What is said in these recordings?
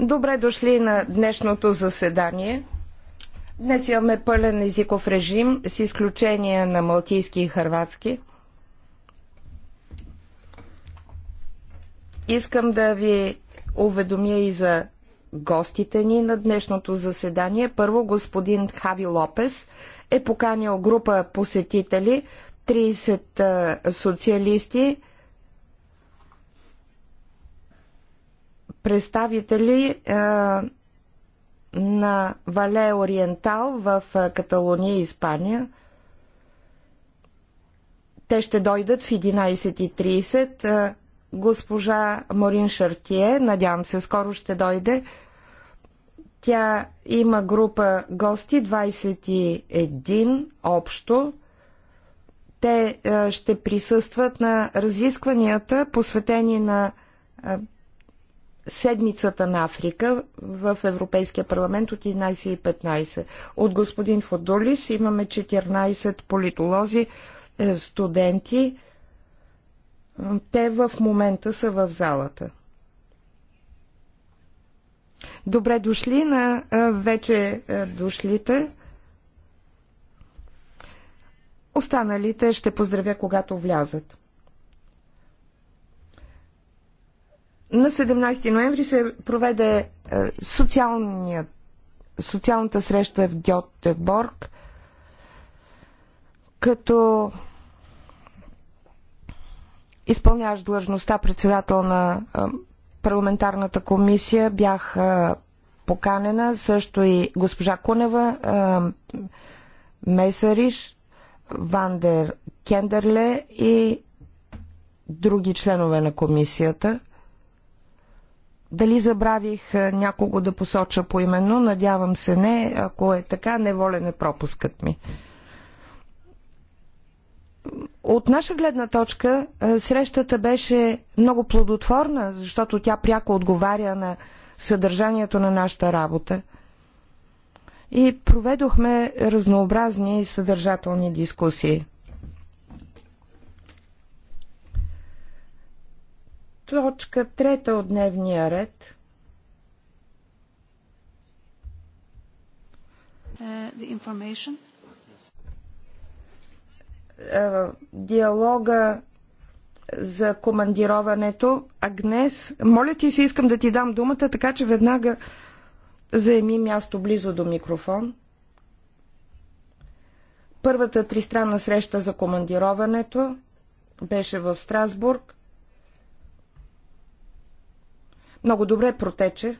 Добре дошли на днешното заседание. Днес имаме пълен езиков режим, с изключение на малтийски и хърватски. Искам да ви уведомя и за гостите ни на днешното заседание. Първо господин Хави Лопес е поканил група посетители, 30 социалисти, представители е, на Вале Ориентал в е, Каталония и Испания. Те ще дойдат в 11.30. Е, госпожа Морин Шартие, надявам се, скоро ще дойде. Тя има група гости, 21 общо. Те ще присъстват на разискванията, посветени на седмицата на Африка в Европейския парламент от 11.15. От господин Фодолис имаме 14 политолози, е, студенти. Те в момента са в залата. Добре дошли на вече дошлите. Останалите ще поздравя, когато влязат. На 17 ноември се проведе е, социалната среща в Гьотеборг, като изпълняваш длъжността председател на е, парламентарната комисия бях е, поканена също и госпожа Кунева, Месариш, Вандер Кендерле и други членове на комисията. Дали забравих е, някого да посоча по именно? Надявам се не. Ако е така, неволен е пропускът ми. От наша гледна точка е, срещата беше много плодотворна, защото тя пряко отговаря на съдържанието на нашата работа. И проведохме разнообразни и съдържателни дискусии. Точка трета от дневния ред. Uh, uh, диалога за командироването. Агнес, моля ти се, искам да ти дам думата, така че веднага заеми място близо до микрофон. Първата тристранна среща за командироването беше в Страсбург. Много добре протече.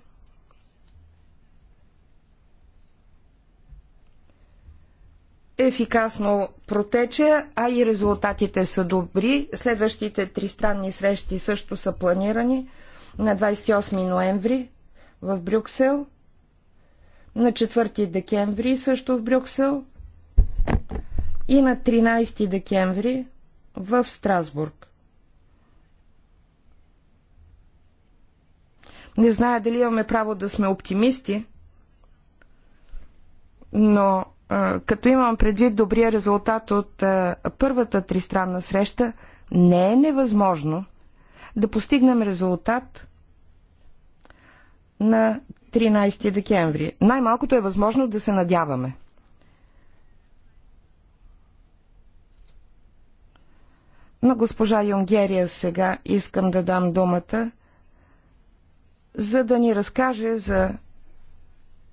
Ефикасно протече, а и резултатите са добри. Следващите три странни срещи също са планирани на 28 ноември в Брюксел, на 4 декември също в Брюксел и на 13 декември в Страсбург. Не зная дали имаме право да сме оптимисти, но като имам предвид добрия резултат от първата тристранна среща, не е невъзможно да постигнем резултат на 13 декември. Най-малкото е възможно да се надяваме. На госпожа Юнгерия сега искам да дам думата – за да ни разкаже за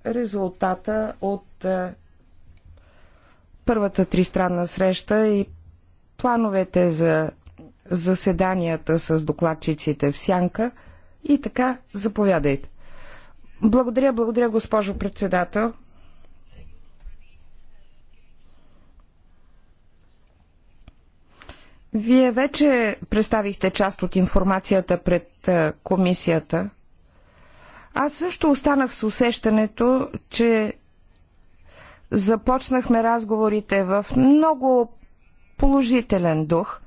резултата от е, първата тристранна среща и плановете за заседанията с докладчиците в Сянка. И така, заповядайте. Благодаря, благодаря, госпожо председател. Вие вече представихте част от информацията пред е, комисията. Аз също останах с усещането, че започнахме разговорите в много положителен дух,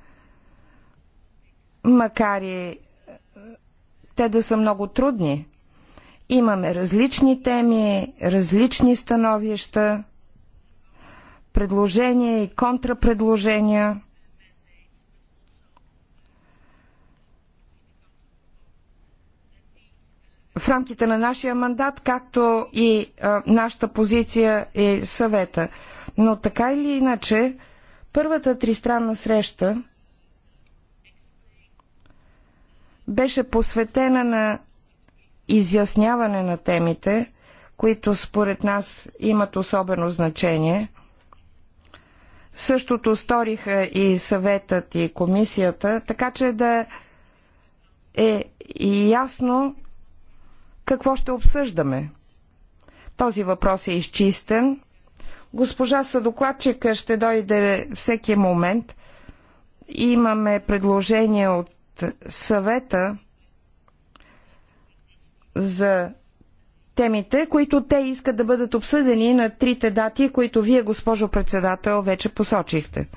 макар и те да са много трудни. Имаме различни теми, различни становища, предложения и контрапредложения. в рамките на нашия мандат, както и а, нашата позиция и съвета. Но така или иначе, първата тристранна среща беше посветена на изясняване на темите, които според нас имат особено значение. Същото сториха и съветът и комисията, така че да е ясно какво ще обсъждаме. Този въпрос е изчистен. Госпожа Съдокладчика ще дойде всеки момент. Имаме предложение от съвета за темите, които те искат да бъдат обсъдени на трите дати, които вие, госпожо председател, вече посочихте.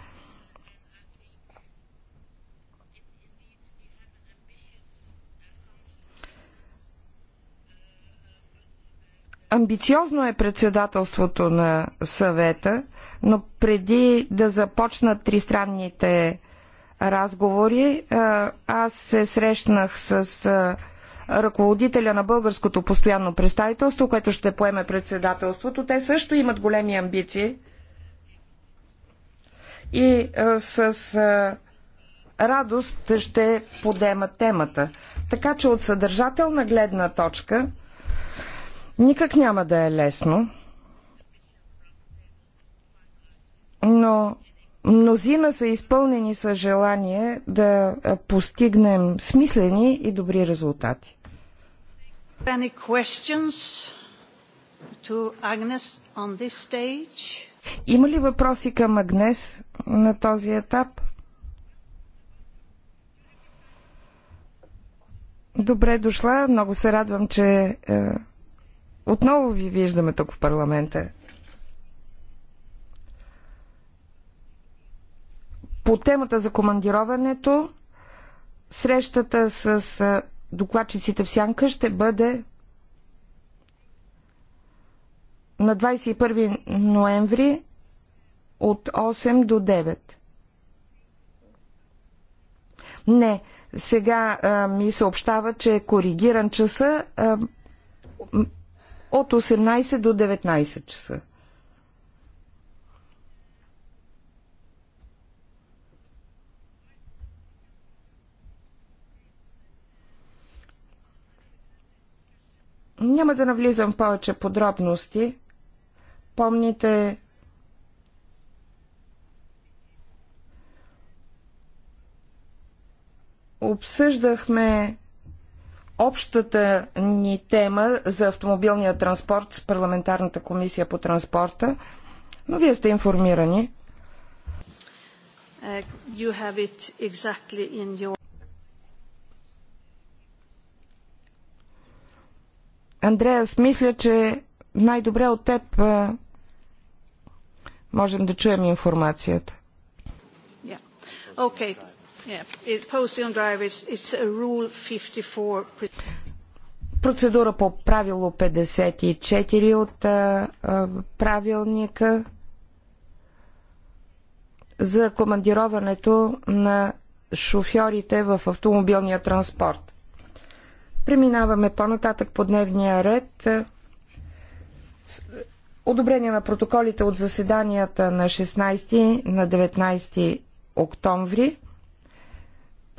Амбициозно е председателството на съвета, но преди да започнат тристранните разговори, аз се срещнах с ръководителя на българското постоянно представителство, което ще поеме председателството. Те също имат големи амбиции. И с радост ще подемат темата. Така че от съдържателна гледна точка Никак няма да е лесно, но мнозина са изпълнени с желание да постигнем смислени и добри резултати. Има ли въпроси към Агнес на този етап? Добре дошла, много се радвам, че е, отново ви виждаме тук в парламента. По темата за командироването, срещата с докладчиците в Сянка ще бъде на 21 ноември от 8 до 9. Не, сега а, ми съобщава, че е коригиран часа. А, от 18 до 19 часа. Няма да навлизам в повече подробности. Помните обсъждахме общата ни тема за автомобилния транспорт с парламентарната комисия по транспорта, но вие сте информирани. Uh, you have it exactly in your... Андреас, мисля, че най-добре от теб можем да чуем информацията. Yeah. Okay. Процедура по правило 54 от правилника за командироването на шофьорите в автомобилния транспорт. Преминаваме по-нататък по дневния ред. Одобрение на протоколите от заседанията на 16 на 19 октомври.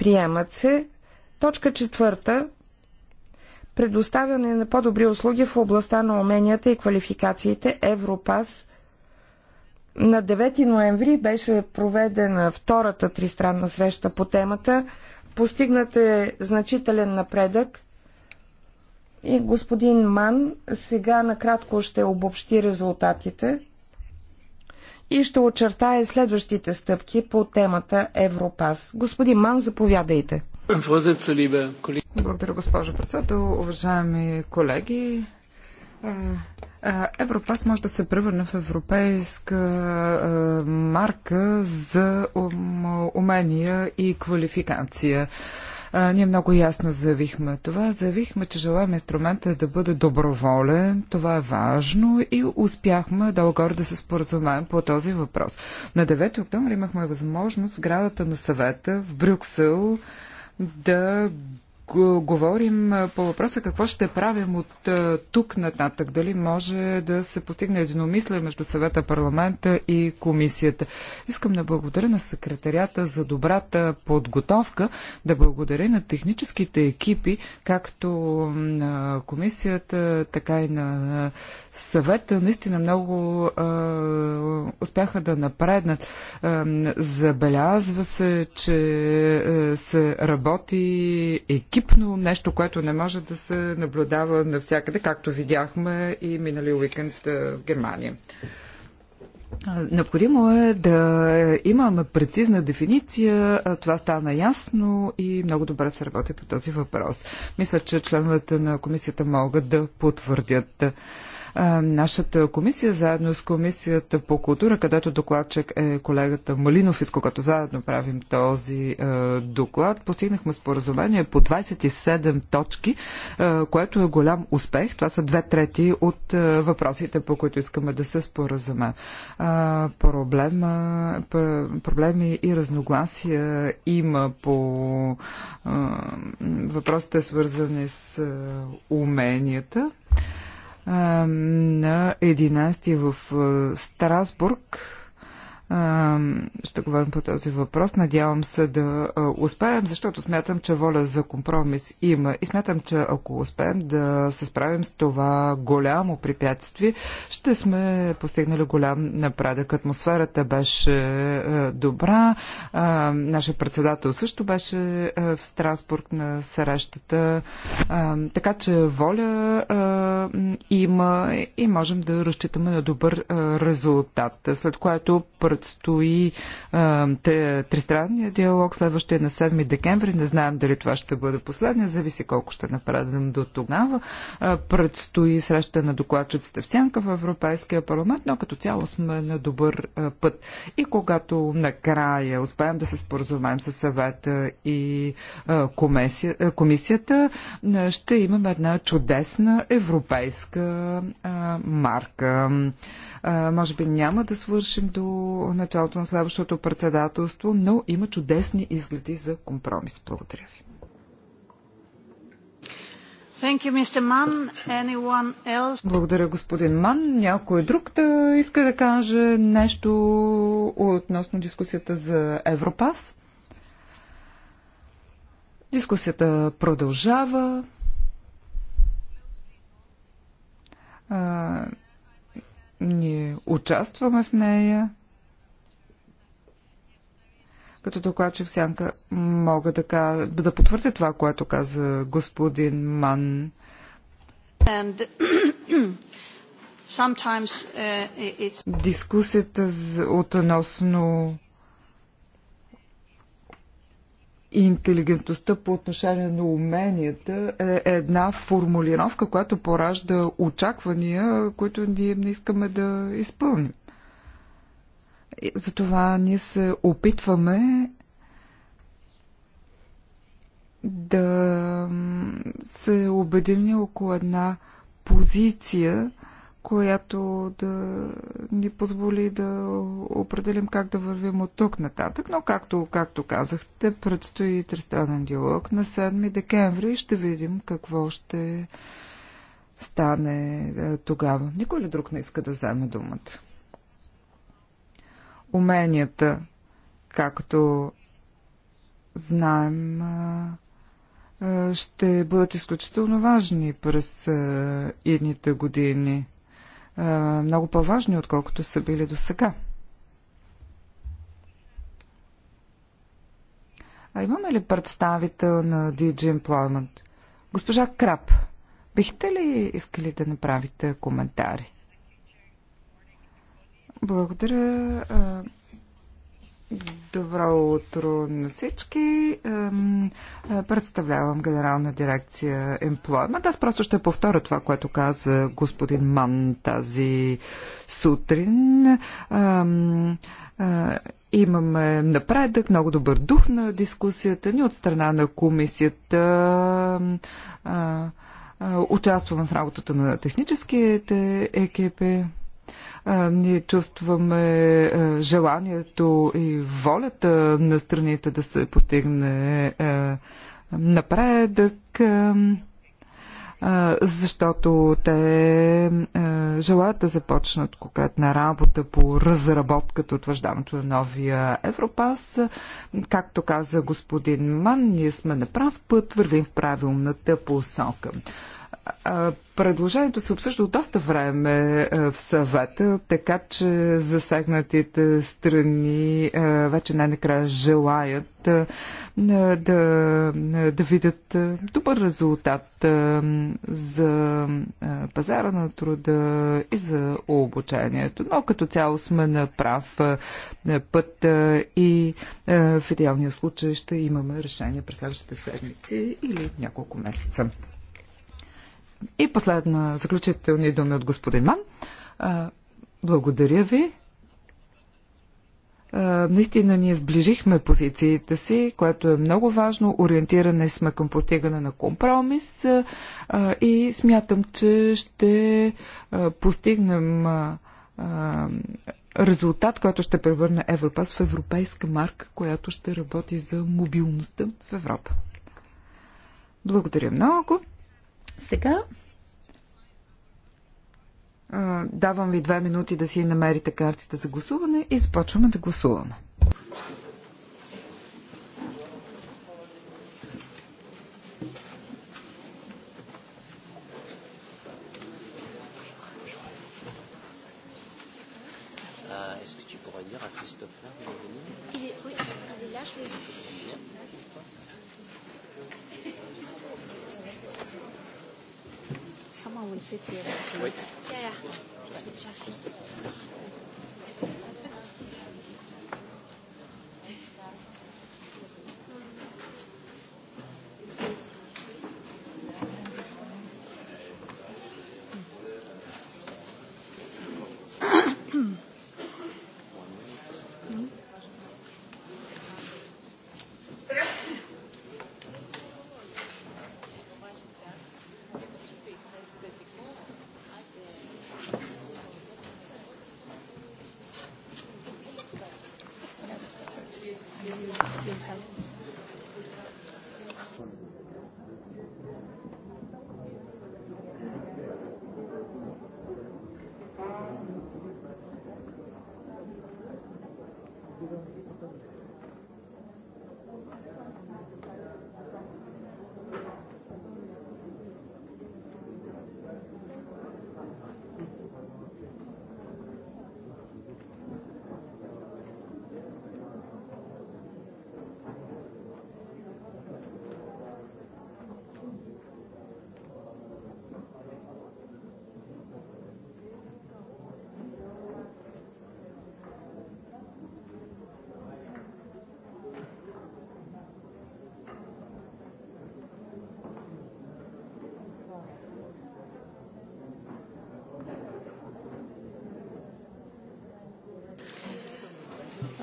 Приемат се. Точка четвърта. Предоставяне на по-добри услуги в областта на уменията и квалификациите Европас. На 9 ноември беше проведена втората тристранна среща по темата. Постигнат е значителен напредък. И господин Ман сега накратко ще обобщи резултатите и ще очертая следващите стъпки по темата Европас. Господин Ман, заповядайте. Благодаря, госпожо председател. Уважаеми колеги, е, е, Европас може да се превърне в европейска е, марка за умения и квалификация. А, ние много ясно заявихме това. Заявихме, че желаем инструмента да бъде доброволен. Това е важно и успяхме дълго-горе да се споразумеем по този въпрос. На 9 октомври имахме възможност в градата на съвета в Брюксел да говорим по въпроса какво ще правим от тук нататък. Дали може да се постигне единомислие между съвета, парламента и комисията. Искам да благодаря на секретарята за добрата подготовка, да благодаря на техническите екипи, както на комисията, така и на съвета наистина много а, успяха да напреднат. А, забелязва се, че а, се работи екипно, нещо, което не може да се наблюдава навсякъде, както видяхме и минали уикенд а, в Германия. Необходимо е да имаме прецизна дефиниция. Това стана ясно и много добре се работи по този въпрос. Мисля, че членовете на комисията могат да потвърдят. Нашата комисия, заедно с комисията по култура, където докладчик е колегата Малинов, с когато заедно правим този доклад, постигнахме споразумение по 27 точки, което е голям успех. Това са две трети от въпросите, по които искаме да се споразумеем. Проблема, проблеми и разногласия има по въпросите, свързани с уменията на 11 в Страсбург ще говорим по този въпрос. Надявам се да успеем, защото смятам, че воля за компромис има. И смятам, че ако успеем да се справим с това голямо препятствие, ще сме постигнали голям напредък. Атмосферата беше добра. Нашия председател също беше в Страсбург на срещата. Така че воля има и можем да разчитаме на добър резултат. След което пред предстои тристранния диалог, следващия на 7 декември. Не знаем дали това ще бъде последния, зависи колко ще направим до тогава. Предстои среща на докладчиците в Сянка в Европейския парламент, но като цяло сме на добър път. И когато накрая успеем да се споразумеем с съвета и комисия, комисията, ще имаме една чудесна европейска марка. Може би няма да свършим до началото на следващото председателство, но има чудесни изгледи за компромис. Благодаря ви. You, Благодаря, господин Ман. Някой друг да иска да каже нещо относно дискусията за Европас? Дискусията продължава. А, ние участваме в нея като докладчик сянка мога да, кажа, да потвърдя това, което каза господин Ман. And... Uh, Дискусията относно интелигентността по отношение на уменията е една формулировка, която поражда очаквания, които ние не искаме да изпълним. Затова ние се опитваме да се обедини около една позиция, която да ни позволи да определим как да вървим от тук нататък. Но, както, както казахте, предстои тристранен диалог на 7 декември и ще видим какво ще стане е, тогава. Никой ли друг не иска да вземе думата? уменията, както знаем, ще бъдат изключително важни през идните години. Много по-важни, отколкото са били до сега. А имаме ли представител на DG Employment? Госпожа Крап, бихте ли искали да направите коментари? Благодаря. Добро утро на всички. Представлявам генерална дирекция Employment. Аз просто ще повторя това, което каза господин Ман тази сутрин. Имаме напредък, много добър дух на дискусията ни от страна на комисията. Участваме в работата на техническите екипи ние чувстваме желанието и волята на страните да се постигне напредък, защото те желаят да започнат конкретна работа по разработката, утвърждаването на новия Европас. Както каза господин Ман, ние сме на прав път, вървим в правилната посока. Предложението се обсъжда от доста време в съвета, така че засегнатите страни вече най-накрая желаят да, да видят добър резултат за пазара на труда и за обучението. Но като цяло сме на прав път и в идеалния случай ще имаме решение през следващите седмици или няколко месеца. И последна заключителни думи от господин Ман. Благодаря ви. Наистина ние сближихме позициите си, което е много важно. Ориентиране сме към постигане на компромис и смятам, че ще постигнем резултат, който ще превърне Европас в европейска марка, която ще работи за мобилността в Европа. Благодаря много. Сега давам ви две минути да си намерите картите за гласуване и започваме да гласуваме. on will sit here. Oui. Yeah, yeah.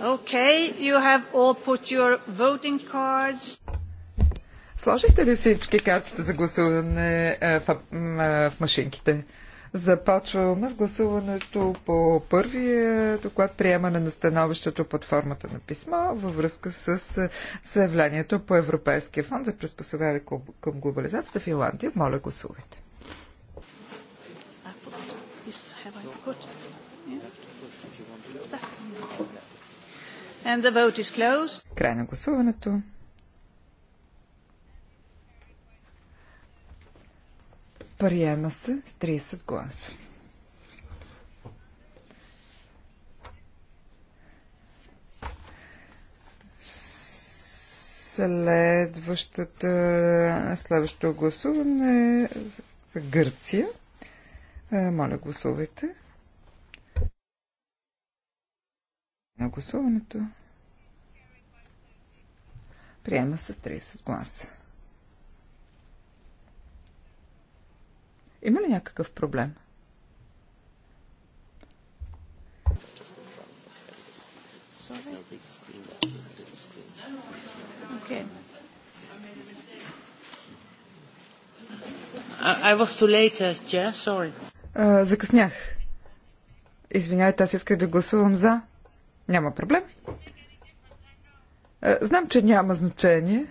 Okay, you have all put your voting cards. Сложихте ли всички картите за гласуване е, в, е, в машинките? Започваме с гласуването по първия доклад приемане на становището под формата на писмо във връзка с е, заявлението по Европейския фонд за приспособяване към глобализацията в Ирландия. Моля, гласувайте. And the vote is closed. Край на гласуването. Приема се с 30 гласа. Следващата, следващото гласуване е за Гърция. Е, моля, гласувайте. На гласуването. Приема с 30 гласа. Има ли някакъв проблем? Okay. I was too late, yeah, uh, sorry. А, закъснях. Извинявайте, аз исках да гласувам за. Няма проблем. Е, знам, че няма значение.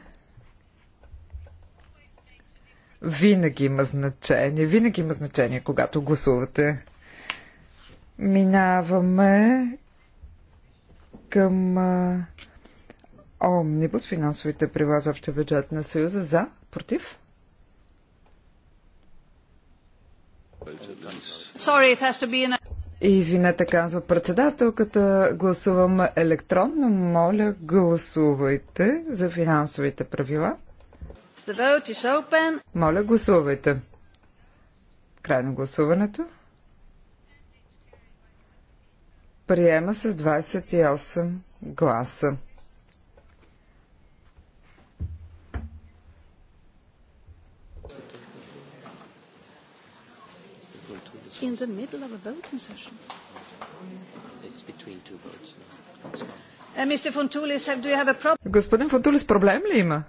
Винаги има значение. Винаги има значение, когато гласувате. Минаваме към Омнибус, финансовите правила за общия бюджет на Съюза. За? Против? Sorry, it has to be in a... Извинете, казва председателката, гласувам електронно. Моля, гласувайте за финансовите правила. The vote is open. Моля, гласувайте. Край на гласуването. Приема с 28 гласа. in the middle of a voting session. It's between two votes. Uh, Mr. Fontoulis, have, do you have a problem? Господин Фонтулис, проблем ли има?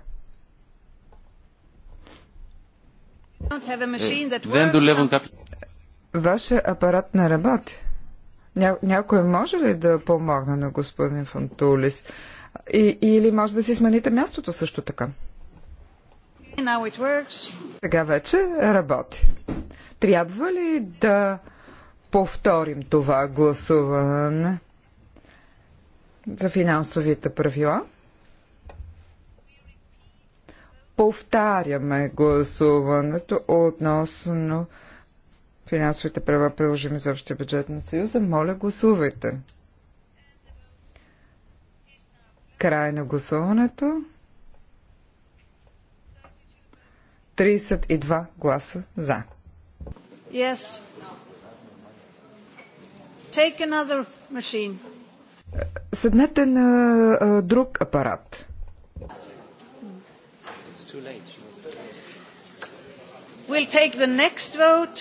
Δεν δουλεύουν κάποιοι. Вашия апарат не работи. Ня... Някой може ли да помогне на господин Фантулис? И, или може да си смените мястото също така? Сега вече работи. Трябва ли да повторим това гласуване за финансовите правила? Повтаряме гласуването относно финансовите права, приложими за общия бюджет на Съюза. Моля, гласувайте. Край на гласуването. 32 гласа за. Yes. Take another machine. Седнете на а, друг апарат. We'll take the next vote.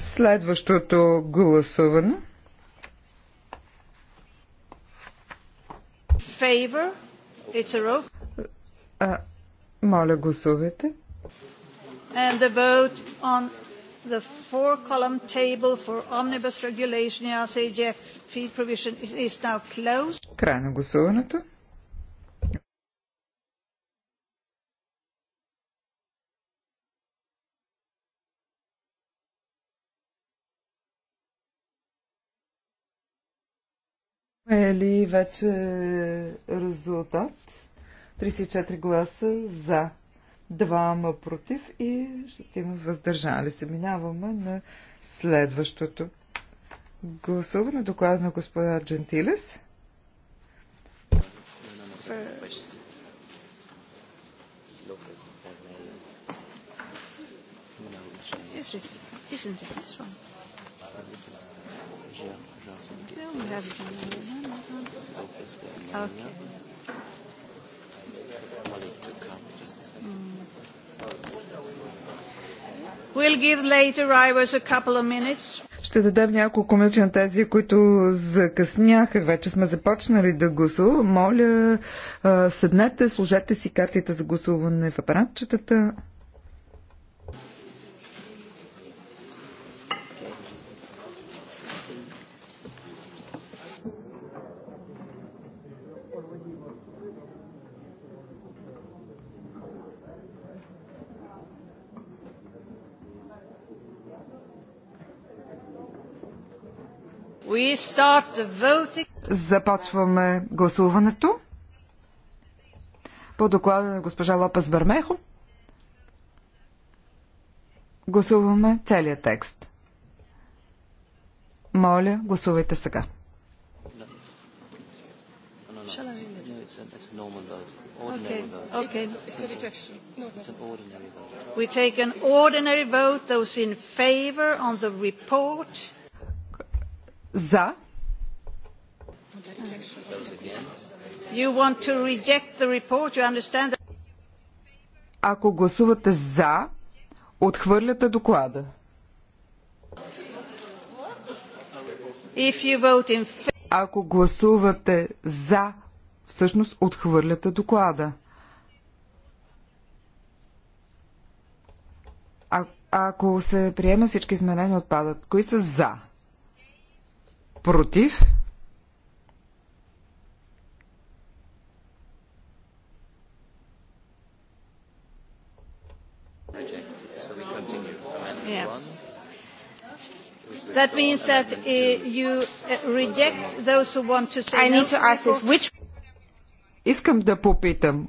Следващото гласуване. Favor. It's a rope. А, моля, гласувайте. And the vote on the four-column table for omnibus regulation in egf feed provision is, is now closed. Край на гласуването. Е ли вече резултат? 34 гласа за двама против и ще има въздържали се. Минаваме на следващото. Гласуване доклада на господа Джентилес. Okay. it? Isn't Okay. to come just We'll give late arrivals a couple of minutes. Ще дадем няколко минути на тези, които закъсняха. Вече сме започнали да гласуваме. Моля, седнете, сложете си картите за гласуване в апаратчетата. Започваме гласуването по доклада на госпожа Лопес Бърмехо. Гласуваме целият текст. Моля, гласувайте сега. Okay. Okay. We take an ordinary vote, those in favor on the report. За. Ако гласувате за, отхвърляте доклада. Ако гласувате за, всъщност отхвърляте доклада. А, ако се приема всички изменения отпадат, кои са за? Против? That means that uh, you reject those who want to say I need to ask this. Which... Искам да попитам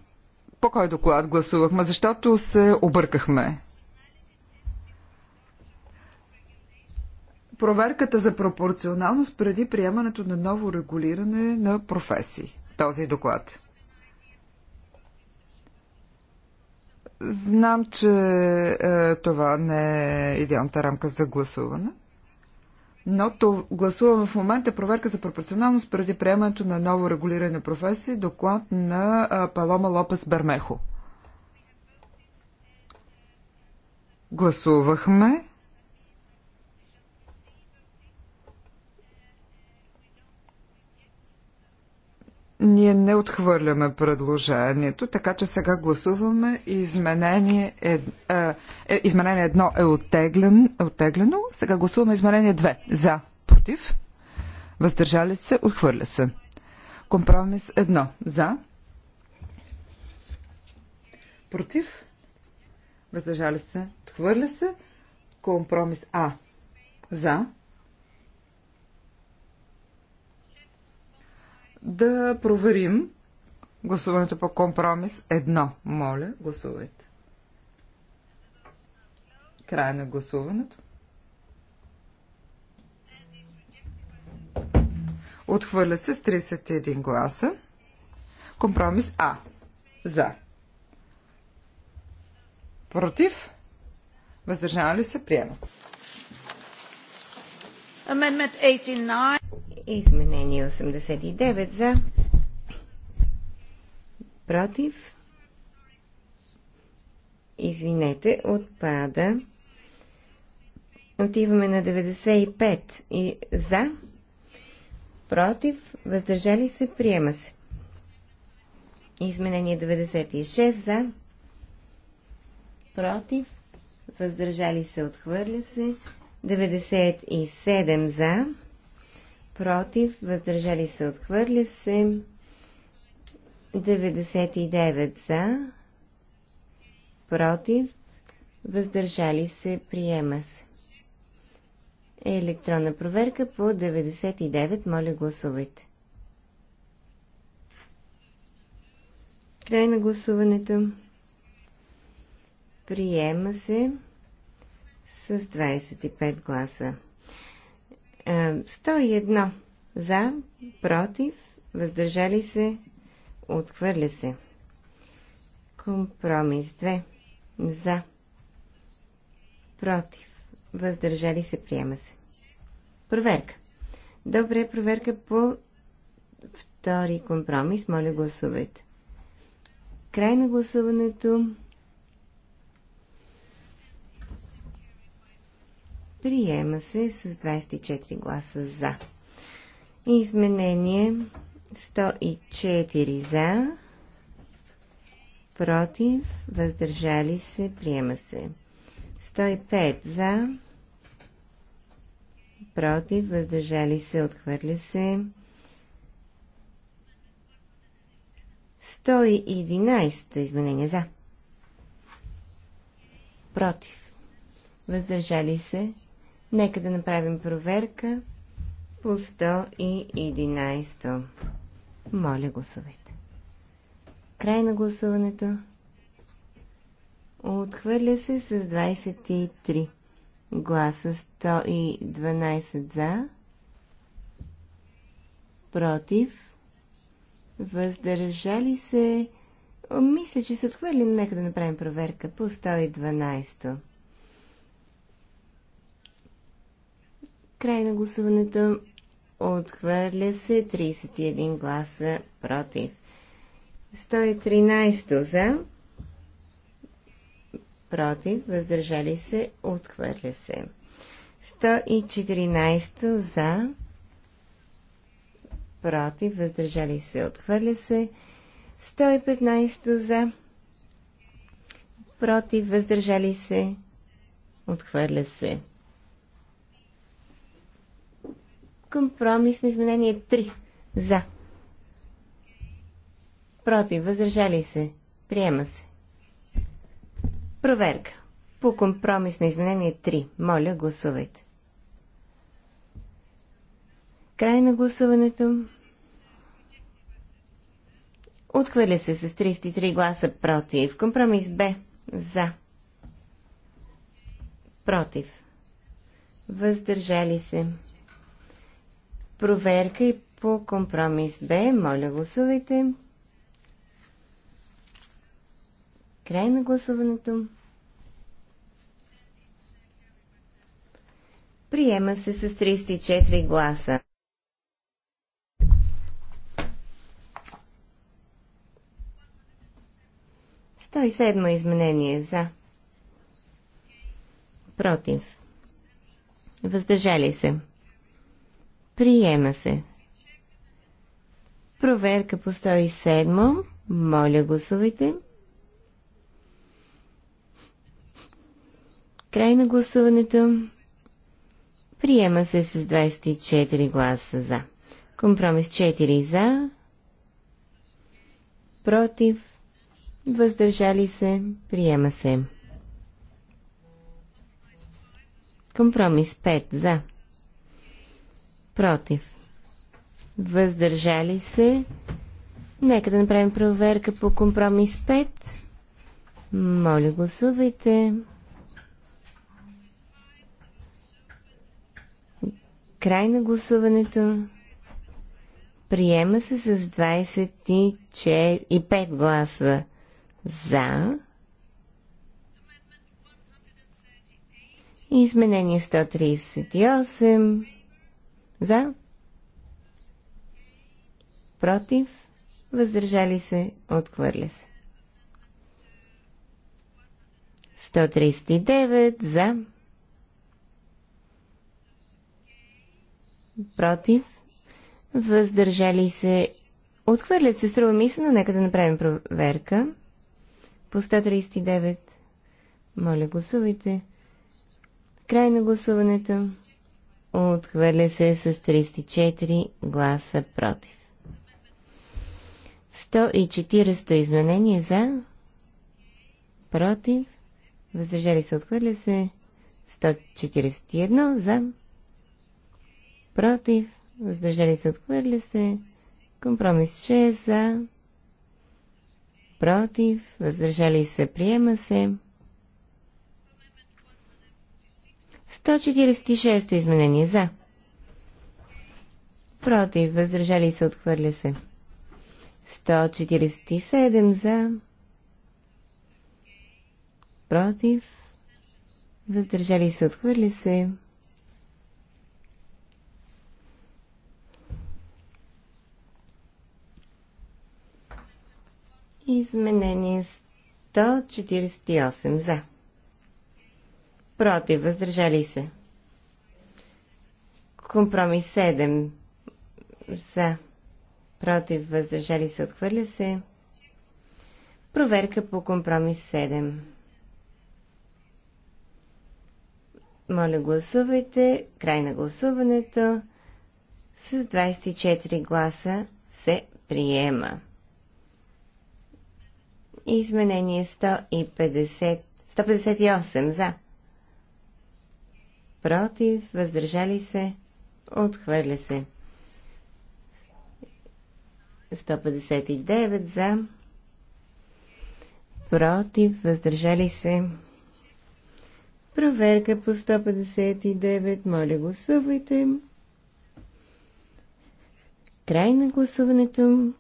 по кой доклад гласувахме, защото се объркахме. проверката за пропорционалност преди приемането на ново регулиране на професии. Този доклад. Знам, че е, това не е идеалната рамка за гласуване, но то гласуваме в момента проверка за пропорционалност преди приемането на ново регулиране на професии, доклад на е, Палома Лопес Бермехо. Гласувахме. Ние не отхвърляме предложението, така че сега гласуваме изменение, е, е, изменение едно е оттеглен, оттеглено. Сега гласуваме изменение 2. За, против, въздържали се, отхвърля се. Компромис 1. За, против, въздържали се, отхвърля се. Компромис А. За, да проверим гласуването по компромис едно. Моля, гласувайте. Край на гласуването. Отхвърля се с 31 гласа. Компромис А. За. Против. Въздържава ли се. Приема се. Изменение 89 за. Против. Извинете, отпада. Отиваме на 95 и за. Против. Въздържали се. Приема се. Изменение 96 за. Против. Въздържали се. Отхвърля се. 97 за против, въздържали се, отхвърля се. 99 за, против, въздържали се, приема се. Електронна проверка по 99, моля гласувайте. Край на гласуването. Приема се с 25 гласа. 101 за, против, въздържали се, отхвърля се. Компромис 2 за, против, въздържали се, приема се. Проверка. Добре, проверка по втори компромис. Моля, гласувайте. Край на гласуването. Приема се с 24 гласа за. Изменение 104 за. Против. Въздържали се. Приема се. 105 за. Против. Въздържали се. Отхвърля се. 111 изменение за. Против. Въздържали се. Нека да направим проверка по 111. Моля, гласувайте. Край на гласуването. Отхвърля се с 23 гласа 112 за, против, въздържали се. Мисля, че се отхвърлим. Нека да направим проверка по 112. Край на гласуването. Отхвърля се 31 гласа против. 113 за. Против. Въздържали се. Отхвърля се. 114 за. Против. Въздържали се. Отхвърля се. 115 за. Против. Въздържали се. Отхвърля се. Компромисно изменение 3. За. Против. Възражали се. Приема се. Проверка. По компромисно изменение 3. Моля, гласувайте. Край на гласуването. Отхвърля се с 33 гласа против. Компромис Б. За. Против. Въздържали се проверка и по компромис Б. Моля, гласувайте. Край на гласуването. Приема се с 34 гласа. Той седмо изменение за. Против. Въздържали се. Приема се. Проверка по 107. Моля, гласувайте. Край на гласуването. Приема се с 24 гласа за. Компромис 4 за. Против. Въздържали се. Приема се. Компромис 5 за против, въздържали се. Нека да направим проверка по компромис 5. Моля, гласувайте. Край на гласуването. Приема се с 25 гласа за. Изменение 138 за. Против. Въздържали се. Отхвърля се. 139 за. Против. Въздържали се. Отхвърлят се, струва мисъл, но нека да направим проверка. По 139. Моля, гласувайте. Край на гласуването. Отхвърля се с 34 гласа против. 140 изменение за, против, въздържали се, отхвърля се, 141 за, против, въздържали се, отхвърля се, компромис 6 за, против, въздържали се, приема се, 146 изменение за. Против. Въздържали се. Отхвърля се. 147 за. Против. Въздържали се. Отхвърля се. Изменение 148 за против, въздържали се. Компромис 7 за, против, въздържали се, отхвърля се. Проверка по компромис 7. Моля, гласувайте. Край на гласуването. С 24 гласа се приема. Изменение 150, 158 за против, въздържали се, отхвърля се. 159 за, против, въздържали се. Проверка по 159, моля гласувайте. Край на гласуването.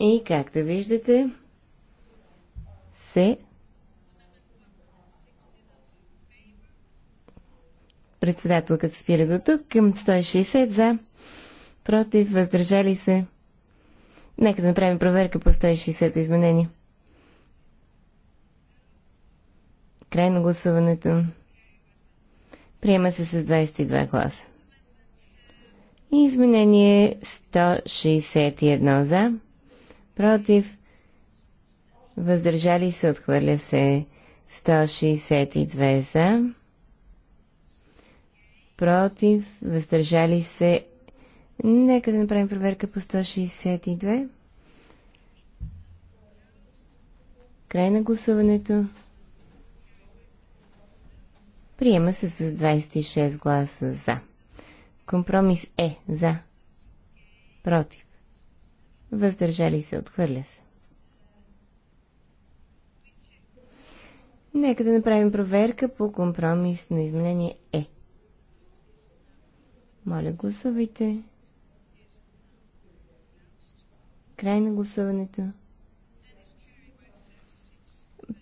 И както виждате, се. Председателката спира до тук към 160 за, против, въздържали се. Нека да направим проверка по 160 изменение. Край на гласуването. Приема се с 22 гласа. И изменение 161 за, против, въздържали се, отхвърля се 162 за, против, въздържали се. Нека да направим проверка по 162. Край на гласуването. Приема се с 26 гласа за. Компромис е за. Против. Въздържали се, отхвърля се. Нека да направим проверка по компромис на изменение Е. Моля, гласувайте. Край на гласуването.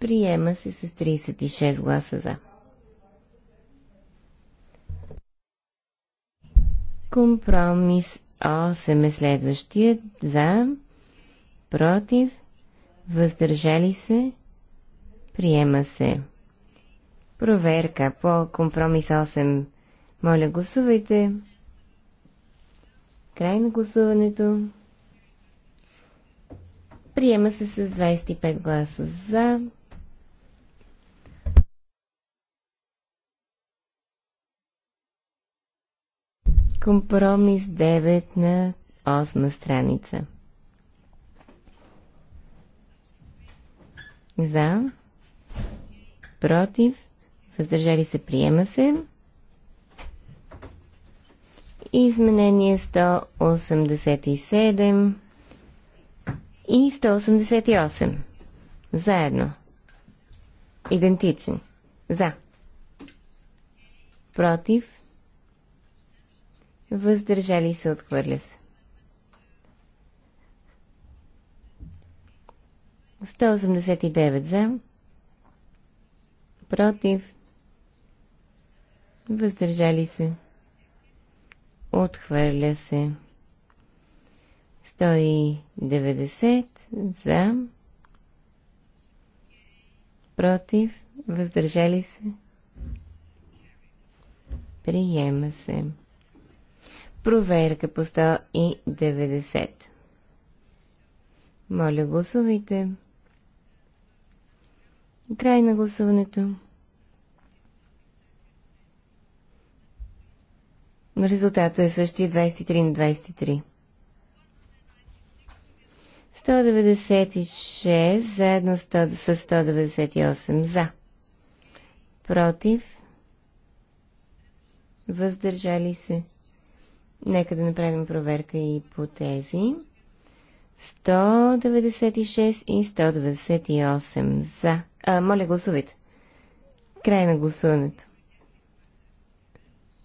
Приема се с 36 гласа за. Компромис 8 е следващият за, против, въздържали се, Приема се. Проверка по компромис 8. Моля, гласувайте. Край на гласуването. Приема се с 25 гласа за. Компромис 9 на 8 страница. За против, въздържали се, приема се. Изменение 187 и 188. Заедно. Идентични. За. Против. Въздържали се, отхвърля се. 189 за против, въздържали се, отхвърля се. 190 за, против, въздържали се, приема се. Проверка по 190. Моля, гласувайте. Край на гласуването. Резултата е същия 23 на 23. 196 заедно с 198 за. Против. Въздържали се. Нека да направим проверка и по тези. 196 и 198 за. А, моля, гласувайте. Край на гласуването.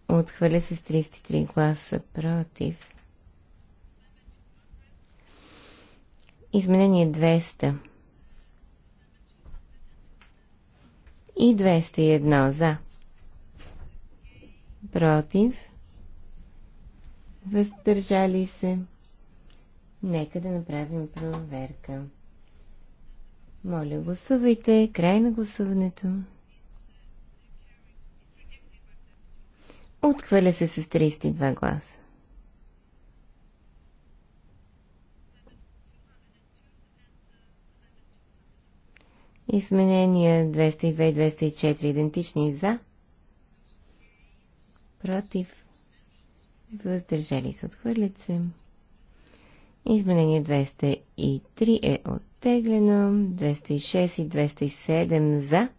Отхвърля се с 33 гласа против. Изменение 200. И 201 за. Против. Въздържали се. Нека да направим проверка. Моля, гласувайте. Край на гласуването. Отхвърля се с 32 гласа. Изменения 202 и 204 идентични за. Против. Въздържали се. Отхвърлят се. Изменение 203 е от оттеглено. 206 и 207 за.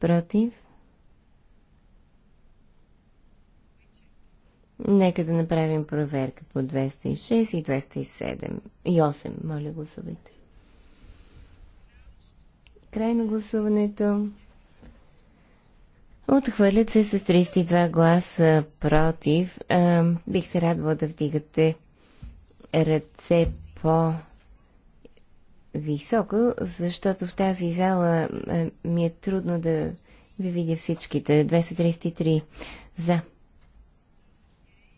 Против. Нека да направим проверка по 206 и 207 и 8. Моля, гласувайте. Край на гласуването. Отхвърлят се с 32 гласа против. А, бих се радвала да вдигате ръце по-високо, защото в тази зала е, ми е трудно да ви видя всичките. 233 за.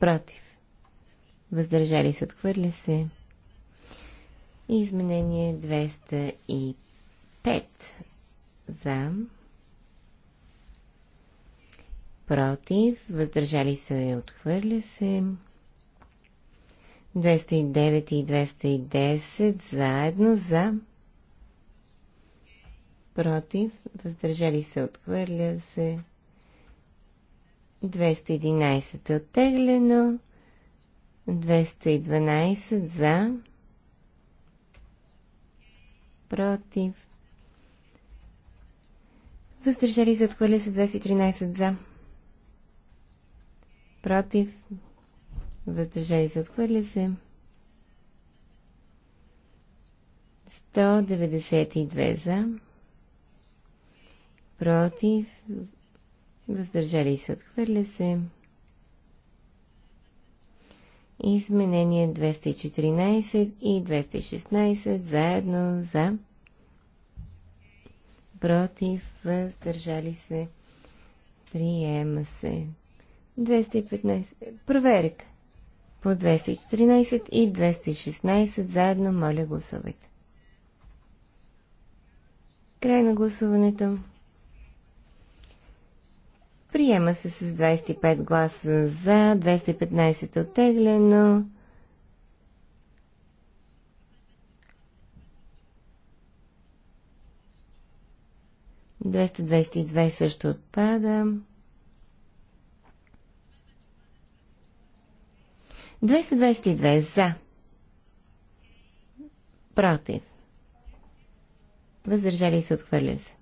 Против. Въздържали се, отхвърля се. изменение 205 за. Против. Въздържали се, отхвърля се. 209 и 210 заедно за против, въздържали се, отхвърля се. 211 е оттеглено. 212 за. Против. Въздържали се, отхвърля се 213 за. Против, въздържали се, отхвърля се. 192 за, против, въздържали се, отхвърля се. Изменение 214 и 216 заедно за, против, въздържали се, приема се. 215. Проверка по 214 и 216 заедно. Моля, гласувайте. Край на гласуването. Приема се с 25 гласа за, 215 оттеглено. Двеста също отпада. 222 за. Против. Въздържали се, отхвърля се.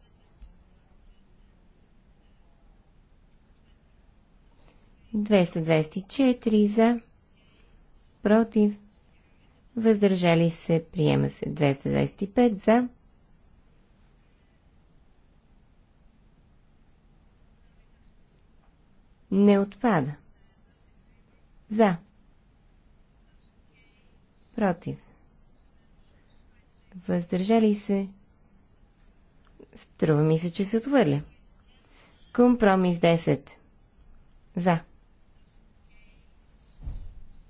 за. Против. Въздържали се, приема се. 225 за. Не отпада. За против, въздържали се, струва ми се, че се отвърля. Компромис 10. За.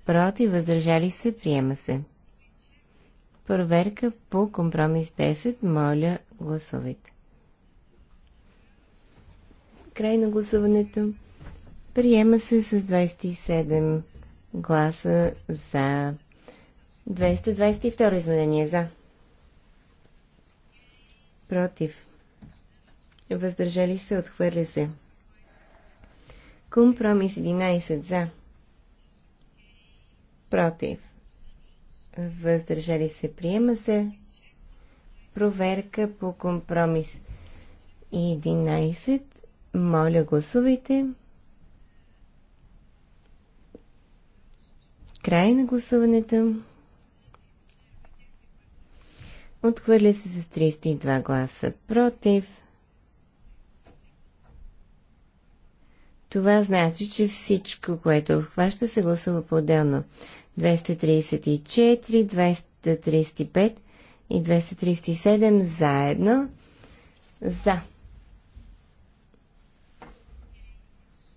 Против, въздържали се, приема се. Проверка по компромис 10. Моля, гласувайте. Край на гласуването. Приема се с 27 гласа за 222 изменение за. Против. Въздържали се, отхвърля се. Компромис 11 за. Против. Въздържали се, приема се. Проверка по компромис 11. Моля, гласувайте. Край на гласуването. Отхвърля се с 32 гласа против. Това значи, че всичко, което обхваща, се гласува по-отделно. 234, 235 и 237 заедно. За.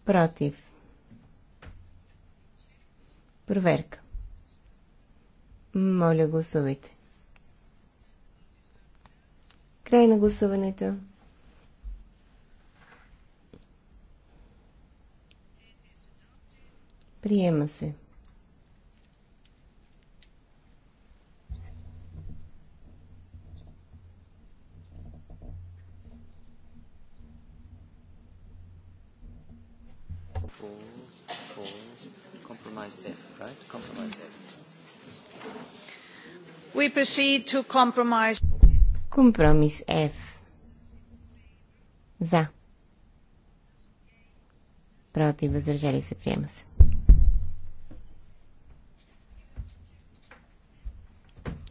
Против. Проверка. Моля, гласувайте. Край на гласуването. Приема се. We proceed to compromise. Компромис F. За. Против, въздържали се, приема се.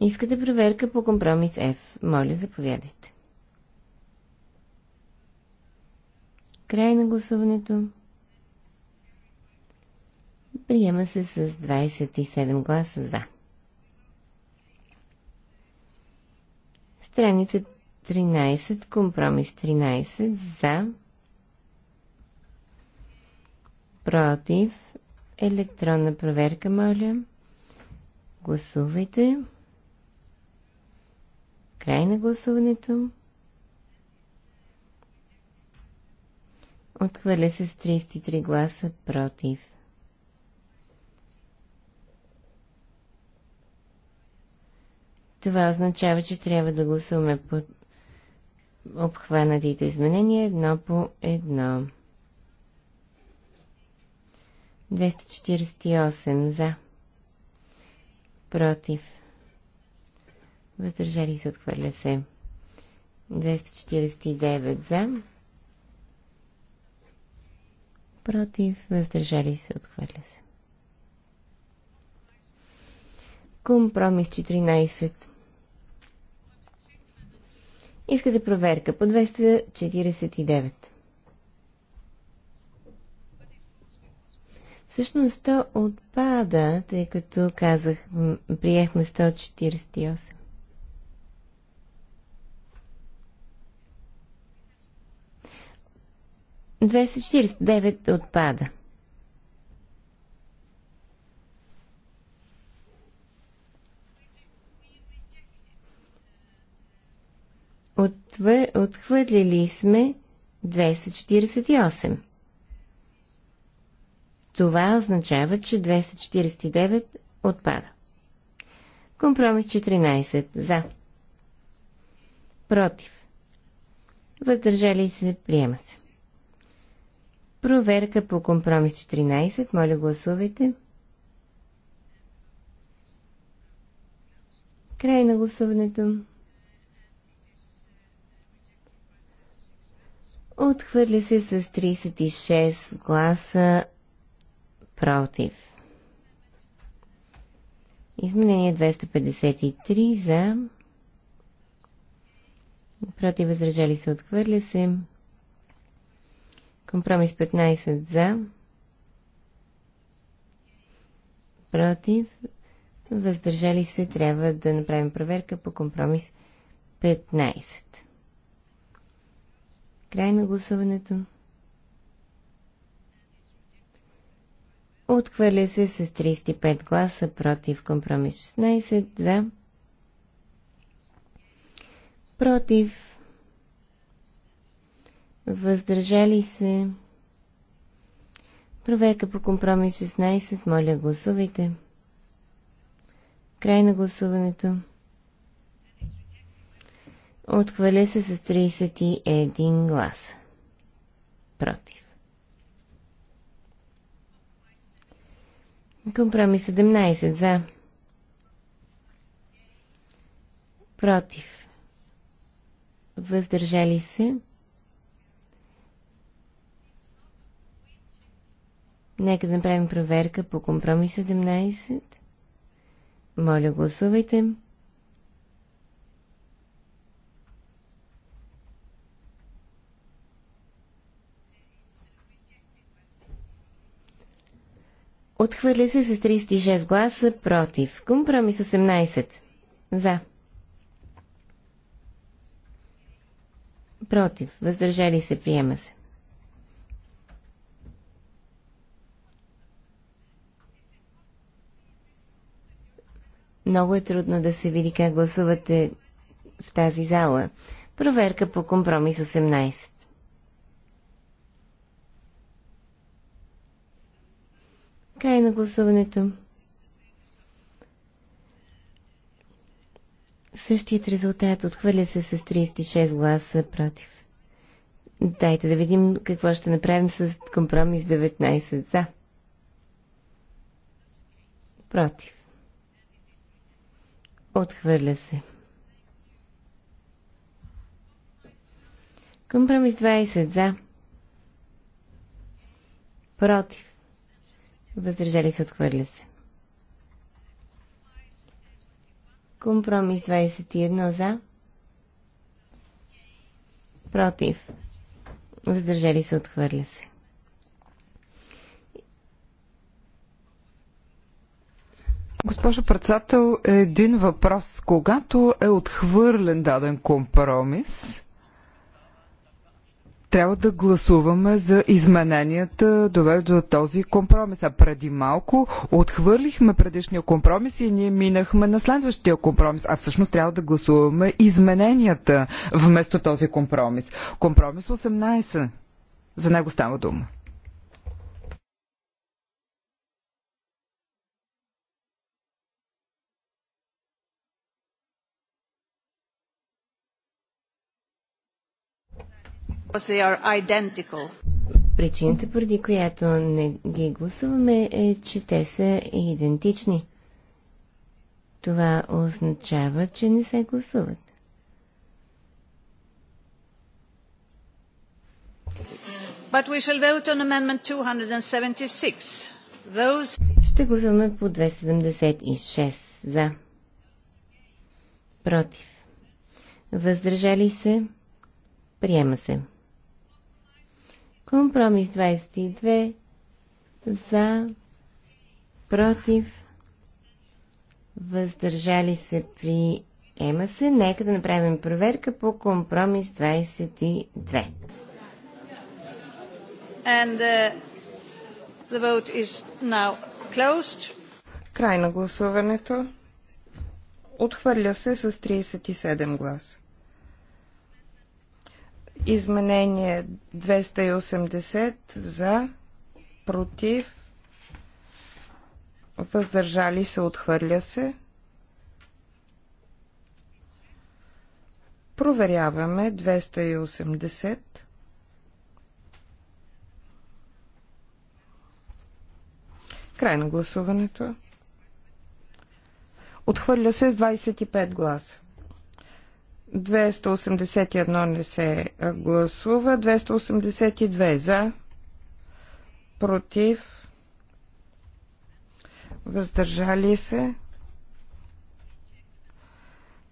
Искате проверка по компромис F. Моля, заповядайте. Край на гласуването. Приема се с 27 гласа за. Страница 13, компромис 13, за, против, електронна проверка, моля. Гласувайте. Край на гласуването. Отхвърля се с 33 гласа против. Това означава, че трябва да гласуваме по обхванатите изменения едно по едно. 248 за. Против. Въздържали се отхвърля се. 249 за. Против. Въздържали се отхвърля се. Компромис 14. Искате проверка по 249. Всъщност то отпада, тъй като казах, приехме 148. Двеста отпада. Отхвърлили сме 248. Това означава, че 249 отпада. Компромис 14. За. Против. Въздържали се. Приема се. Проверка по компромис 14. Моля гласувайте. Край на гласуването. Отхвърля се с 36 гласа против. Изменение 253 за. Против възражали се. Отхвърля се. Компромис 15 за. Против. Въздържали се. Трябва да направим проверка по компромис 15. Край на гласуването. Отхвърля се с 35 гласа против компромис 16 за. Да. Против. Въздържали се. Проверка по компромис 16. Моля, гласувайте. Край на гласуването. Отхвърля се с 31 гласа. Против. Компромис 17 за. Против. Въздържали се. Нека да направим проверка по компромис 17. Моля, гласувайте. Отхвърля се с 36 гласа против. Компромис 18. За. Против. Въздържали се. Приема се. Много е трудно да се види как гласувате в тази зала. Проверка по компромис 18. Край на гласуването. Същият резултат отхвърля се с 36 гласа против. Дайте да видим какво ще направим с компромис 19 за. Против. Отхвърля се. Компромис 20 за. Против. Въздържали се, отхвърля се. Компромис 21 за. Против. Въздържали се, отхвърля се. Госпожо председател, един въпрос. Когато е отхвърлен даден компромис, трябва да гласуваме за измененията, доведе до този компромис. А преди малко отхвърлихме предишния компромис и ние минахме на следващия компромис. А всъщност трябва да гласуваме измененията вместо този компромис. Компромис 18. За него става дума. Причината, преди която не ги гласуваме, е, че те са идентични. Това означава, че не се гласуват. But we shall vote on amendment 276. Those... Ще гласуваме по 276 за. Против. Въздържали се. Приема се. Компромис 22 за, против, въздържали се при Ема се. Нека да направим проверка по компромис 22. And, uh, the vote is now closed. Край на гласуването. Отхвърля се с 37 гласа. Изменение 280 за, против, въздържали се, отхвърля се. Проверяваме 280. Край на гласуването. Отхвърля се с 25 гласа. 281 не се гласува. 282 за. Против. Въздържали се.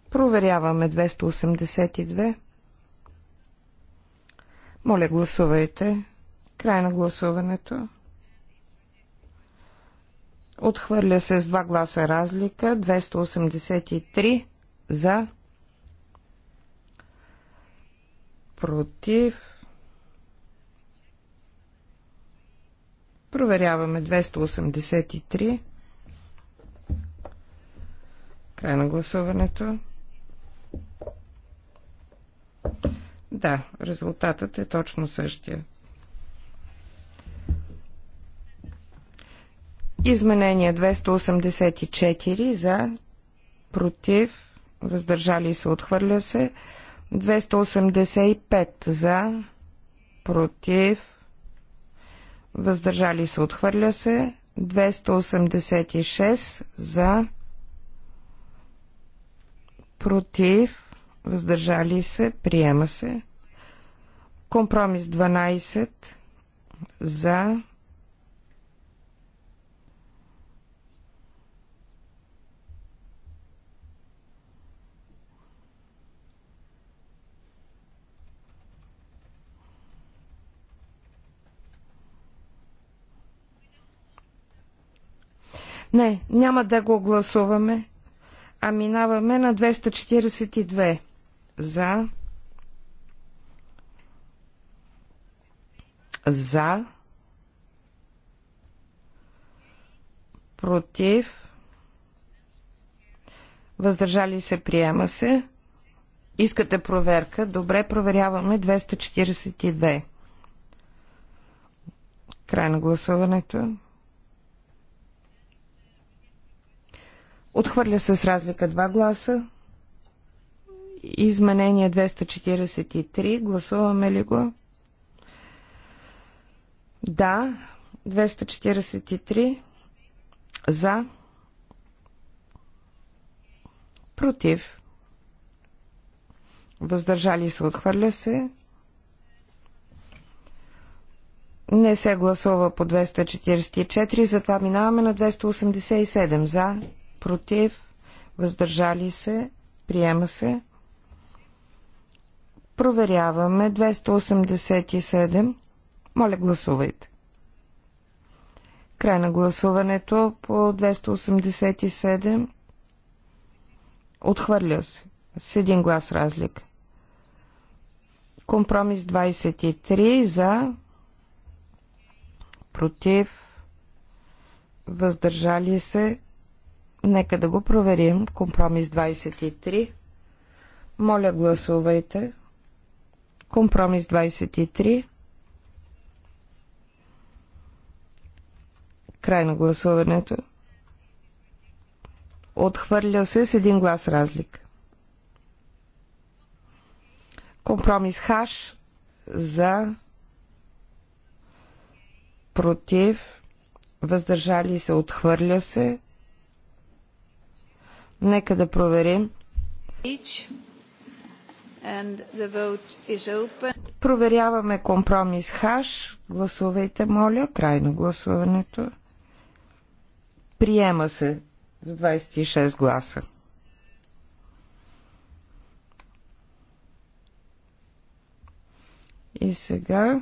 Проверяваме 282. Моля, гласувайте. Край на гласуването. Отхвърля се с два гласа разлика. 283 за. против. Проверяваме 283. Край на гласуването. Да, резултатът е точно същия. Изменение 284 за, против, въздържали се, отхвърля се. 285 за, против, въздържали се, отхвърля се. 286 за, против, въздържали се, приема се. Компромис 12 за, Не, няма да го гласуваме, а минаваме на 242. За. За. Против. Въздържали се, приема се. Искате проверка? Добре, проверяваме 242. Край на гласуването. Отхвърля се с разлика 2 гласа. Изменение 243. Гласуваме ли го? Да. 243. За. Против. Въздържали се. Отхвърля се. Не се гласува по 244, затова минаваме на 287. За против, въздържали се, приема се. Проверяваме 287. Моля, гласувайте. Край на гласуването по 287. Отхвърля се. С един глас разлика. Компромис 23 за, против, въздържали се, Нека да го проверим. Компромис 23. Моля, гласувайте. Компромис 23. Край на гласуването. Отхвърля се с един глас разлика. Компромис хаш за против въздържали се, отхвърля се. Нека да проверим. Проверяваме компромис хаш. Гласувайте, моля. Крайно гласуването. Приема се с 26 гласа. И сега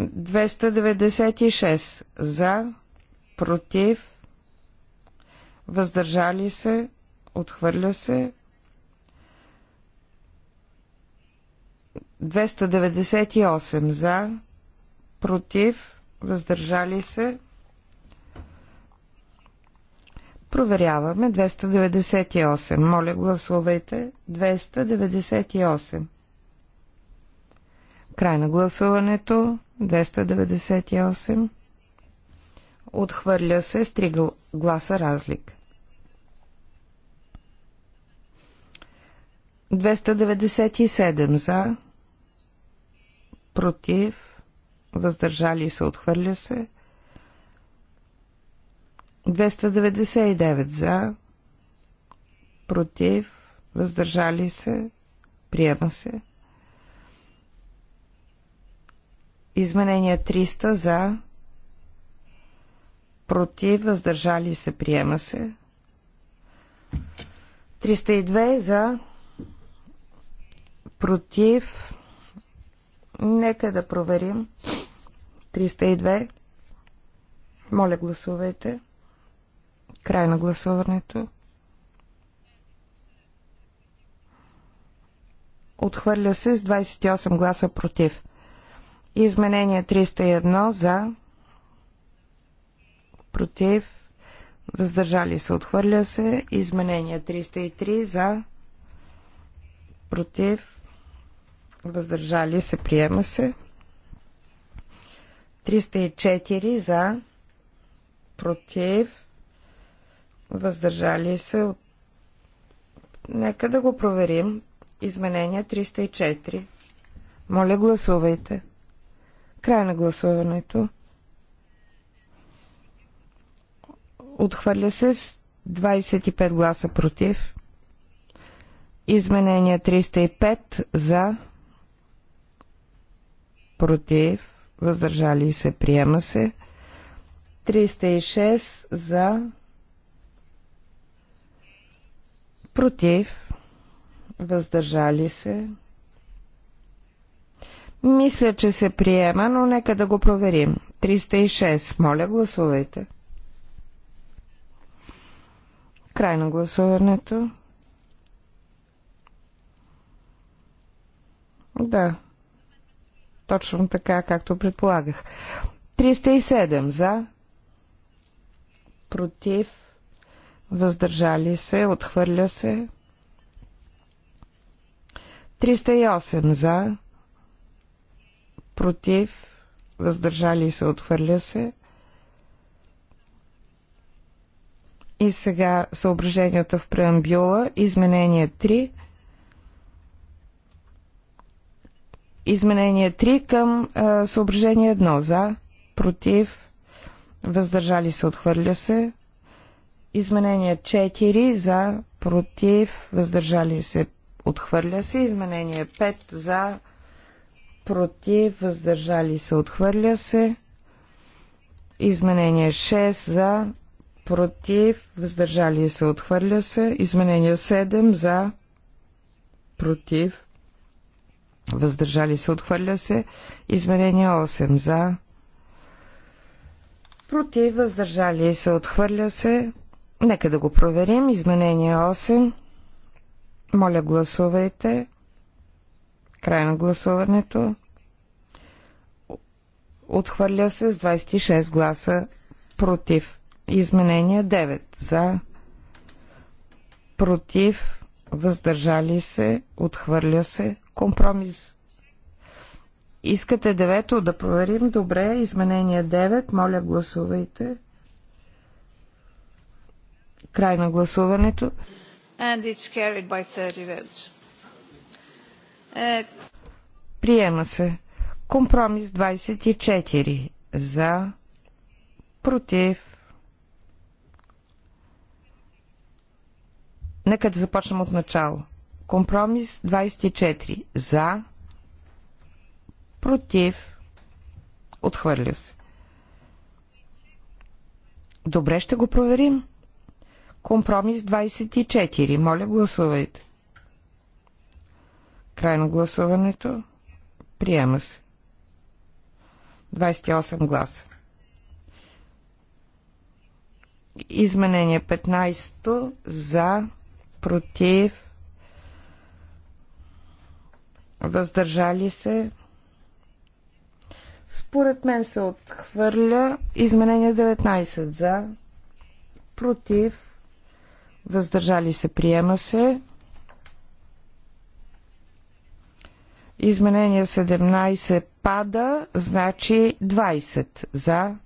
296 за, против, въздържали се, отхвърля се. 298 за, против, въздържали се. Проверяваме 298. Моля, гласувайте 298. Край на гласуването 298. Отхвърля се с три гласа разлик. 297 за, против, въздържали се, отхвърля се. 299 за, против, въздържали се, приема се. Изменение 300 за, против, въздържали се, приема се. 302 за, против, нека да проверим. 302. Моля, гласувайте. Край на гласуването. Отхвърля се с 28 гласа против. Изменение 301 за против, въздържали се, отхвърля се. Изменение 303 за, против, въздържали се, приема се. 304 за, против, въздържали се. От... Нека да го проверим. Изменение 304. Моля, гласувайте. Край на гласуването. Отхвърля се с 25 гласа против. Изменение 305 за. Против. Въздържали се. Приема се. 306 за. Против. Въздържали се. Мисля, че се приема, но нека да го проверим. 306. Моля, гласувайте. 306. Край на гласуването. Да. Точно така, както предполагах. 307 за, против, въздържали се, отхвърля се. 308 за, против, въздържали се, отхвърля се. И сега съображенията в преамбюла. Изменение 3. Изменение 3 към а, съображение 1. За, против, въздържали се, отхвърля се. Изменение 4 за, против, въздържали се, отхвърля се. Изменение 5 за, против, въздържали се, отхвърля се. Изменение 6 за, против, въздържали се, отхвърля се. Изменение 7 за, против, въздържали се, отхвърля се. Изменение 8 за, против, въздържали се, отхвърля се. Нека да го проверим. Изменение 8. Моля, гласувайте. Край на гласуването. Отхвърля се с 26 гласа против. Изменение 9 за, против, въздържали се, отхвърля се, компромис. Искате девето да проверим? Добре, изменение 9, моля гласувайте. Край на гласуването. And it's carried by 30 votes. Uh, Приема се. Компромис 24. За. Против Нека да започнем от начало. Компромис 24. За. Против. Отхвърля се. Добре, ще го проверим. Компромис 24. Моля, гласувайте. Край на гласуването. Приема се. 28 гласа. Изменение 15 за против, въздържали се. Според мен се отхвърля изменение 19 за, против, въздържали се, приема се. Изменение 17 пада, значи 20 за,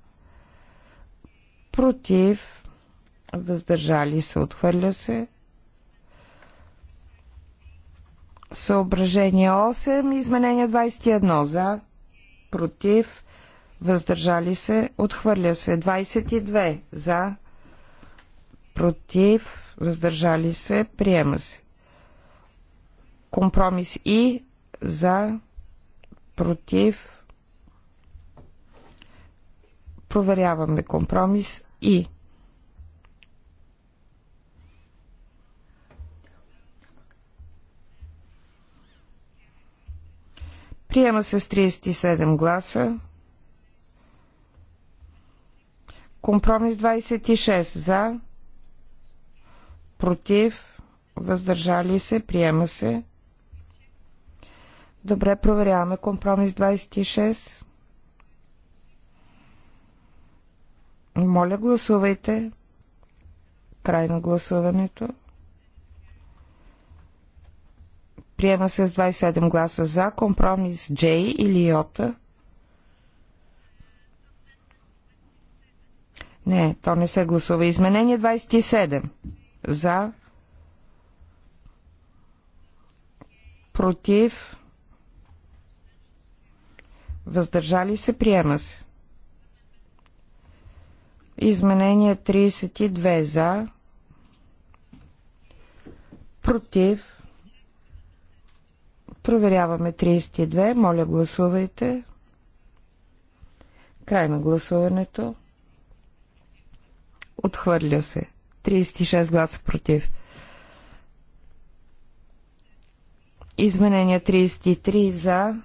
против, въздържали се, отхвърля се. Съображение 8, изменение 21 за, против, въздържали се, отхвърля се. 22 за, против, въздържали се, приема се. Компромис и за, против, проверяваме компромис и. Приема се с 37 гласа. Компромис 26 за, против, въздържали се, приема се. Добре, проверяваме компромис 26. Моля, гласувайте. Край на гласуването. Приема се с 27 гласа за. Компромис J или Йота. Не, то не се гласува. Изменение 27. За. Против. Въздържали се. Приема се. Изменение 32. За. Против Проверяваме 32. Моля, гласувайте. Край на гласуването. Отхвърля се. 36 гласа против. Изменения 33 за.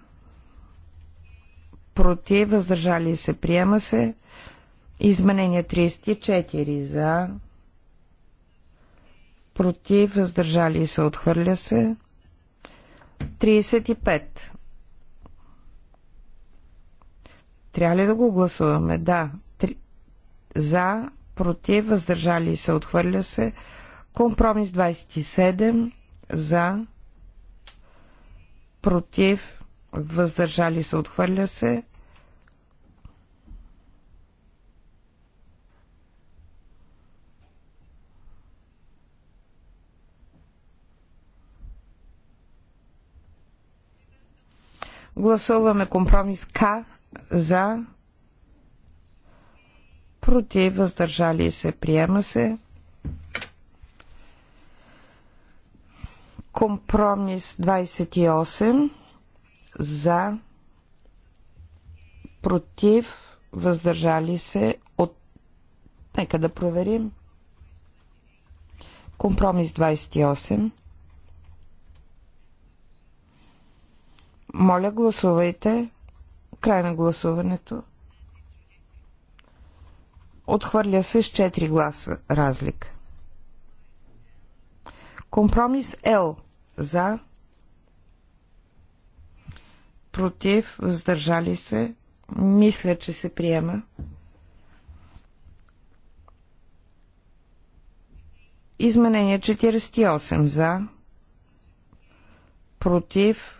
Против. Въздържали се. Приема се. Изменение 34 за. Против. Въздържали се. Отхвърля се. 35. Трябва ли да го гласуваме? Да. Три... За, против, въздържали се, отхвърля се. Компромис 27. За, против, въздържали се, отхвърля се. Гласуваме компромис К за против, въздържали се, приема се. Компромис 28 за против, въздържали се от... Нека да проверим. Компромис 28. Моля, гласувайте. Край на гласуването. Отхвърля се с 4 гласа разлика. Компромис Л за против, въздържали се. Мисля, че се приема. Изменение 48 за против,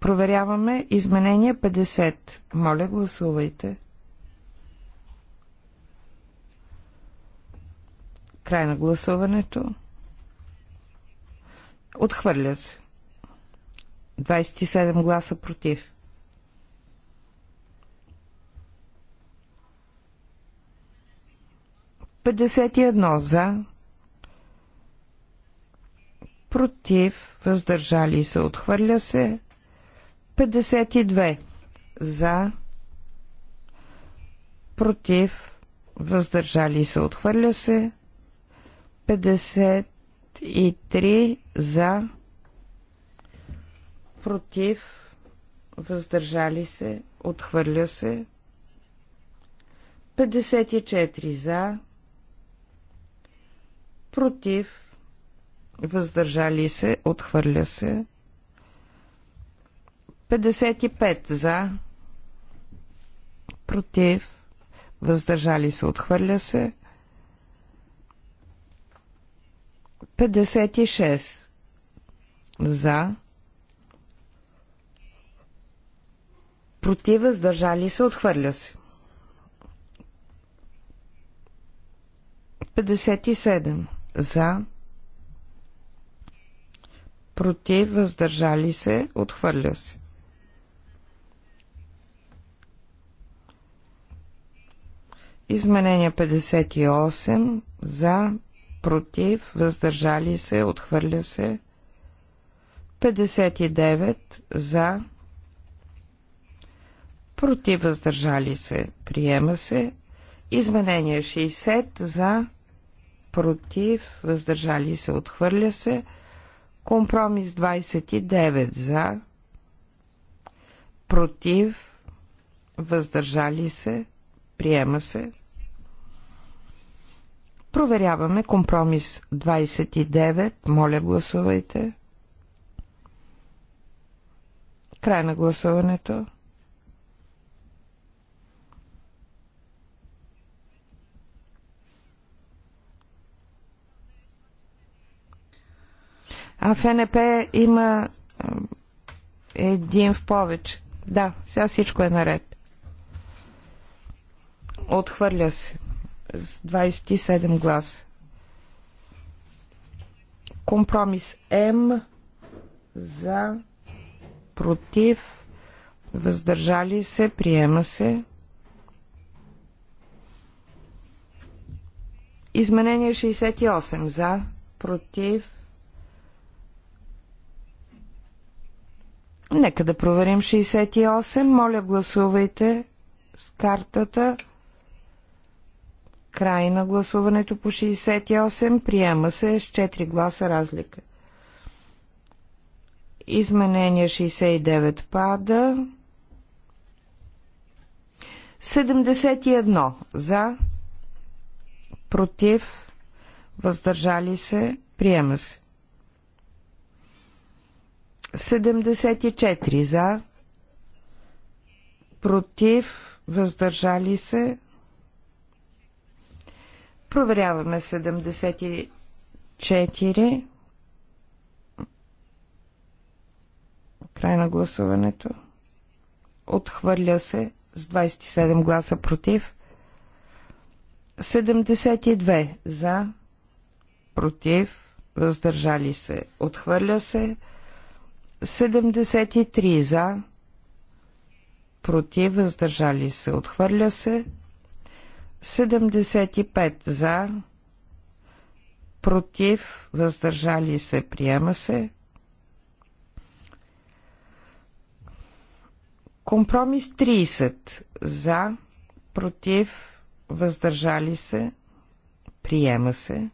Проверяваме изменение 50. Моля, гласувайте. Край на гласуването. Отхвърля се. 27 гласа против. Петдесет и едно за, против, въздържали се, отхвърля се, 52 за, против, въздържали се, отхвърля се. 53 за, против, въздържали се, отхвърля се. 54 за, против, въздържали се, отхвърля се. 55 за, против, въздържали се, отхвърля се. 56 за, против, въздържали се, отхвърля се. 57 за, против, въздържали се, отхвърля се. Изменение 58 за, против, въздържали се, отхвърля се. 59 за, против, въздържали се, приема се. Изменение 60 за, против, въздържали се, отхвърля се. Компромис 29 за, против, въздържали се, приема се. Проверяваме компромис 29. Моля, гласувайте. Край на гласуването. А в НП има един в повече. Да, сега всичко е наред. Отхвърля се с 27 гласа. Компромис М за против въздържали се, приема се. Изменение 68 за против Нека да проверим 68. Моля, гласувайте с картата. Край на гласуването по 68. Приема се с 4 гласа разлика. Изменение 69 пада. 71 за, против, въздържали се, приема се. 74 за, против, въздържали се, Проверяваме 74. Край на гласуването. Отхвърля се с 27 гласа против. 72 за, против, въздържали се, отхвърля се. 73 за, против, въздържали се, отхвърля се. 75 за, против, въздържали се, приема се. Компромис 30 за, против, въздържали се, приема се.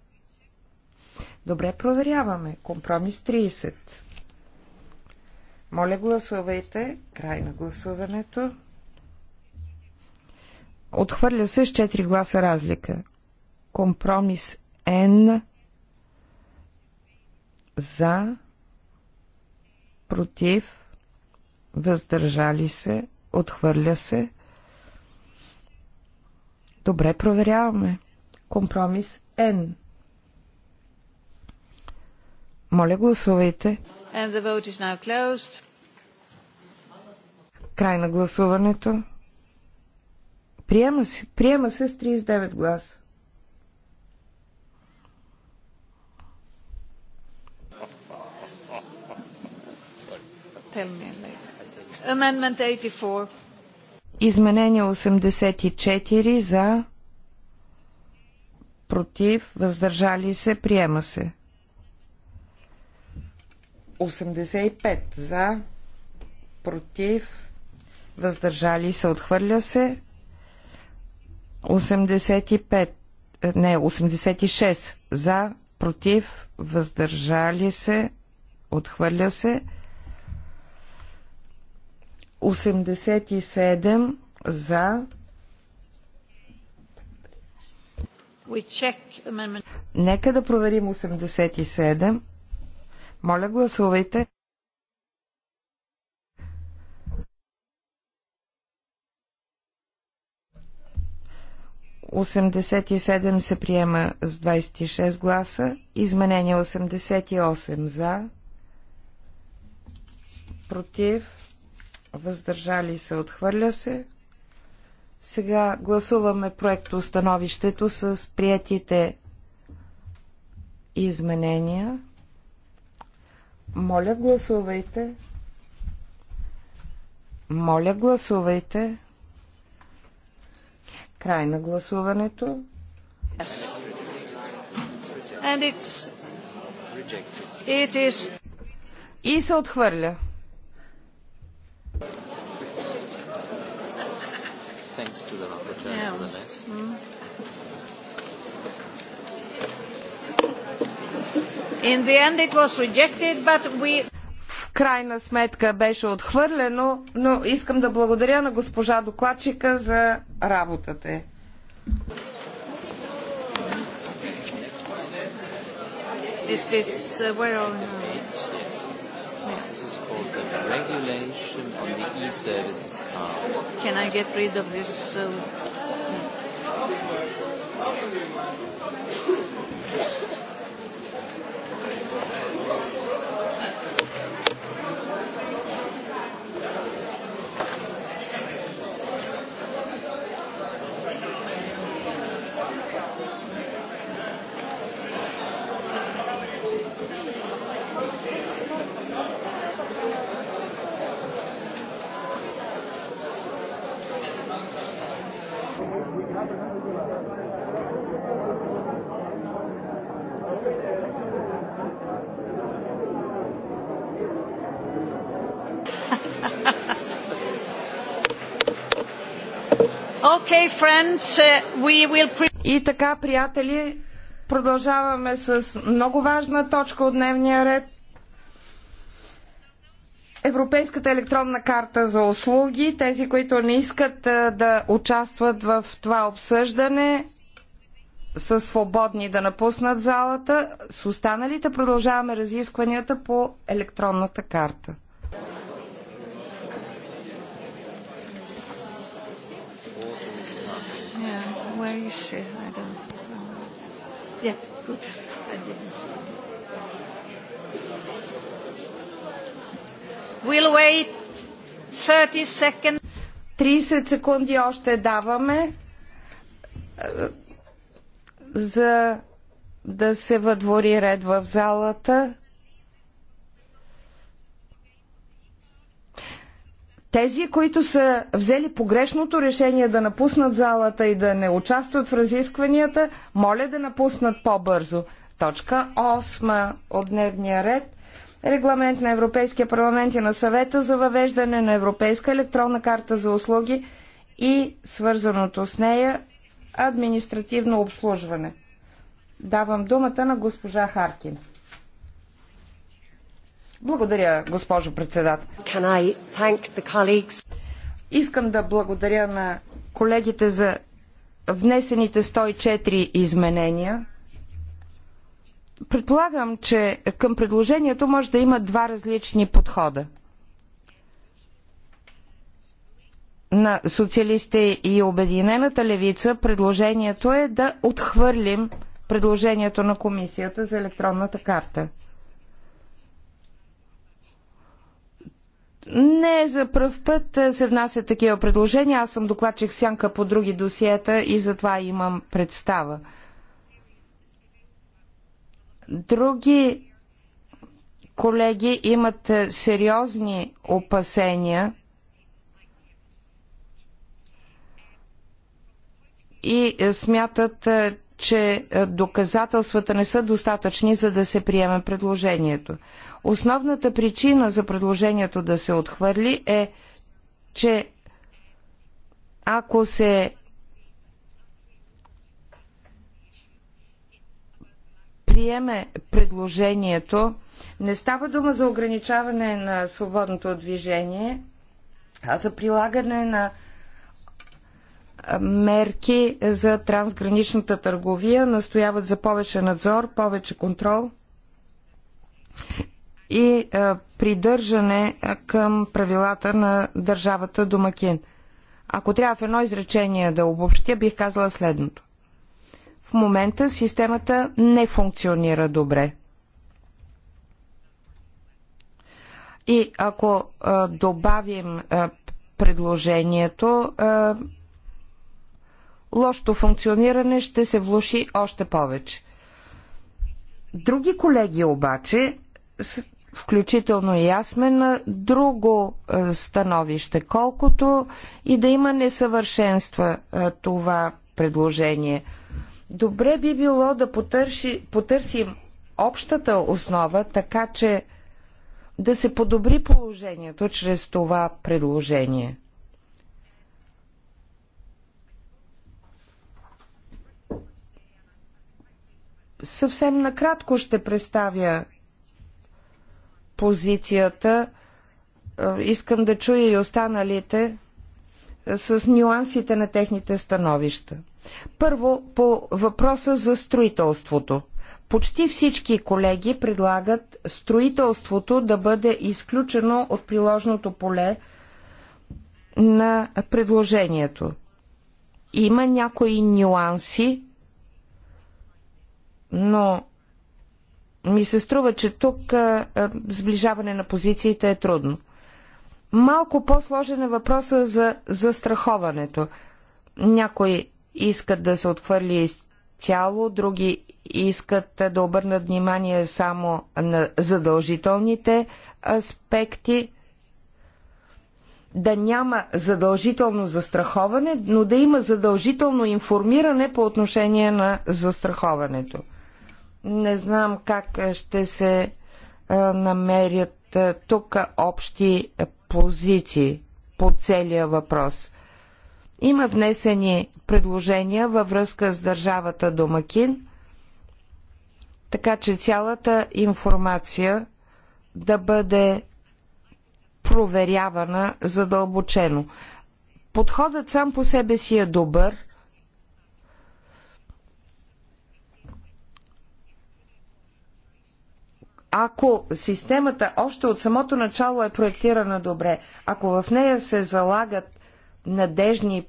Добре, проверяваме. Компромис 30. Моля, гласувайте. Край на гласуването. Отхвърля се с 4 гласа разлика. Компромис Н за, против, въздържали се, отхвърля се. Добре, проверяваме. Компромис N. Моля, гласувайте. And the vote is now closed. Край на гласуването. Приема се, приема се с 39 гласа. Изменение 84 за против, въздържали се, приема се. 85 за против, въздържали се, отхвърля се. 85, е, не, 86 за, против, въздържали се, отхвърля се. 87 за. Нека да проверим 87. Моля, гласувайте. 87 се приема с 26 гласа. Изменение 88 за. Против. Въздържали се. Отхвърля се. Сега гласуваме проекто становището с приятите изменения. Моля, гласувайте. Моля, гласувайте. Край на гласуването. Yes. And it's... It is... И се отхвърля. Thanks to the rapporteur, yeah. nonetheless. Mm. In the end it was rejected, but we крайна сметка беше отхвърлено, но искам да благодаря на госпожа докладчика за работата е. This is uh, where on This is called the regulation on the e-services card. Can I get rid of this? Uh... Okay, friends, uh, we will... И така, приятели, продължаваме с много важна точка от дневния ред. Европейската електронна карта за услуги. Тези, които не искат да участват в това обсъждане, са свободни да напуснат залата. С останалите продължаваме разискванията по електронната карта. Nische. I don't know. Yeah, good. I didn't see. We'll wait 30 seconds. 30 секунди още даваме за да се въдвори ред в залата. Тези, които са взели погрешното решение да напуснат залата и да не участват в разискванията, моля да напуснат по-бързо. Точка 8 от дневния ред. Регламент на Европейския парламент и на съвета за въвеждане на Европейска електронна карта за услуги и свързаното с нея административно обслужване. Давам думата на госпожа Харкин. Благодаря, госпожо председател. Искам да благодаря на колегите за внесените 104 изменения. Предполагам, че към предложението може да има два различни подхода. На социалистите и Обединената левица предложението е да отхвърлим предложението на комисията за електронната карта. Не за пръв път се внасят такива предложения. Аз съм докладчик сянка по други досиета и затова имам представа. Други колеги имат сериозни опасения и смятат, че е, доказателствата не са достатъчни, за да се приеме предложението. Основната причина за предложението да се отхвърли е, че ако се приеме предложението, не става дума за ограничаване на свободното движение, а за прилагане на мерки за трансграничната търговия, настояват за повече надзор, повече контрол и е, придържане към правилата на държавата домакин. Ако трябва в едно изречение да обобщя, бих казала следното. В момента системата не функционира добре. И ако а, е, добавим а, е, предложението, а, лошото функциониране ще се влуши още повече. Други колеги обаче, включително и аз сме на друго е, становище, колкото и да има несъвършенства е, това предложение. Добре би било да потърши, потърсим общата основа, така че да се подобри положението чрез това предложение. Съвсем накратко ще представя позицията. Е, искам да чуя и останалите е, с нюансите на техните становища. Първо, по въпроса за строителството. Почти всички колеги предлагат строителството да бъде изключено от приложното поле на предложението. Има някои нюанси, но ми се струва, че тук а, а, сближаване на позициите е трудно. Малко по-сложен е въпроса за застраховането. Някои искат да се отхвърли цяло, други искат да обърнат внимание само на задължителните аспекти, да няма задължително застраховане, но да има задължително информиране по отношение на застраховането. Не знам как ще се намерят тук общи позиции по целия въпрос. Има внесени предложения във връзка с държавата Домакин, така че цялата информация да бъде проверявана задълбочено. Подходът сам по себе си е добър – ако системата още от самото начало е проектирана добре, ако в нея се залагат надежни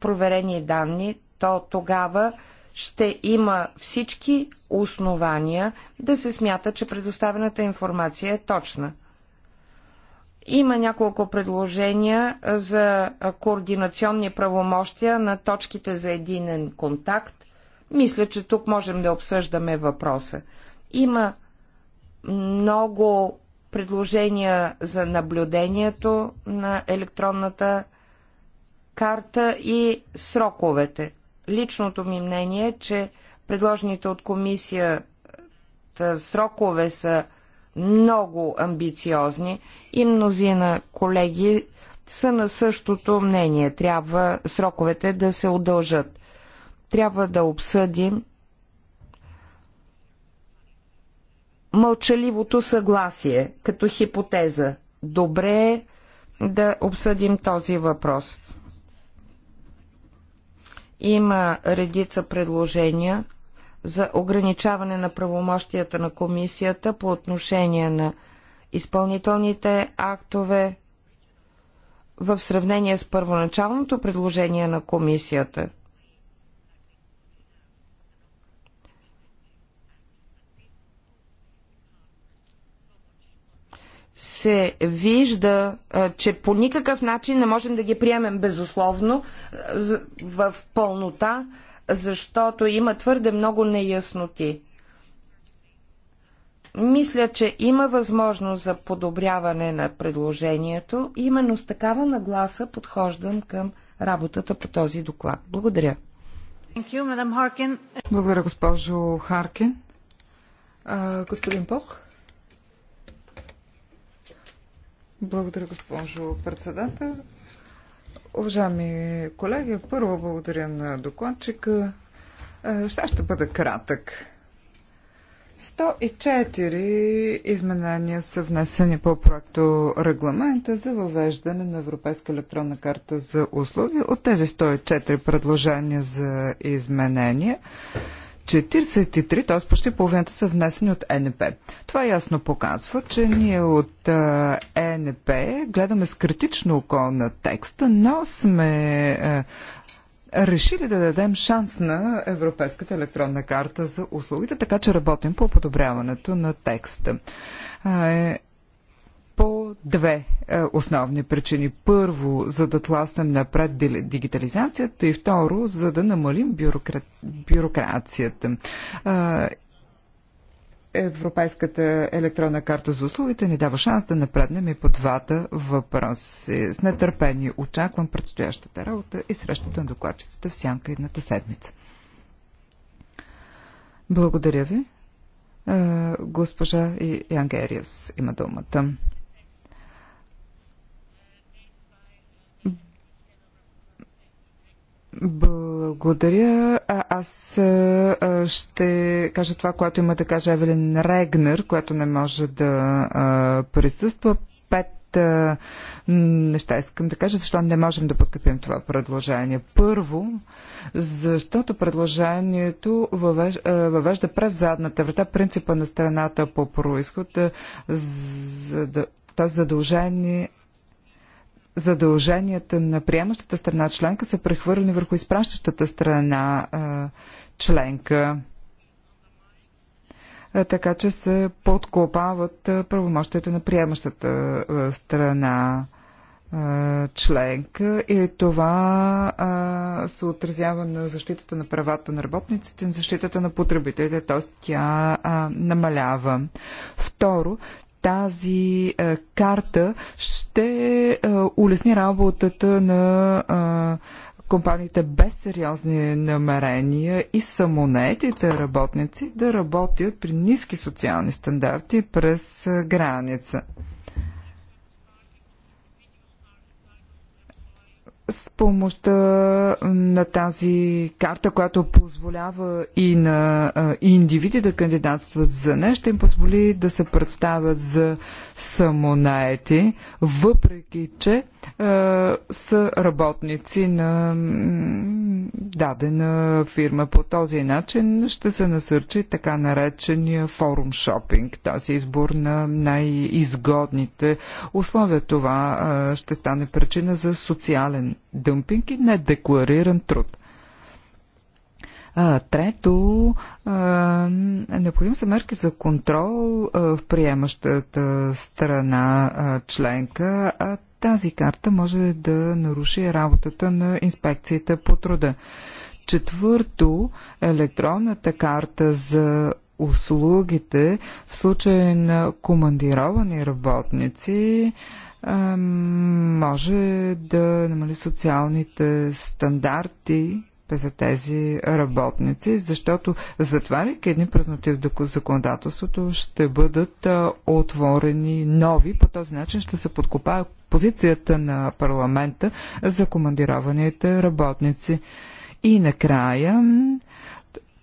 проверени данни, то тогава ще има всички основания да се смята, че предоставената информация е точна. Има няколко предложения за координационни правомощия на точките за единен контакт. Мисля, че тук можем да обсъждаме въпроса. Има много предложения за наблюдението на електронната карта и сроковете. Личното ми мнение е, че предложените от комисията срокове са много амбициозни и мнозина колеги са на същото мнение. Трябва сроковете да се удължат. Трябва да обсъдим мълчаливото съгласие като хипотеза. Добре е да обсъдим този въпрос. Има редица предложения за ограничаване на правомощията на комисията по отношение на изпълнителните актове в сравнение с първоначалното предложение на комисията – се вижда, че по никакъв начин не можем да ги приемем безусловно в пълнота, защото има твърде много неясноти. Мисля, че има възможност за подобряване на предложението. Именно с такава нагласа подхождам към работата по този доклад. Благодаря. Благодаря, госпожо Харкин. господин Пох. Благодаря, госпожо председател. Уважаеми колеги, първо благодаря на докладчика. Е, ще, ще бъда кратък. 104 изменения са внесени по проекто регламента за въвеждане на Европейска електронна карта за услуги. От тези 104 предложения за изменения 43, т.е. почти половината са внесени от НП. Това ясно показва, че ние от НП гледаме с критично око на текста, но сме решили да дадем шанс на Европейската електронна карта за услугите, така че работим по подобряването на текста. Е, по две е, основни причини. Първо, за да тласнем напред дигитализацията и второ, за да намалим бюрокра... бюрокрацията. Е, Европейската електронна карта за услугите ни дава шанс да напреднем и по двата въпроси. С нетърпение очаквам предстоящата работа и срещата на докладчицата в сянка едната седмица. Благодаря ви. Е, госпожа Янгериус има думата. Благодаря. А, аз а, ще кажа това, което има да каже Евелин Регнер, която не може да а, присъства. Пет а, неща искам да кажа, защо не можем да подкрепим това предложение. Първо, защото предложението въвеж, а, въвежда през задната врата принципа на страната по происход, за да, т.е. задължение задълженията на приемащата страна членка са прехвърлени върху изпращащата страна а, членка. А, така че се подкопават правомощията на приемащата а, страна членка и това а, се отразява на защитата на правата на работниците, на защитата на потребителите, т.е. тя а, намалява. Второ, тази а, е, карта ще а, е, улесни работата на а, е, компаниите без сериозни намерения и самонетите работници да работят при ниски социални стандарти през граница. с помощта на тази карта, която позволява и на индивиди да кандидатстват за нещо, им позволи да се представят за самонаети, въпреки че е, са работници на дадена фирма. По този начин ще се насърчи така наречения форум шопинг, т.е. избор на най-изгодните условия. Това е, ще стане причина за социален дъмпинг и недеклариран труд. Трето, необходим са мерки за контрол в приемащата страна членка, а тази карта може да наруши работата на инспекцията по труда. Четвърто, електронната карта за услугите в случай на командировани работници може да намали социалните стандарти е, за тези работници, защото затваряйки едни празноти в законодателството, ще бъдат отворени нови. По този начин ще се подкопае позицията на парламента за командированите работници. И накрая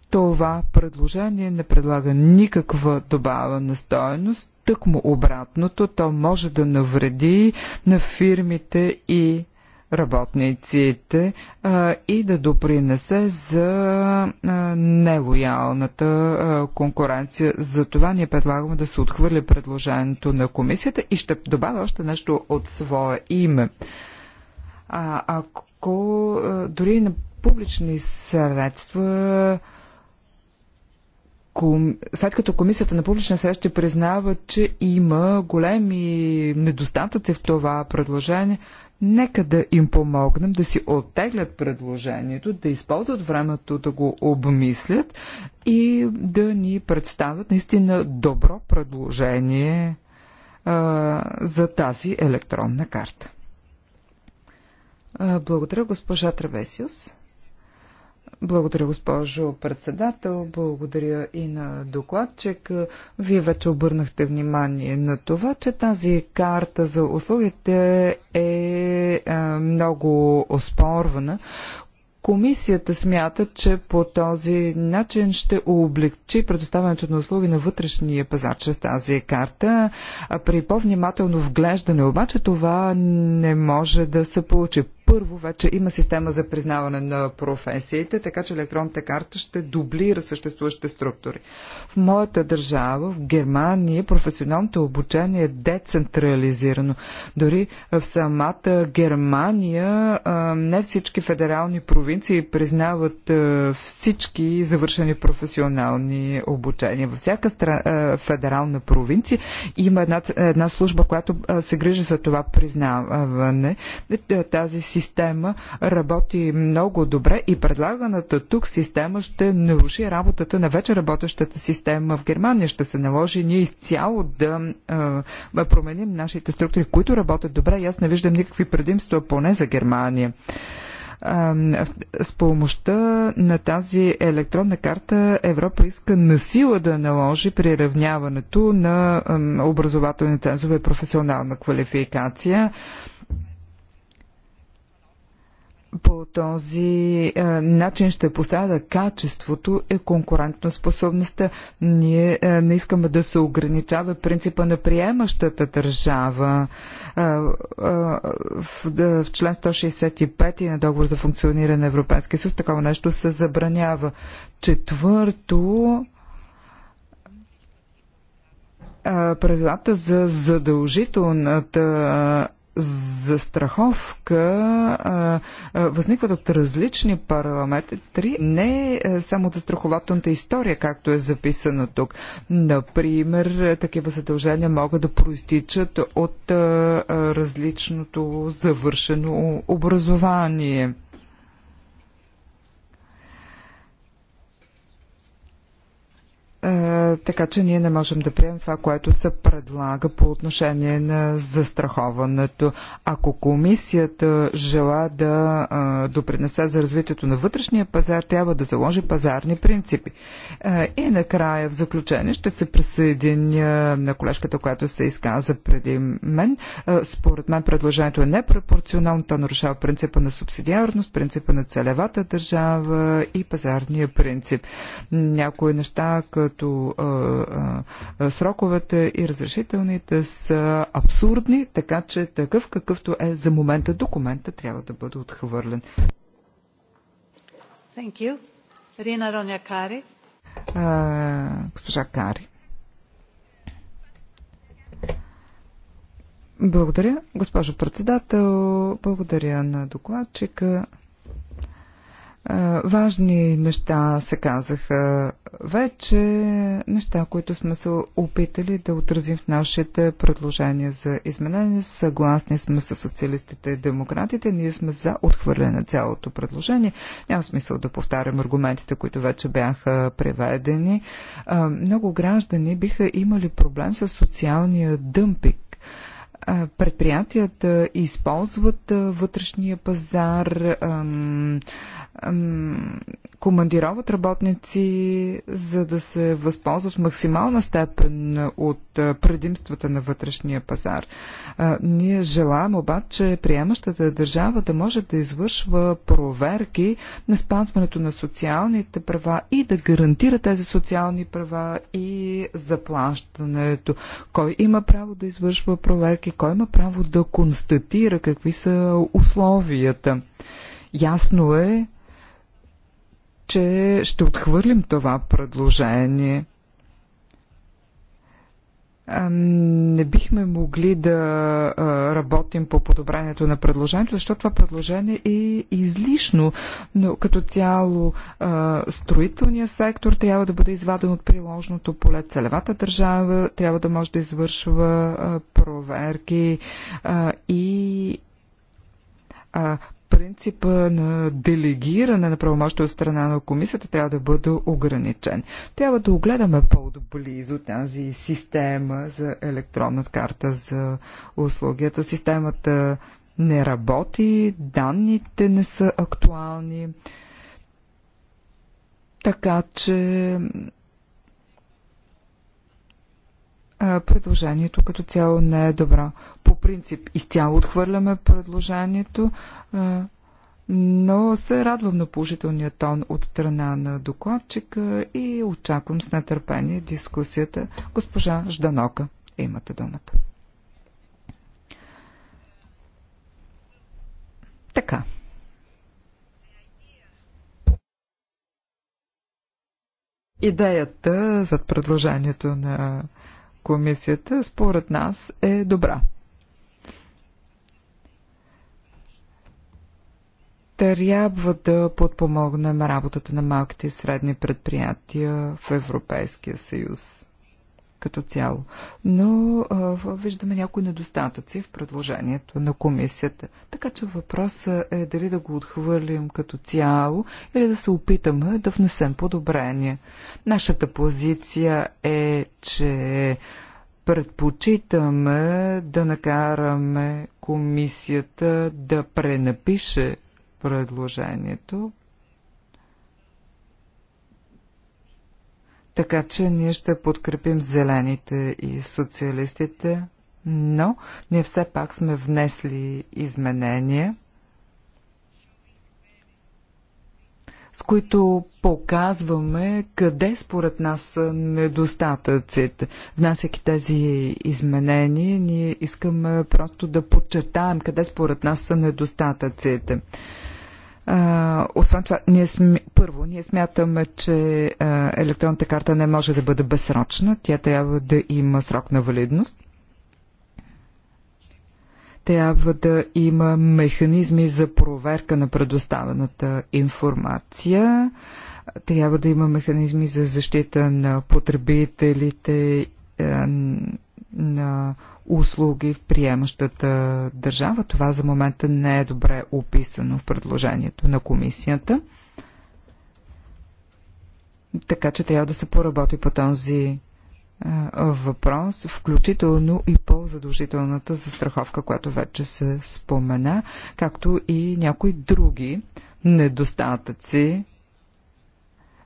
това предложение не предлага никаква добавена стоеност, тъкмо обратното, то може да навреди на фирмите и работниците а, и да допринесе за а, нелоялната а, конкуренция. За това ние предлагаме да се отхвърли предложението на комисията и ще добавя още нещо от своя име. А, ако а, дори на публични средства след като комисията на публична среща признава, че има големи недостатъци в това предложение, Нека да им помогнем да си оттеглят предложението, да използват времето да го обмислят и да ни представят наистина добро предложение а, за тази електронна карта. благодаря, госпожа Травесиус. Благодаря, госпожо председател. Благодаря и на докладчик. Вие вече обърнахте внимание на това, че тази карта за услугите е, е много оспорвана. Комисията смята, че по този начин ще облегчи предоставянето на услуги на вътрешния пазар чрез тази карта. При по-внимателно вглеждане обаче това не може да се получи. Първо, вече има система за признаване на професиите, така че електронната карта ще дублира съществуващите структури. В моята държава, в Германия, професионалното обучение е децентрализирано. Дори в самата Германия не всички федерални провинции признават всички завършени професионални обучения. Във всяка федерална провинция има една, една служба, която се грижи за това признаване. Е, тази система система работи много добре и предлаганата тук система ще наруши работата на вече работещата система в Германия. Ще се наложи ние изцяло да а, променим нашите структури, които работят добре и аз не виждам никакви предимства поне за Германия с помощта на тази електронна карта Европа иска насила да наложи приравняването на образователни цензове и професионална квалификация по този е, начин ще пострада качеството и конкурентоспособността. Ние е, не искаме да се ограничава принципа на приемащата държава. Е, е, в, да, в член 165 и на договор за функциониране на Европейския съюз такова нещо се забранява. Четвърто, е, правилата за задължителната застраховка а, а, възникват от различни параметри, не само е, е, само застрахователната история, както е записано тук. Например, такива задължения могат да проистичат от а, а, различното завършено образование. Е, така че ние не можем да приемем това, което се предлага по отношение на застраховането. Ако комисията жела да е, допринесе за развитието на вътрешния пазар, трябва да заложи пазарни принципи. Е, и накрая, в заключение, ще се присъединя на колежката, която се изказа преди мен. според мен предложението е непропорционално, то нарушава принципа на субсидиарност, принципа на целевата държава и пазарния принцип. Някои неща, като като а, а, сроковете и разрешителните са абсурдни, така че такъв какъвто е за момента документа трябва да бъде отхвърлен. Thank you. Рина Роня Кари. А, госпожа Кари. Благодаря, госпожо председател. Благодаря на докладчика. Важни неща се казаха вече, неща, които сме се опитали да отразим в нашите предложения за изменение. Съгласни сме с социалистите и демократите, ние сме за отхвърляне на цялото предложение. Няма смисъл да повтарям аргументите, които вече бяха преведени. Много граждани биха имали проблем с социалния дъмпик предприятията използват вътрешния пазар, командироват работници, за да се възползват в максимална степен от предимствата на вътрешния пазар. Ние желаем обаче приемащата държава да може да извършва проверки на спазването на социалните права и да гарантира тези социални права и заплащането. Кой има право да извършва проверки, кой има право да констатира какви са условията. Ясно е, че ще отхвърлим това предложение. Не бихме могли да работим по подобрението на предложението, защото това предложение е излишно, но като цяло строителният сектор трябва да бъде изваден от приложното поле, целевата държава трябва да може да извършва проверки и принципа на делегиране на правомощите от страна на комисията трябва да бъде ограничен. Трябва да огледаме по доблизо тази система за електронна карта за услугията. Системата не работи, данните не са актуални. Така че предложението като цяло не е добро. По принцип изцяло отхвърляме предложението, но се радвам на положителния тон от страна на докладчика и очаквам с нетърпение дискусията. Госпожа Жданока, имате думата. Така. Идеята зад предложението на комисията, според нас, е добра. трябва да подпомогнем работата на малките и средни предприятия в Европейския съюз като цяло. Но а, виждаме някои недостатъци в предложението на комисията. Така че въпросът е дали да го отхвърлим като цяло или да се опитаме да внесем подобрение. Нашата позиция е, че предпочитаме да накараме комисията да пренапише предложението. Така че ние ще подкрепим зелените и социалистите, но ние все пак сме внесли изменения, с които показваме къде според нас са недостатъците. Внасяки тези изменения, ние искаме просто да подчертаем къде според нас са недостатъците. А, освен това, ние сме, първо, ние смятаме, че а, електронната карта не може да бъде безсрочна. Тя трябва да има срок на валидност. Трябва да има механизми за проверка на предоставената информация. Трябва да има механизми за защита на потребителите, на услуги в приемащата държава. Това за момента не е добре описано в предложението на комисията. Така че трябва да се поработи по този е, въпрос, включително и по задължителната застраховка, която вече се спомена, както и някои други недостатъци,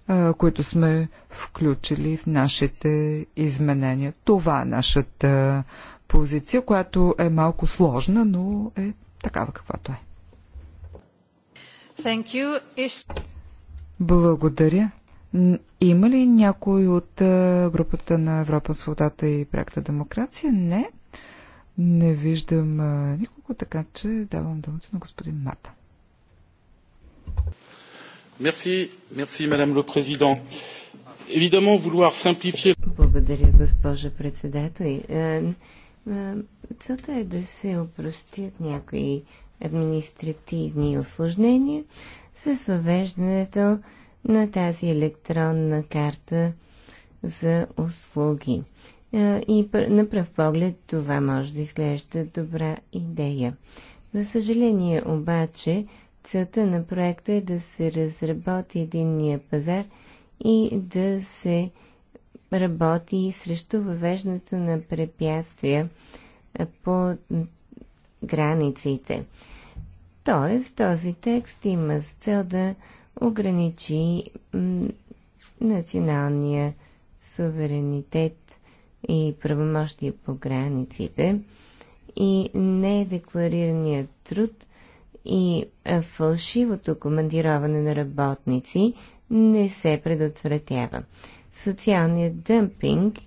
е, които сме включили в нашите изменения. Това е нашата позиция, която е малко сложна, но е такава каквато е. Thank you. Is... Благодаря. Има ли някой от групата на Европа, свободата и проекта демокрация? Не. Не виждам никого, така че давам думата на господин Мата. Merci, merci, madame le président. Évidemment, vouloir simplifier. Благодаря, госпожа председател. Е, е, целта е да се опростят някои административни осложнения с въвеждането на тази електронна карта за услуги. Е, и на пръв поглед това може да изглежда добра идея. За съжаление обаче, целта на проекта е да се разработи единния пазар и да се работи срещу въвеждането на препятствия по границите. Тоест, този текст има с цел да ограничи националния суверенитет и правомощия по границите и недекларираният труд и фалшивото командироване на работници не се предотвратява социалният демпинг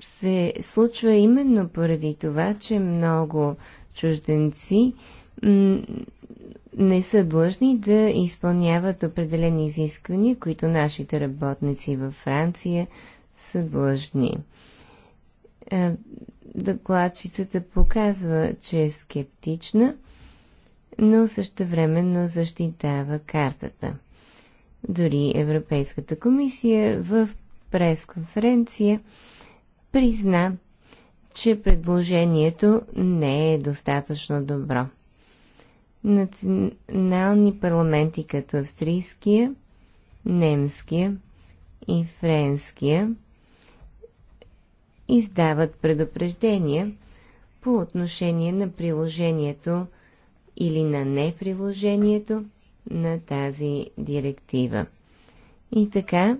се случва именно поради това, че много чужденци не са длъжни да изпълняват определени изисквания, които нашите работници във Франция са длъжни. Докладчицата показва, че е скептична, но същевременно защитава картата. Дори Европейската комисия в пресконференция призна, че предложението не е достатъчно добро. Национални парламенти като австрийския, немския и френския издават предупреждения по отношение на приложението или на неприложението на тази директива. И така,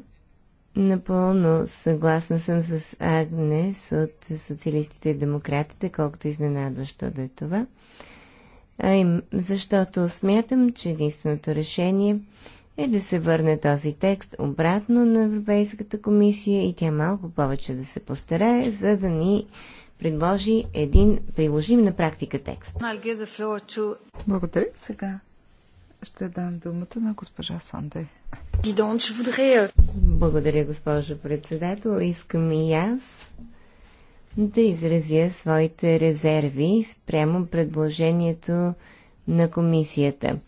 напълно съгласна съм с Агнес от социалистите и демократите, колкото изненадващо да е това. А им, защото смятам, че единственото решение е да се върне този текст обратно на Европейската комисия и тя малко повече да се постарае, за да ни предложи един приложим на практика текст. Благодаря. Сега ще дам думата на госпожа Санде. Euh, Благодаря, госпожа председател. Искам и аз да изразя своите резерви спрямо предложението на комисията.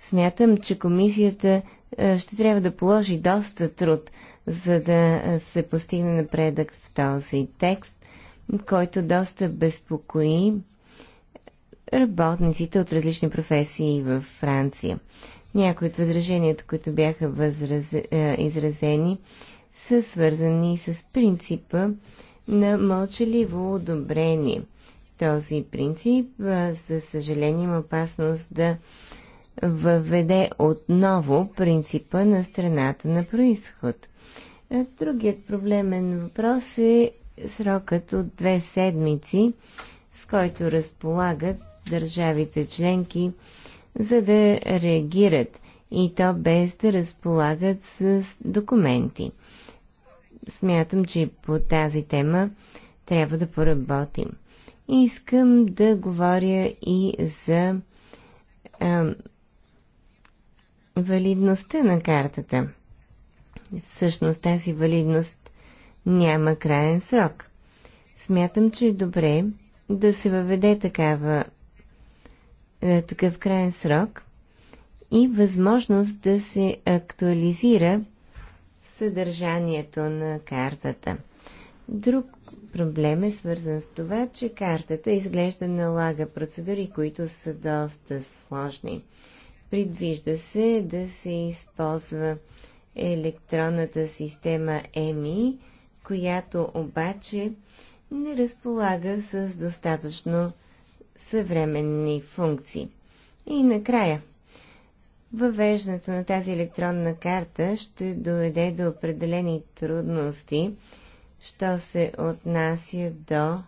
Смятам, че комисията е, ще трябва да положи доста труд, за да се постигне напредък в този текст, който доста безпокои работниците от различни професии във Франция. Някои от възраженията, които бяха възраз... Е, изразени, са свързани с принципа на мълчаливо одобрение. Този принцип, е, за съжаление, има опасност да въведе отново принципа на страната на происход. Е, другият проблемен въпрос е срокът от две седмици, с който разполагат държавите членки, за да реагират и то без да разполагат с документи. Смятам, че по тази тема трябва да поработим. Искам да говоря и за а, валидността на картата. Всъщност тази валидност няма краен срок. Смятам, че е добре да се въведе такава е, такъв крайен срок и възможност да се актуализира съдържанието на картата. Друг проблем е свързан с това, че картата изглежда налага процедури, които са доста сложни. Предвижда се да се използва електронната система EMI, която обаче не разполага с достатъчно съвременни функции. И накрая, въвеждането на тази електронна карта ще доведе до определени трудности, що се отнася до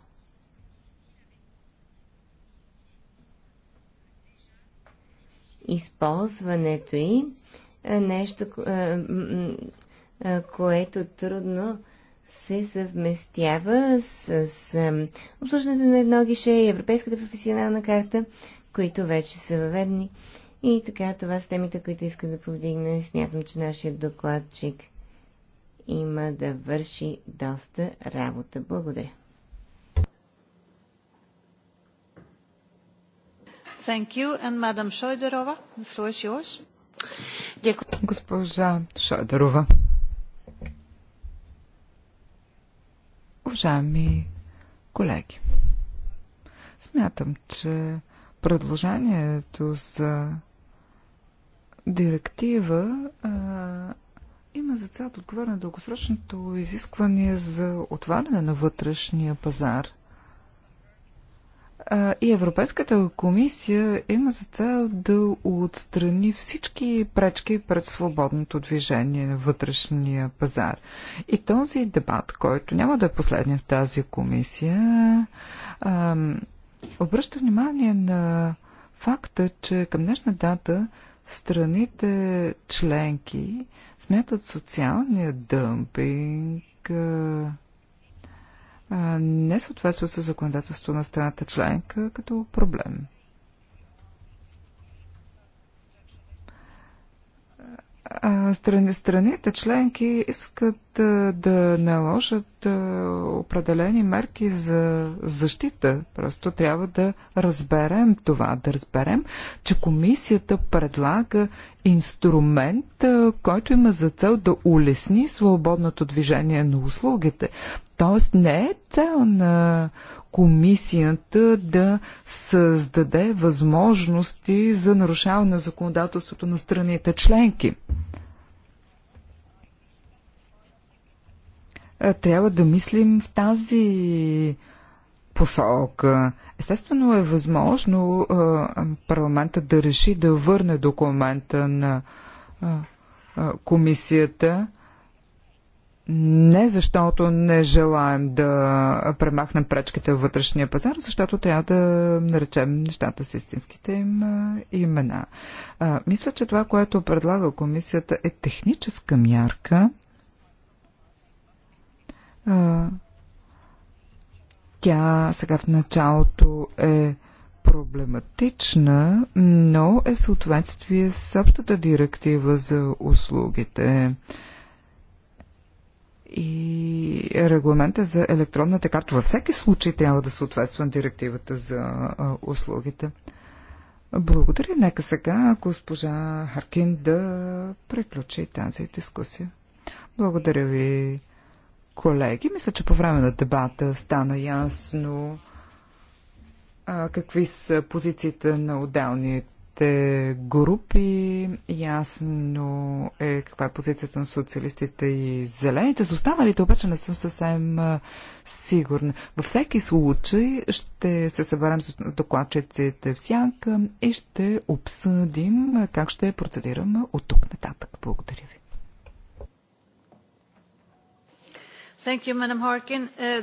използването и нещо, което трудно се съвместява с, с обслужването на едно гише и Европейската професионална карта, които вече са въведени. И така, това са темите, които иска да повдигне. Смятам, че нашия докладчик има да върши доста работа. Благодаря. Thank you. And Madam Шойдерова, the floor is yours. Госпожа Шойдерова. Уважаеми колеги, смятам, че предложението за директива а, има за цел да отговаря на дългосрочното изискване за отваряне на вътрешния пазар – и Европейската комисия има за цел да отстрани всички пречки пред свободното движение на вътрешния пазар. И този дебат, който няма да е последния в тази комисия, обръща внимание на факта, че към днешна дата страните членки смятат социалния дъмпинг не съответства с законодателство на страната членка като проблем. страните членки искат да наложат предвиждат е, определени мерки за защита. Просто трябва да разберем това, да разберем, че комисията предлага инструмент, е, който има за цел да улесни свободното движение на услугите. Тоест не е цел на комисията да създаде възможности за нарушаване на законодателството на страните членки. Е, трябва да мислим в тази посока. Естествено е възможно е, парламента да реши да върне документа на е, комисията. Не защото не желаем да премахнем пречките в вътрешния пазар, защото трябва да наречем нещата с истинските им имена. мисля, че това, което предлага комисията е техническа мярка, тя сега в началото е проблематична, но е в съответствие с общата директива за услугите и регламента за електронната карта. Във всеки случай трябва да съответства на директивата за услугите. Благодаря. Нека сега госпожа Харкин да приключи тази дискусия. Благодаря ви колеги. Мисля, че по време на дебата стана ясно а, какви са позициите на отделните групи. Ясно е каква е позицията на социалистите и зелените. за останалите обаче не съм съвсем сигурна. Във всеки случай ще се съберем с докладчиците в сянка и ще обсъдим как ще процедираме от тук нататък. Благодаря ви. Uh,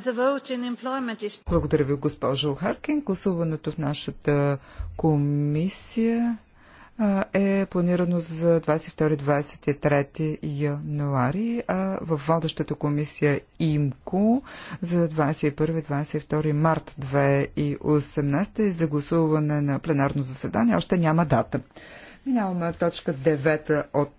Благодаря ви, госпожо Харкин. Гласуването в нашата комисия е планирано за 22-23 януари, а в водещата комисия ИМКО за 21-22 март 2018 е за гласуване на пленарно заседание още няма дата. Минаваме точка 9 от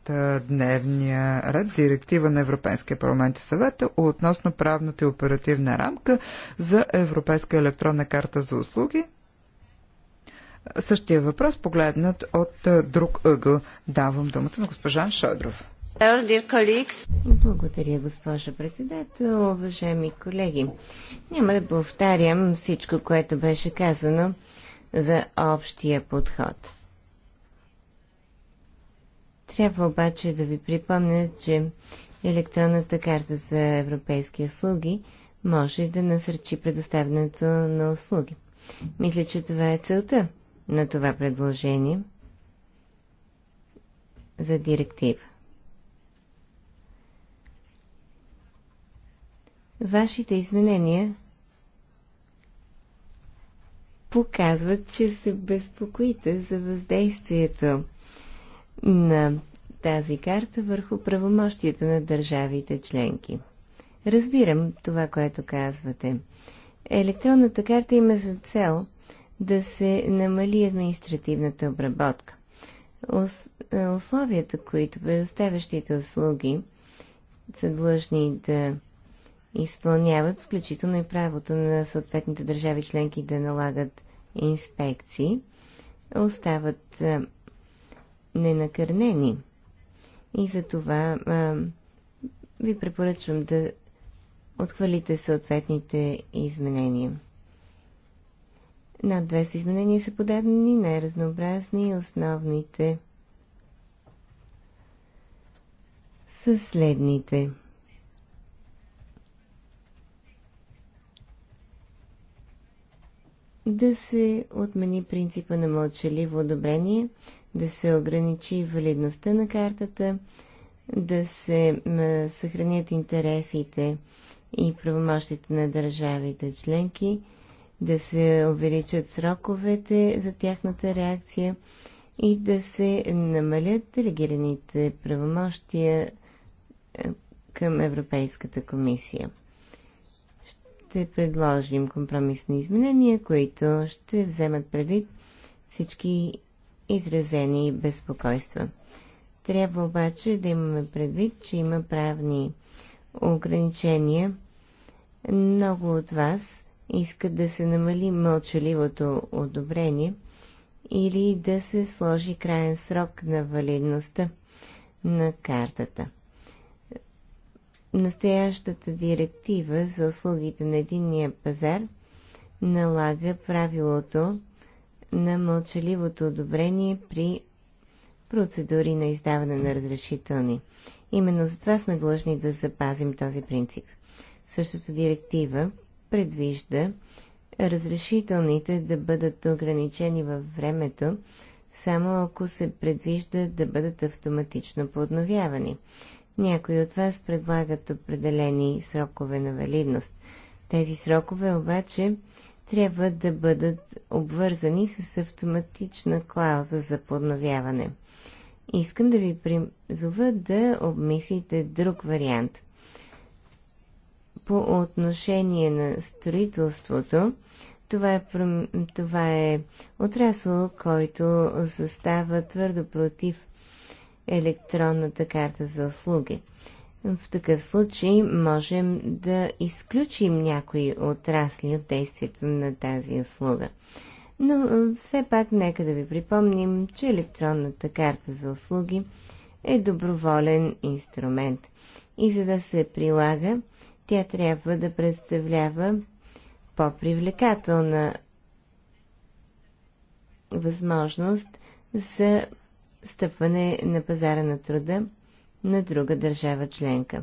дневния ред, директива на Европейския парламент и съвета относно правната и оперативна рамка за Европейска електронна карта за услуги. Същия въпрос погледнат от друг ъгъл. Давам думата на госпожа Шодров. Благодаря, госпожа председател. Уважаеми колеги, няма да повтарям всичко, което беше казано за общия подход. Трябва обаче да ви припомня, че електронната карта за европейски услуги може да насърчи предоставянето на услуги. Мисля, че това е целта на това предложение за директива. Вашите изменения показват, че се безпокоите за въздействието на тази карта върху правомощията на държавите членки. Разбирам това, което казвате. Електронната карта има за цел да се намали административната обработка. Е, условията, които предоставящите услуги са длъжни да изпълняват, включително и правото на съответните държави членки да налагат инспекции, остават е, ненакърнени. И за това а, ви препоръчвам да отхвалите съответните изменения. Над 200 изменения са подадени, най-разнообразни и основните са следните. Да се отмени принципа на мълчаливо одобрение – да се ограничи валидността на картата, да се съхранят интересите и правомощите на държавите членки, да се увеличат сроковете за тяхната реакция и да се намалят делегираните правомощия е, към Европейската комисия. Ще предложим компромисни изменения, които ще вземат предвид всички изразени безпокойства. Трябва обаче да имаме предвид, че има правни ограничения. Много от вас искат да се намали мълчаливото одобрение или да се сложи крайен срок на валидността на картата. Настоящата директива за услугите на единния пазар налага правилото на мълчаливото одобрение при процедури на издаване на разрешителни. Именно за това сме длъжни да запазим този принцип. Същата директива предвижда разрешителните да бъдат ограничени във времето, само ако се предвижда да бъдат автоматично подновявани. Някои от вас предлагат определени срокове на валидност. Тези срокове обаче трябва да бъдат обвързани с автоматична клауза за подновяване. Искам да ви призова да обмислите друг вариант. По отношение на строителството, това е, това е отрасъл, който застава твърдо против електронната карта за услуги. В такъв случай можем да изключим някои отрасли от действието на тази услуга. Но все пак нека да ви припомним, че електронната карта за услуги е доброволен инструмент. И за да се прилага, тя трябва да представлява по-привлекателна възможност за стъпване на пазара на труда – на друга държава членка.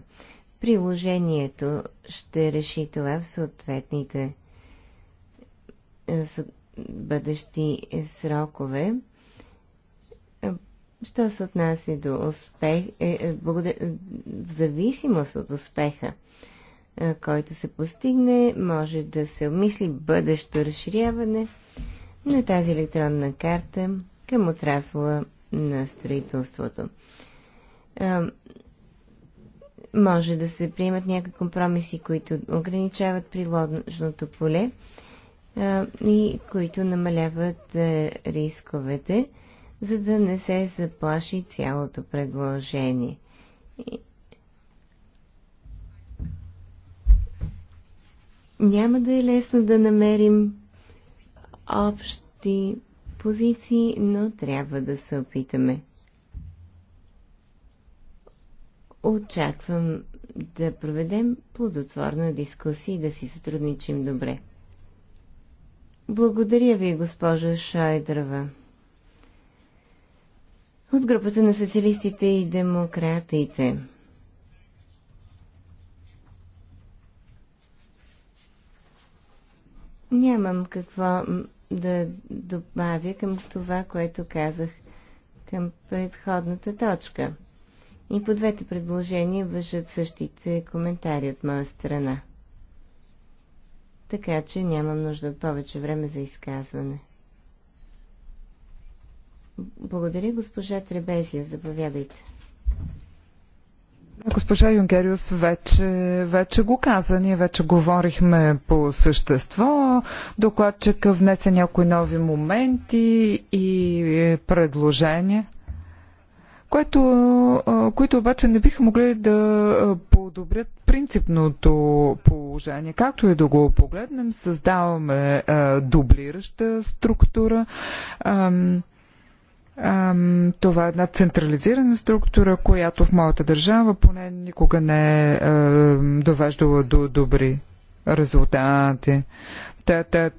Приложението ще реши това в съответните е, бъдещи срокове. Що се отнася до успех, е, е благодар... Е, в зависимост от успеха, който се постигне, може да се обмисли бъдещо разширяване на тази електронна карта към отрасла на строителството може да се приемат някакви компромиси, които ограничават приложното поле и които намаляват е, рисковете, за да не се заплаши цялото предложение. Няма да е лесно да намерим общи позиции, но трябва да се опитаме. Очаквам да проведем плодотворна дискусия и да си сътрудничим добре. Благодаря ви, госпожа Шайдрова. От групата на социалистите и демократите. Нямам какво да добавя към това, което казах към предходната точка. И по двете предложения въжат същите коментари от моя страна. Така че нямам нужда от повече време за изказване. Благодаря, госпожа Требезия. Заповядайте. Госпожа Юнгериус вече, вече го каза. Ние вече говорихме по същество. Докладчика внесе някои нови моменти и предложения което, които обаче не биха могли да подобрят принципното положение. Както и да го погледнем, създаваме дублираща структура. Това е една централизирана структура, която в моята държава поне никога не е довеждала до добри резултати. Та, та,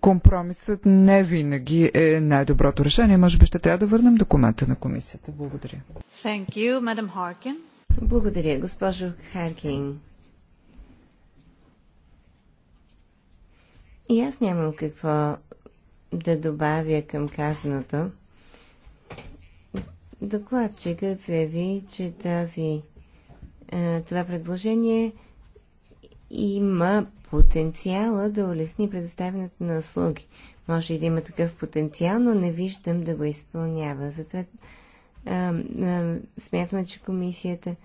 компромисът не винаги е най-доброто решение. Може би ще трябва да върнем документа на комисията. Благодаря. Thank you, Madam Harkin. Благодаря, госпожо Харкин. И аз нямам какво да добавя към казаното. Докладчикът заяви, че тази, е, това предложение има потенциала да улесни предоставянето на услуги. Може и да има такъв потенциал, но не виждам да го изпълнява. Затова смятаме, че комисията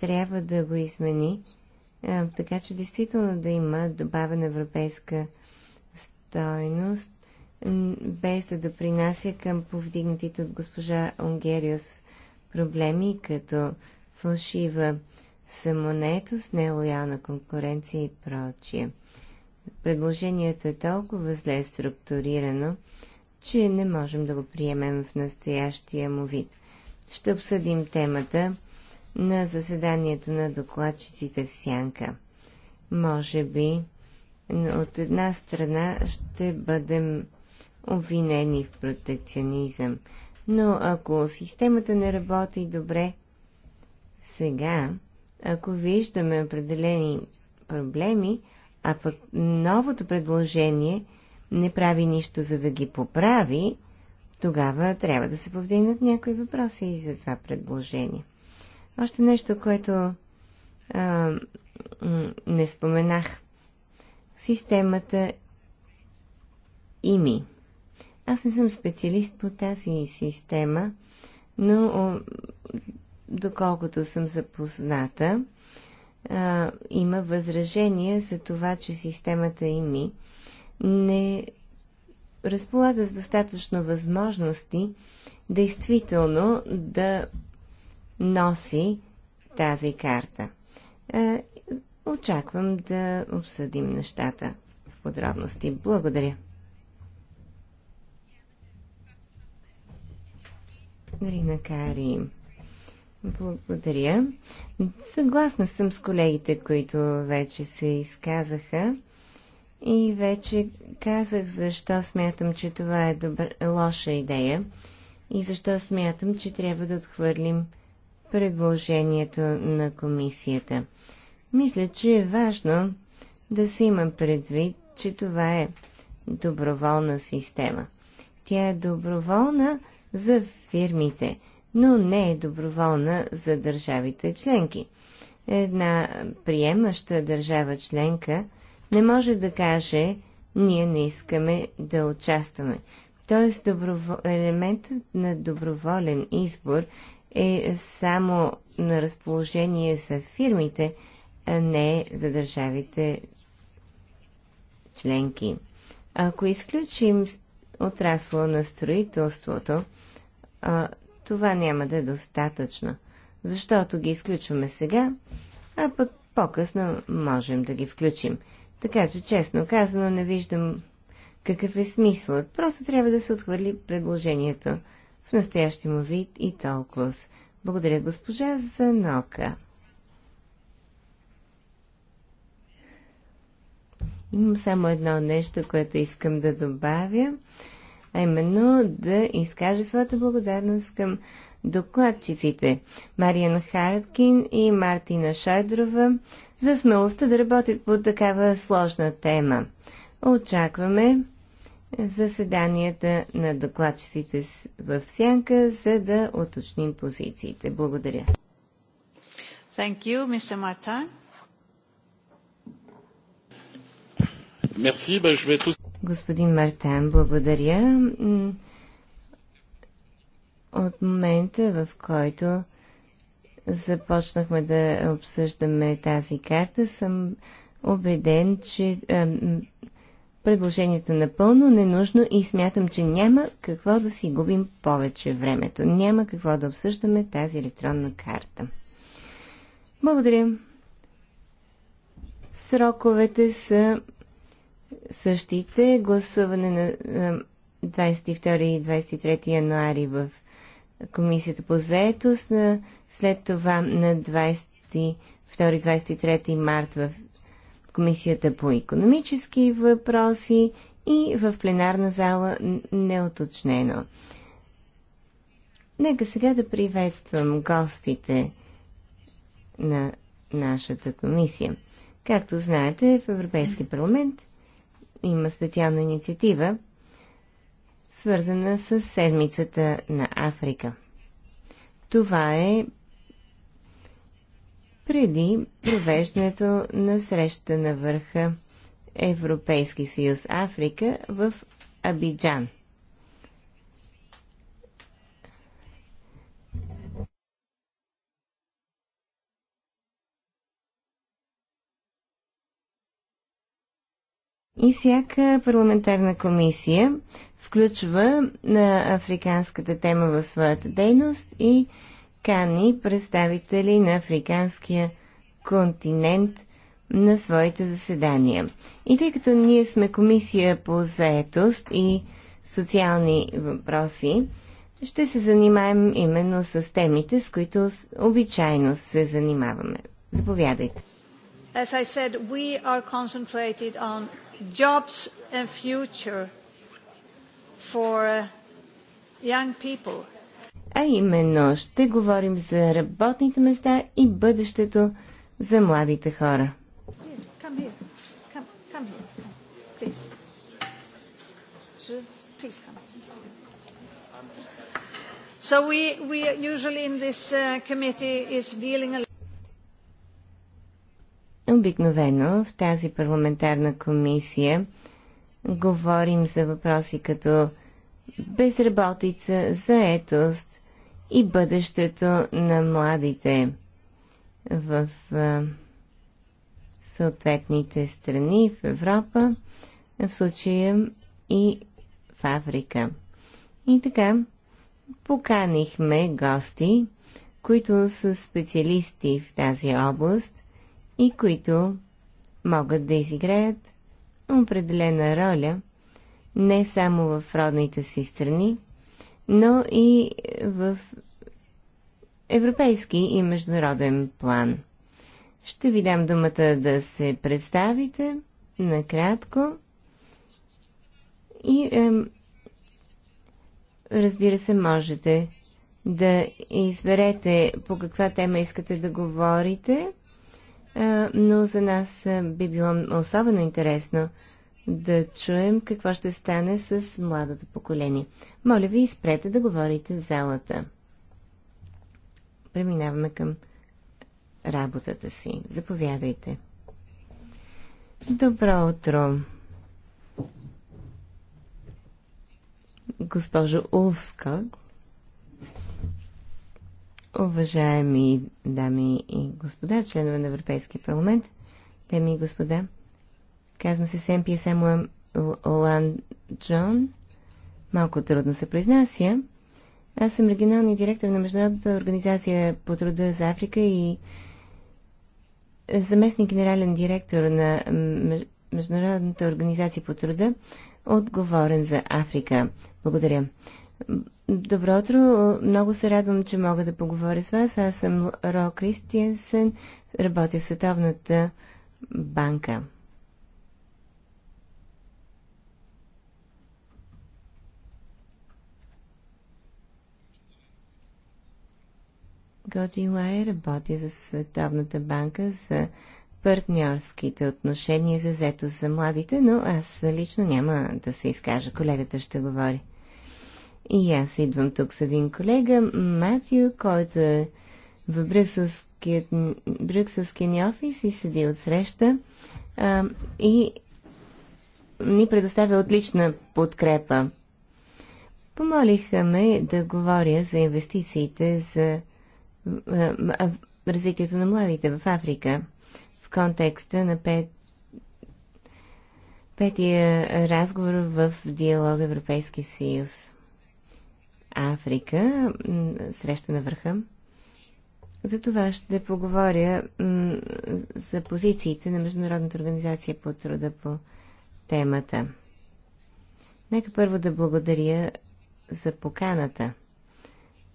трябва да го измени, а, така че действително да има добавена европейска стойност, без да допринася към повдигнатите от госпожа Онгериус проблеми, като фалшива самонетост, нелоялна конкуренция и прочие. Предложението е толкова зле структурирано, че не можем да го приемем в настоящия му вид. Ще обсъдим темата на заседанието на докладчиците в Сянка. Може би от една страна ще бъдем обвинени в протекционизъм, но ако системата не работи добре сега, ако виждаме определени проблеми, а пък новото предложение не прави нищо за да ги поправи, тогава трябва да се повдигнат някои въпроси и за това предложение. Още нещо, което а, не споменах. Системата ИМИ. Аз не съм специалист по тази система, но доколкото съм запозната, а, има възражение за това, че системата ИМИ не разполага с достатъчно възможности действително да носи тази карта. А, очаквам да обсъдим нещата в подробности. Благодаря. Дарина Кари. Благодаря. Съгласна съм с колегите, които вече се изказаха. И вече казах защо смятам, че това е добър, лоша идея и защо смятам, че трябва да отхвърлим предложението на комисията. Мисля, че е важно да се има предвид, че това е доброволна система. Тя е доброволна за фирмите – но не е доброволна за държавите членки. Една приемаща държава членка не може да каже ние не искаме да участваме. Тоест доброво... елементът на доброволен избор е само на разположение за фирмите, а не за държавите членки. Ако изключим отрасла на строителството, това няма да е достатъчно, защото ги изключваме сега, а пък по-късно можем да ги включим. Така че, честно казано, не виждам какъв е смисълът. Просто трябва да се отхвърли предложението в настоящия му вид и толкова. Благодаря госпожа за нока. Имам само едно нещо, което искам да добавя а именно да изкаже своята благодарност към докладчиците Мариан Харткин и Мартина Шойдрова за смелостта да работят по такава сложна тема. Очакваме заседанията на докладчиците в Сянка, за да уточним позициите. Благодаря. Thank you, Mr. Martin. Merci, ben, je vais tout... Господин Мартан, благодаря. От момента, в който започнахме да обсъждаме тази карта, съм убеден, че е, предложението напълно ненужно и смятам, че няма какво да си губим повече времето. Няма какво да обсъждаме тази електронна карта. Благодаря. Сроковете са същите. Гласуване на 22 и 23 януари в Комисията по заетост, след това на 22-23 март в Комисията по економически въпроси и в пленарна зала неоточнено. Нека сега да приветствам гостите на нашата комисия. Както знаете, в Европейския парламент има специална инициатива, свързана с седмицата на Африка. Това е преди провеждането на среща на върха Европейски съюз Африка в Абиджан – И всяка парламентарна комисия включва на африканската тема в своята дейност и кани представители на африканския континент на своите заседания. И тъй като ние сме комисия по заетост и социални въпроси, ще се занимаем именно с темите, с които обичайно се занимаваме. Заповядайте as I said, we are concentrated on jobs and future for young people. А именно, ще говорим за работните места и бъдещето за младите хора. So we, we usually in this uh, committee is dealing a Обикновено в тази парламентарна комисия говорим за въпроси като безработица, заетост и бъдещето на младите в съответните страни в Европа, в случая и в Африка. И така, поканихме гости, които са специалисти в тази област и които могат да изиграят определена роля не само в родните си страни, но и в европейски и международен план. Ще ви дам думата да се представите накратко и е, разбира се, можете да изберете по каква тема искате да говорите но за нас би било особено интересно да чуем какво ще стане с младото поколение. Моля ви, спрете да говорите в залата. Преминаваме към работата си. Заповядайте. Добро утро. Госпожо Улскак, Уважаеми дами и господа, членове на Европейския парламент, дами и господа, казвам се Семпия Семуа Олан Джон. Малко трудно се произнася. Аз съм регионалният директор на Международната организация по труда за Африка и заместник генерален директор на Международната организация по труда, отговорен за Африка. Благодаря. Добро утро! Много се радвам, че мога да поговоря с вас. Аз съм Ро Кристиенсен, работя в Световната банка. Годжи Лай работя за Световната банка за партньорските отношения за зето за младите, но аз лично няма да се изкажа. Колегата ще говори. И аз идвам тук с един колега, Матио, който е в брюкселският, брюкселския ни офис и седи от среща а, и ни предоставя отлична подкрепа. Помолиха ме да говоря за инвестициите, за а, а, развитието на младите в Африка в контекста на пет, петия разговор в диалог Европейски съюз. Африка, среща на върха. За това ще поговоря за позициите на Международната организация по труда по темата. Нека първо да благодаря за поканата.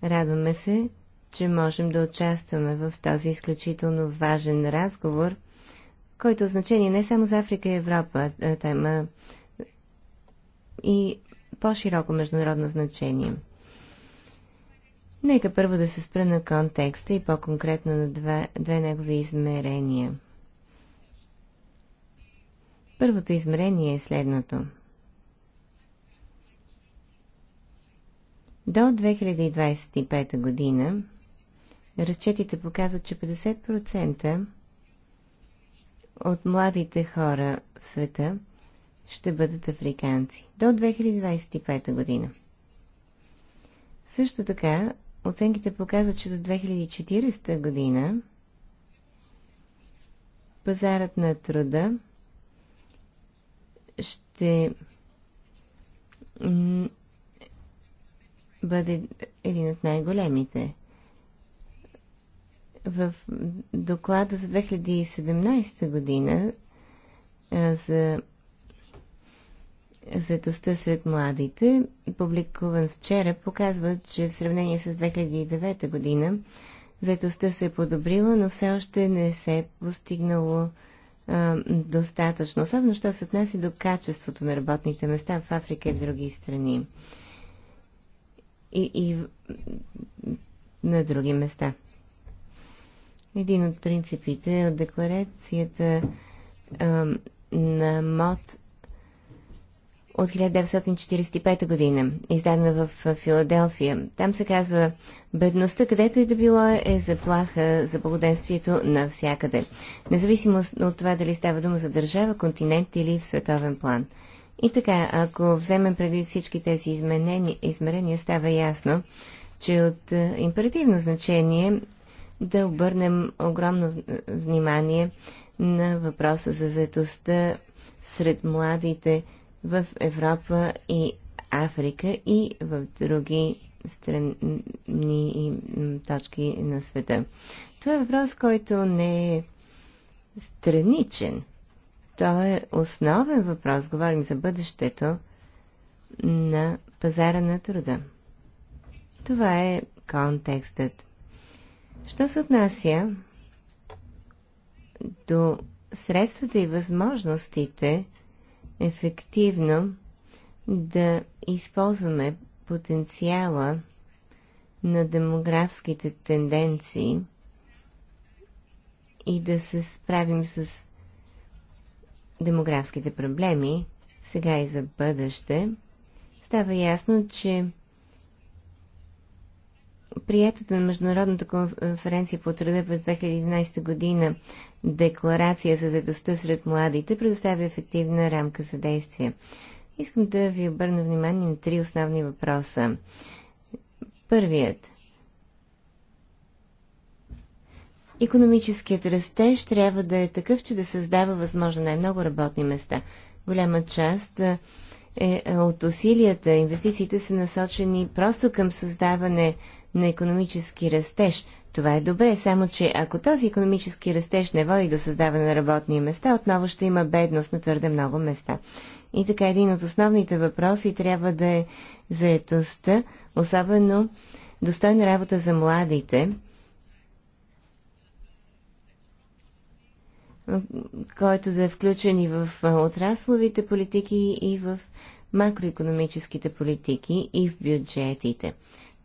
Радваме се, че можем да участваме в този изключително важен разговор, който е значение не само за Африка и Европа, той има и по-широко международно значение – Нека първо да се спра на контекста и по-конкретно на две, две негови измерения. Първото измерение е следното. До 2025 година разчетите показват, че 50% от младите хора в света ще бъдат африканци. До 2025 година. Също така Оценките показват, че до 2040 година пазарът на труда ще бъде един от най-големите. В доклада за 2017 година за заедостта сред младите, публикуван вчера, показва, че в сравнение с 2009 година заедостта се е подобрила, но все още не се е постигнало а, достатъчно, особено що се отнася до качеството на работните места в Африка и в други страни. И, и на други места. Един от принципите е от декларацията а, на МОД от 1945 година, издадена в Филаделфия. Там се казва Бедността, където и да било, е заплаха за благоденствието навсякъде. Независимо от това дали става дума за държава, континент или в световен план. И така, ако вземем преди всички тези измерения, става ясно, че от императивно значение да обърнем огромно внимание на въпроса за заедостта сред младите – в Европа и Африка и в други страни и точки на света. Това е въпрос, който не е страничен. Той е основен въпрос. Говорим за бъдещето на пазара на труда. Това е контекстът. Що се отнася до средствата и възможностите ефективно да използваме потенциала на демографските тенденции и да се справим с демографските проблеми сега и за бъдеще, става ясно, че приятата на Международната конференция по труда през 2011 година декларация за заедостта сред младите предоставя ефективна рамка за действие. Искам да ви обърна внимание на три основни въпроса. Първият. Економическият растеж трябва да е такъв, че да създава възможно най-много работни места. Голяма част е, от усилията, инвестициите са насочени просто към създаване на економически растеж. Това е добре, само че ако този економически растеж не води до създаване на работни места, отново ще има бедност на твърде много места. И така един от основните въпроси трябва да е заетостта, особено достойна работа за младите, който да е включен и в отрасловите политики, и в макроекономическите политики, и в бюджетите.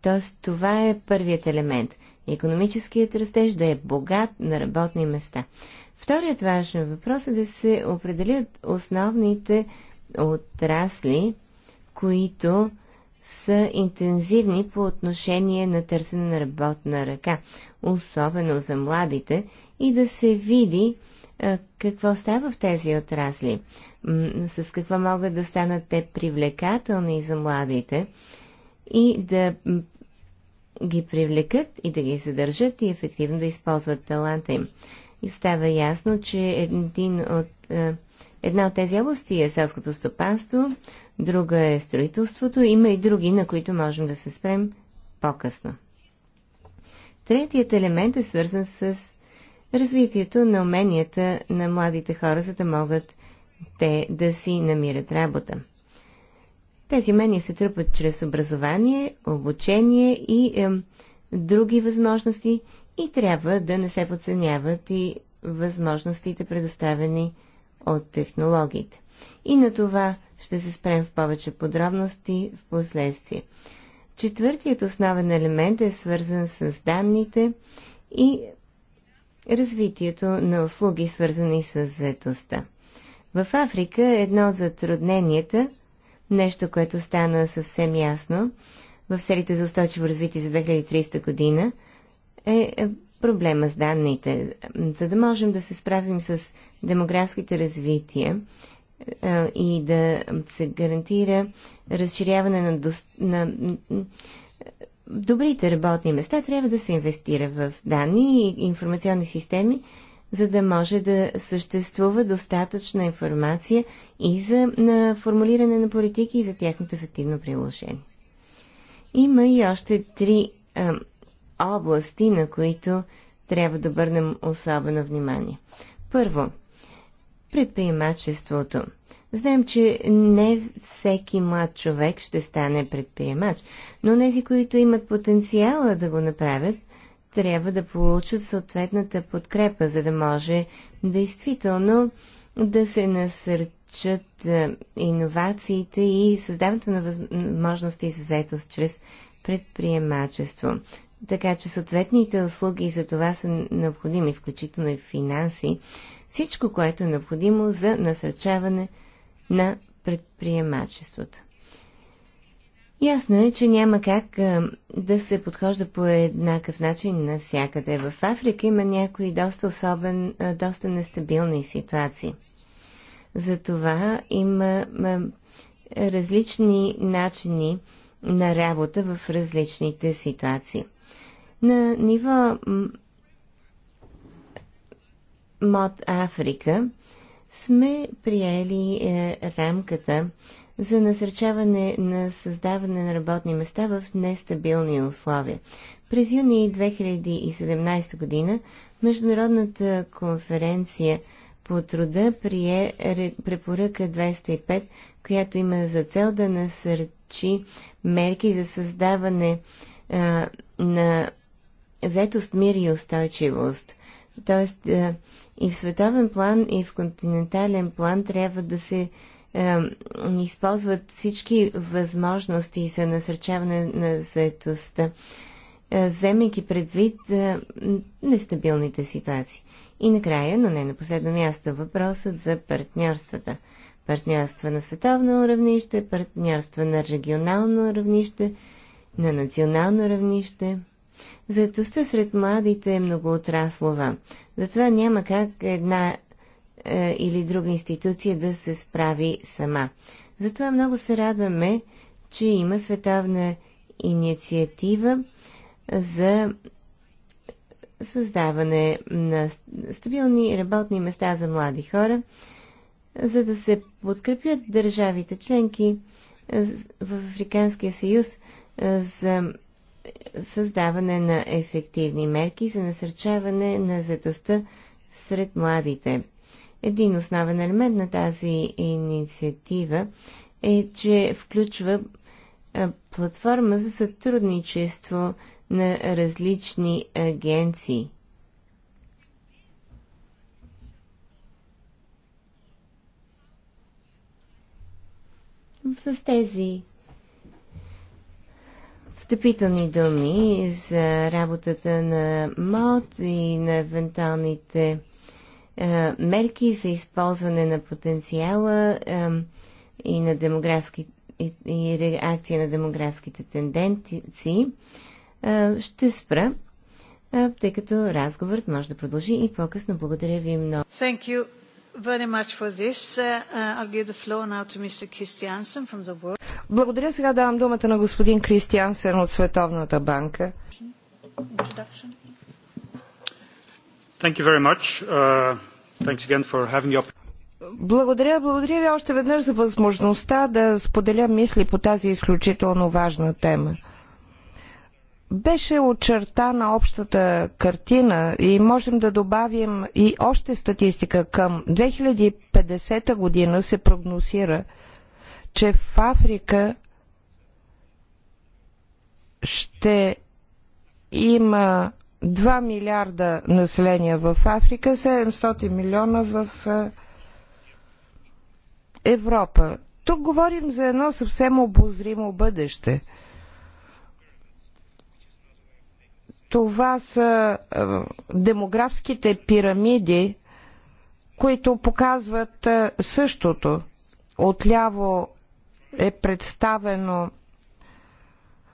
Тоест, това е първият елемент. Економическият растеж да е богат на работни места. Вторият важен въпрос е да се определят основните отрасли, които са интензивни по отношение на търсене на работна ръка, особено за младите, и да се види какво става в тези отрасли, с какво могат да станат те привлекателни за младите и да ги привлекат и да ги задържат и ефективно да използват таланта им. И става ясно, че един от, е, една от тези области е селското стопанство, друга е строителството, има и други, на които можем да се спрем по-късно. Третият елемент е свързан с развитието на уменията на младите хора, за да могат те да си намират работа. Тези умения се тръпват чрез образование, обучение и е, други възможности и трябва да не се подценяват и възможностите предоставени от технологиите. И на това ще се спрем в повече подробности в последствие. Четвъртият основен елемент е свързан с данните и развитието на услуги, свързани с заедостта. В Африка едно от затрудненията – нещо, което стана съвсем ясно в серите за устойчиво развитие за 2030 година, е, е проблема с данните. За да можем да се справим с демографските развития е, и да се гарантира разширяване на, до... на добрите работни места, трябва да се инвестира в данни и информационни системи, за да може да съществува достатъчна информация и за на формулиране на политики и за тяхното ефективно приложение. Има и още три а, области, на които трябва да обърнем особено внимание. Първо, предприемачеството. Знаем, че не всеки млад човек ще стане предприемач, но тези, които имат потенциала да го направят – трябва да получат съответната подкрепа, за да може действително да се насърчат е, иновациите и създаването на възможности за заетост чрез предприемачество. Така че съответните услуги за това са необходими, включително и финанси, всичко, което е необходимо за насърчаване на предприемачеството. Ясно е, че няма как да се подхожда по еднакъв начин навсякъде. В Африка има някои доста особен, доста нестабилни ситуации. Затова има различни начини на работа в различните ситуации. На ниво МОД Африка сме приели е, рамката за насърчаване на създаване на работни места в нестабилни условия. През юни 2017 година Международната конференция по труда прие препоръка 205, която има за цел да насърчи мерки за създаване а, на заетост, мир и устойчивост. Тоест а, и в световен план, и в континентален план трябва да се използват всички възможности за насърчаване на заетостта, е, вземайки предвид е, нестабилните ситуации. И накрая, но не на последно място, въпросът за партньорствата. Партньорства на световно равнище, партньорства на регионално равнище, на национално равнище. Заетостта сред младите е многоотраслова. Затова няма как една е, или друга институция да се справи сама. Затова много се радваме, че има световна инициатива за създаване на стабилни работни места за млади хора, за да се подкрепят държавите членки е, в Африканския съюз е, за създаване на ефективни мерки за насърчаване на заедостта сред младите. Един основен елемент на тази инициатива е, че включва платформа за сътрудничество на различни агенции. С тези встъпителни думи за работата на МОД и на евентуалните е, мерки за използване на потенциала е, и на демографски и, и реакция на демографските тенденции, е, ще спра, тъй като разговорът може да продължи и по-късно. Благодаря ви много. Thank you very much for this. I'll give the floor now to Mr. Christiansen from the World. Благодаря. Сега давам думата на господин Кристиансен от Световната банка. Introduction. Uh, благодаря, благодаря ви още веднъж за възможността да споделя мисли по тази изключително важна тема. Беше очертана общата картина и можем да добавим и още статистика към 2050 година се прогнозира, че в Африка ще има 2 милиарда население в Африка, 700 милиона в е, Европа. Тук говорим за едно съвсем обозримо бъдеще. Това са е, демографските пирамиди, които показват е, същото. Отляво е представено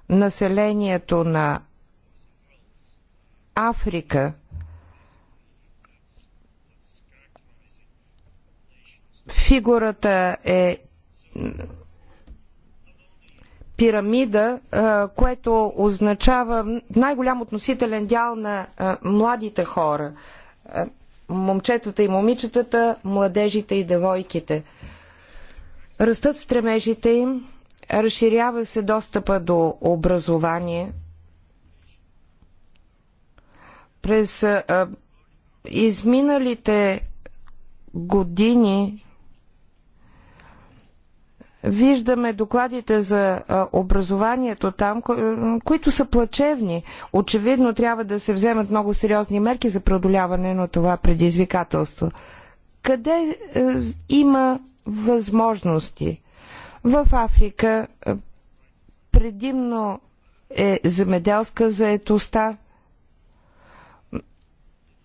населението на Африка. Фигурата е пирамида, което означава най-голям относителен дял на младите хора. Момчетата и момичетата, младежите и девойките. Растат стремежите им, разширява се достъпа до образование – през а, изминалите години виждаме докладите за образованието там, които са плачевни. Очевидно трябва да се вземат много сериозни мерки за преодоляване на това предизвикателство. Къде е, има възможности? В Африка предимно е земеделска заетостта,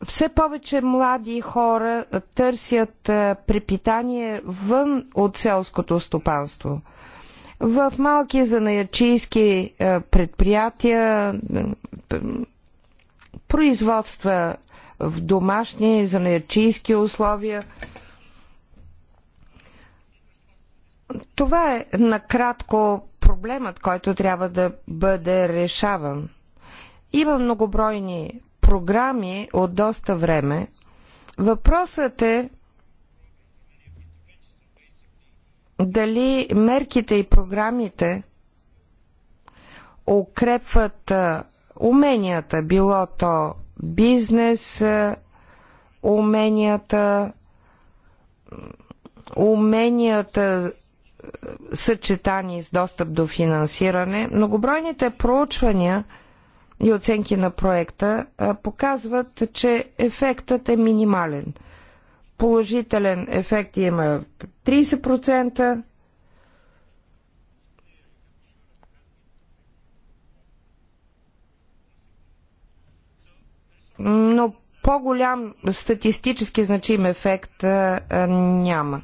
все повече млади хора търсят е, препитание вън от селското стопанство. В малки занаячийски е, предприятия, е, производства в домашни занаячийски условия. Това е накратко проблемът, който трябва да бъде решаван. Има многобройни програми от доста време. Въпросът е дали мерките и програмите укрепват уменията, било то бизнес, уменията, уменията съчетани с достъп до финансиране. Многобройните проучвания – и оценки на проекта показват, че ефектът е минимален. Положителен ефект има 30%. Но по-голям статистически значим ефект а, а, няма.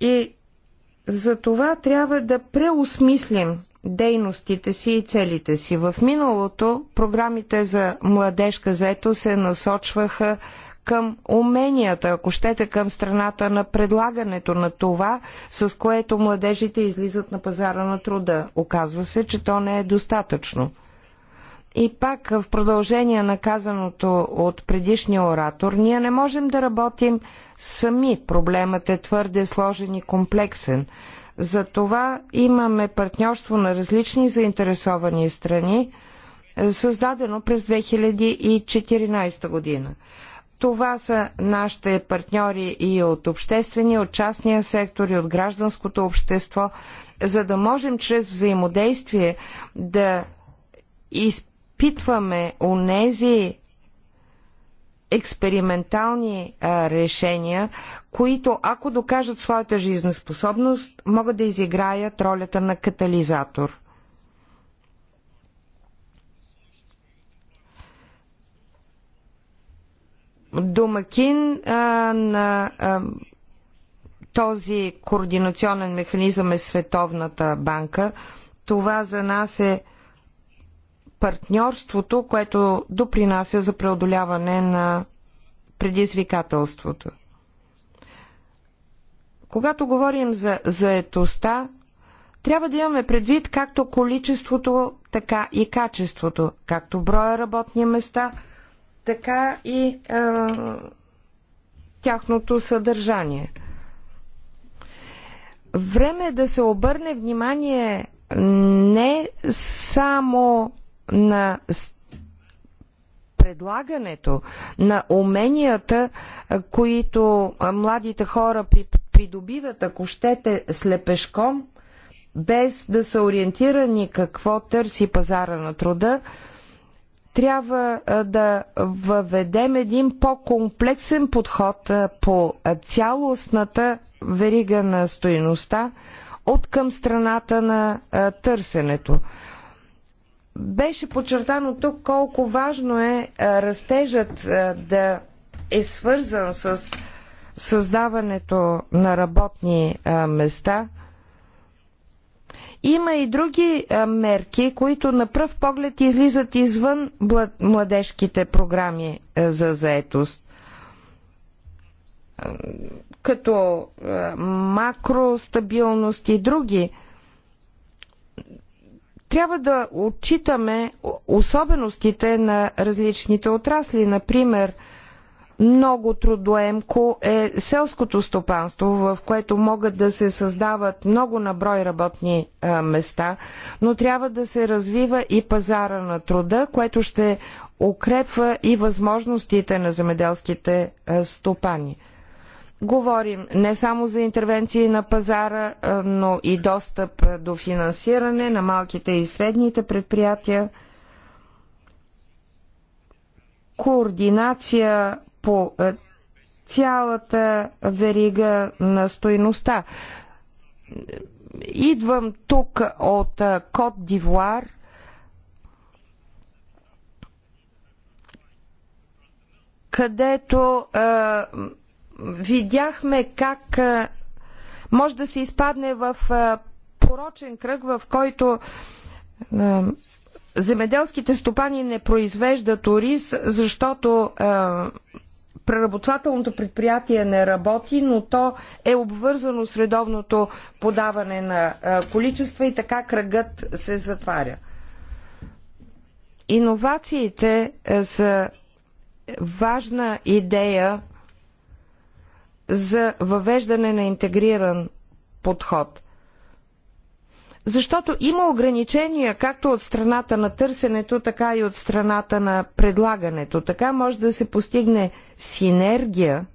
И за това трябва да преосмислим дейностите си и целите си. В миналото програмите за младежка заето се насочваха към уменията, ако щете към страната на предлагането на това, с което младежите излизат на пазара на труда. Оказва се, че то не е достатъчно. И пак в продължение на казаното от предишния оратор, ние не можем да работим сами. Проблемът е твърде сложен и комплексен. За това имаме партньорство на различни заинтересовани страни, е, създадено през 2014 година. Това са нашите партньори и от обществения, от частния сектор и от гражданското общество, за да можем чрез взаимодействие да изпитваме нези експериментални а, решения, които, ако докажат своята жизнеспособност, могат да изиграят ролята на катализатор. Домакин а, на а, този координационен механизъм е Световната банка. Това за нас е партньорството, което допринася за преодоляване на предизвикателството. Когато говорим за заетостта, трябва да имаме предвид както количеството, така и качеството, както броя работни места, така и е, тяхното съдържание. Време е да се обърне внимание не само на предлагането на уменията, които младите хора придобиват, ако щете, слепешком, без да са ориентирани какво търси пазара на труда, трябва да въведем един по-комплексен подход по цялостната верига на стоеността от към страната на търсенето. Беше подчертано тук колко важно е растежът да е свързан с създаването на работни места. Има и други мерки, които на пръв поглед излизат извън младежките програми за заетост. Като макростабилност и други – трябва да отчитаме особеностите на различните отрасли. Например, много трудоемко е селското стопанство, в което могат да се създават много наброй работни места, но трябва да се развива и пазара на труда, което ще укрепва и възможностите на земеделските стопани. Говорим не само за интервенции на пазара, но и достъп до финансиране на малките и средните предприятия, координация по цялата верига на стойността. Идвам тук от Кот Дивуар. където е, видяхме как може да се изпадне в порочен кръг, в който земеделските стопани не произвеждат ориз, защото преработвателното предприятие не работи, но то е обвързано с редовното подаване на количества и така кръгът се затваря. Иновациите са важна идея за въвеждане на интегриран подход. Защото има ограничения както от страната на търсенето, така и от страната на предлагането. Така може да се постигне синергия.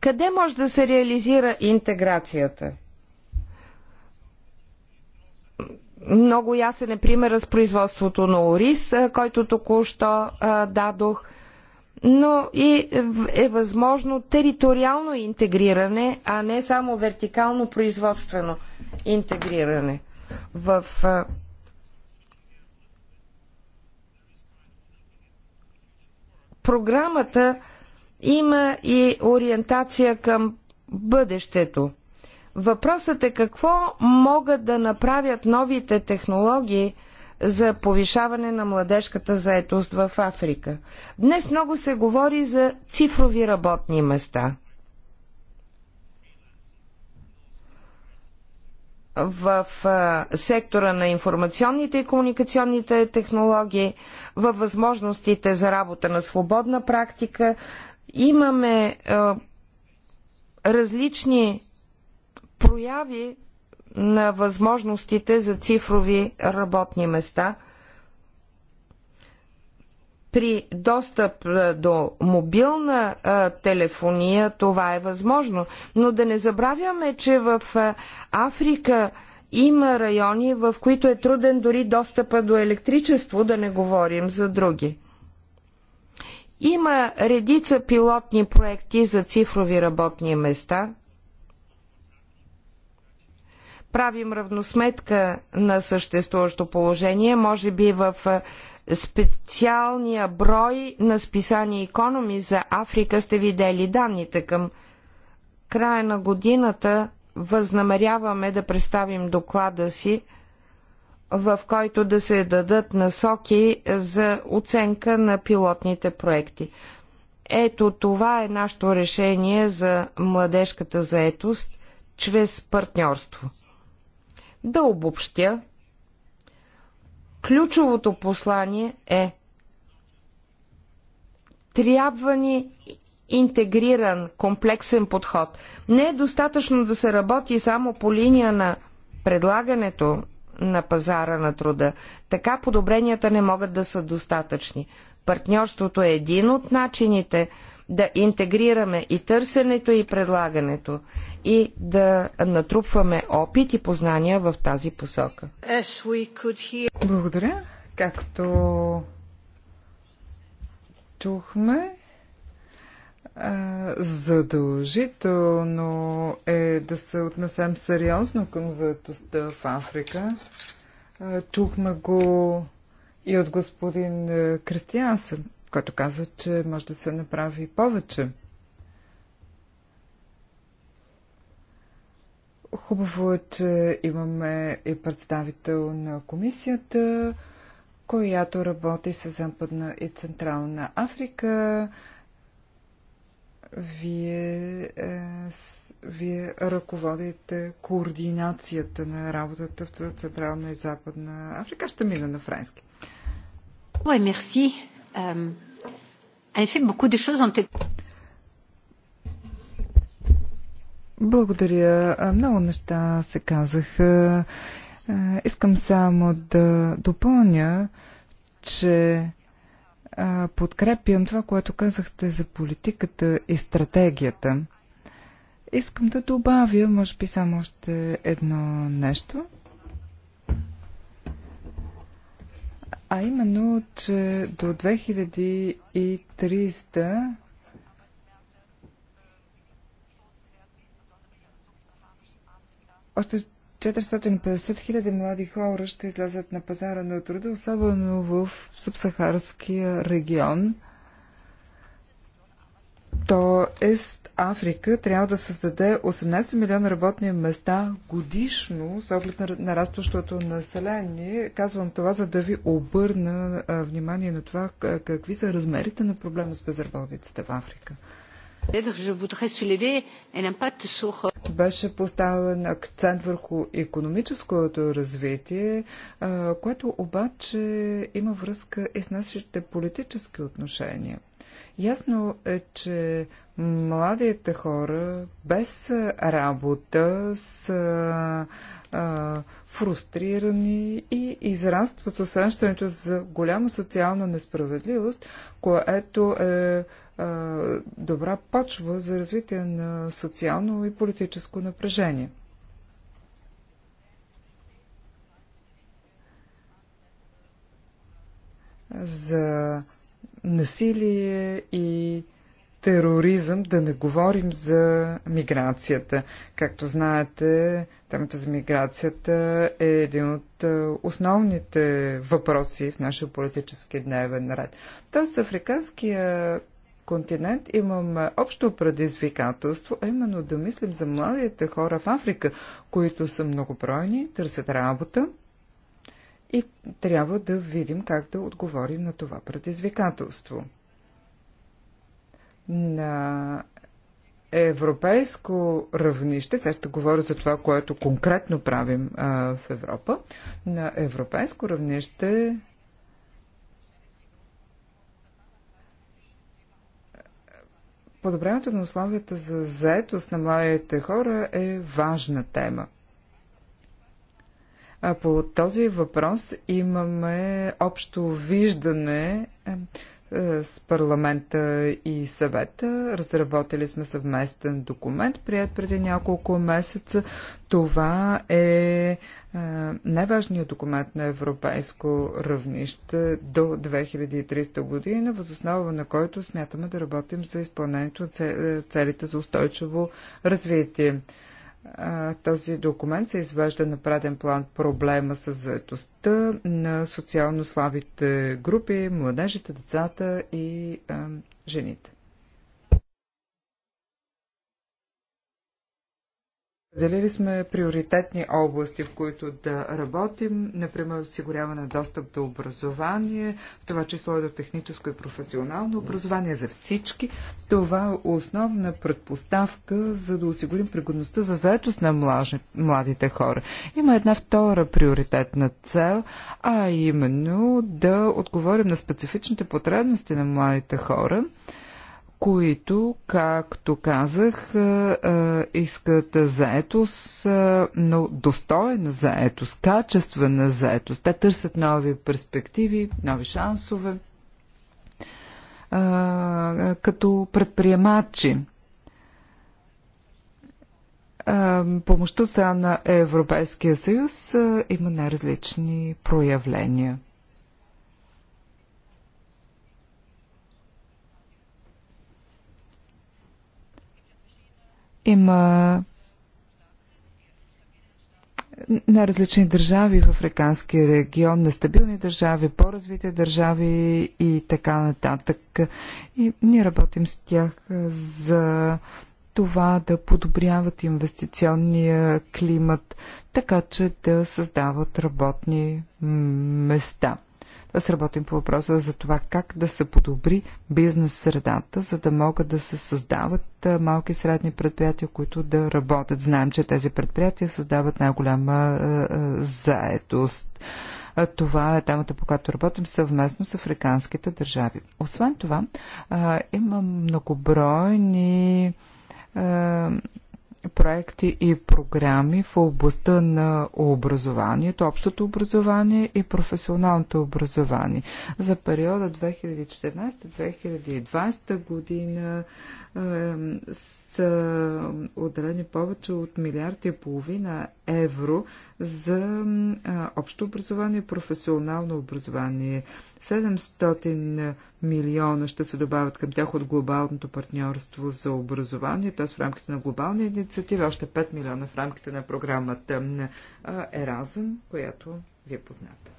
Къде може да се реализира интеграцията? Много ясен е примерът с производството на Орис, който току-що дадох – но и е възможно териториално интегриране, а не само вертикално производствено интегриране. В програмата има и ориентация към бъдещето. Въпросът е какво могат да направят новите технологии – за повишаване на младежката заетост в Африка. Днес много се говори за цифрови работни места. В сектора на информационните и комуникационните технологии, във възможностите за работа на свободна практика, имаме различни прояви на възможностите за цифрови работни места при достъп до мобилна телефония това е възможно. Но да не забравяме, че в Африка има райони, в които е труден дори достъпа до електричество, да не говорим за други. Има редица пилотни проекти за цифрови работни места – правим равносметка на съществуващо положение, може би в специалния брой на списание Економи за Африка сте видели данните към края на годината възнамеряваме да представим доклада си, в който да се дадат насоки за оценка на пилотните проекти. Ето това е нашето решение за младежката заетост чрез партньорство. Да обобщя, ключовото послание е трябва ни интегриран, комплексен подход. Не е достатъчно да се работи само по линия на предлагането на пазара на труда. Така подобренията не могат да са достатъчни. Партньорството е един от начините – да интегрираме и търсенето, и предлагането и да натрупваме опит и познания в тази посока. Благодаря. Както чухме, задължително е да се отнесем сериозно към заедостта в Африка. Чухме го и от господин Кристиансен който каза, че може да се направи повече. Хубаво е, че имаме и представител на комисията, която работи с Западна и Централна Африка. Вие, е, вие ръководите координацията на работата в Централна и Западна Африка. Ще мина на френски. Ой, мерси en euh, effet, beaucoup de choses ont été... Благодаря. Много неща се казаха. Искам само да допълня, че подкрепям това, което казахте за политиката и стратегията. Искам да добавя, може би, само още едно нещо – А именно, че до 2300 още 450 хиляди млади хора ще излязат на пазара на труда, особено в субсахарския регион – Тоест Африка трябва да създаде 18 милиона работни места годишно с оглед на нарастващото население. Казвам това, за да ви обърна внимание на това какви са размерите на проблема с безработицата в Африка. Euh, Беше поставен акцент върху економическото развитие, което обаче има връзка и с нашите политически отношения. Ясно е, че младите хора без работа са а, фрустрирани и израстват с усещането за голяма социална несправедливост, което е а, добра почва за развитие на социално и политическо напрежение. За насилие и тероризъм, да не говорим за миграцията. Както знаете, темата за миграцията е един от е, основните въпроси в нашия политически дневен ред. Тоест, африканския континент имаме общо предизвикателство, а именно да мислим за младите хора в Африка, които са многобройни, търсят работа, и трябва да видим как да отговорим на това предизвикателство. На европейско равнище, сега ще говоря за това, което конкретно правим а, в Европа, на европейско равнище подобряването на условията за заетост на младите хора е важна тема. По този въпрос имаме общо виждане е, с парламента и съвета. Разработили сме съвместен документ, прият преди няколко месеца. Това е, е най-важният документ на европейско равнище до 2300 година, възоснова на който смятаме да работим за изпълнението на целите за устойчиво развитие този документ се извежда на преден план проблема с заедостта на социално слабите групи, младежите, децата и а, жените. Заделили сме приоритетни области, в които да работим, например осигуряване на достъп до образование, в това число и до техническо и професионално образование за всички. Това е основна предпоставка, за да осигурим пригодността за заетост на младите хора. Има една втора приоритетна цел, а именно да отговорим на специфичните потребности на младите хора – които, както казах, е, е, искат заетост, е, но достойна заетост, качествена заетост. Те търсят нови перспективи, нови шансове като предприемачи. Помощта сега на Европейския съюз има най-различни проявления. Има на различни държави в Африканския регион, нестабилни държави, по-развити държави и така нататък. И ние работим с тях за това да подобряват инвестиционния климат, така че да създават работни места. Тоест работим по въпроса за това как да се подобри бизнес средата, за да могат да се създават малки и средни предприятия, които да работят. Знаем, че тези предприятия създават най-голяма заетост. Това е темата, по която работим съвместно с африканските държави. Освен това, има многобройни проекти и програми в областта на образованието, общото образование и професионалното образование. За периода 2014-2020 година са отделени повече от милиард и половина евро за общо образование и професионално образование. 700 милиона ще се добавят към тях от глобалното партньорство за образование, т.е. в рамките на глобална инициатива, още 5 милиона в рамките на програмата на Еразъм, която ви е позната.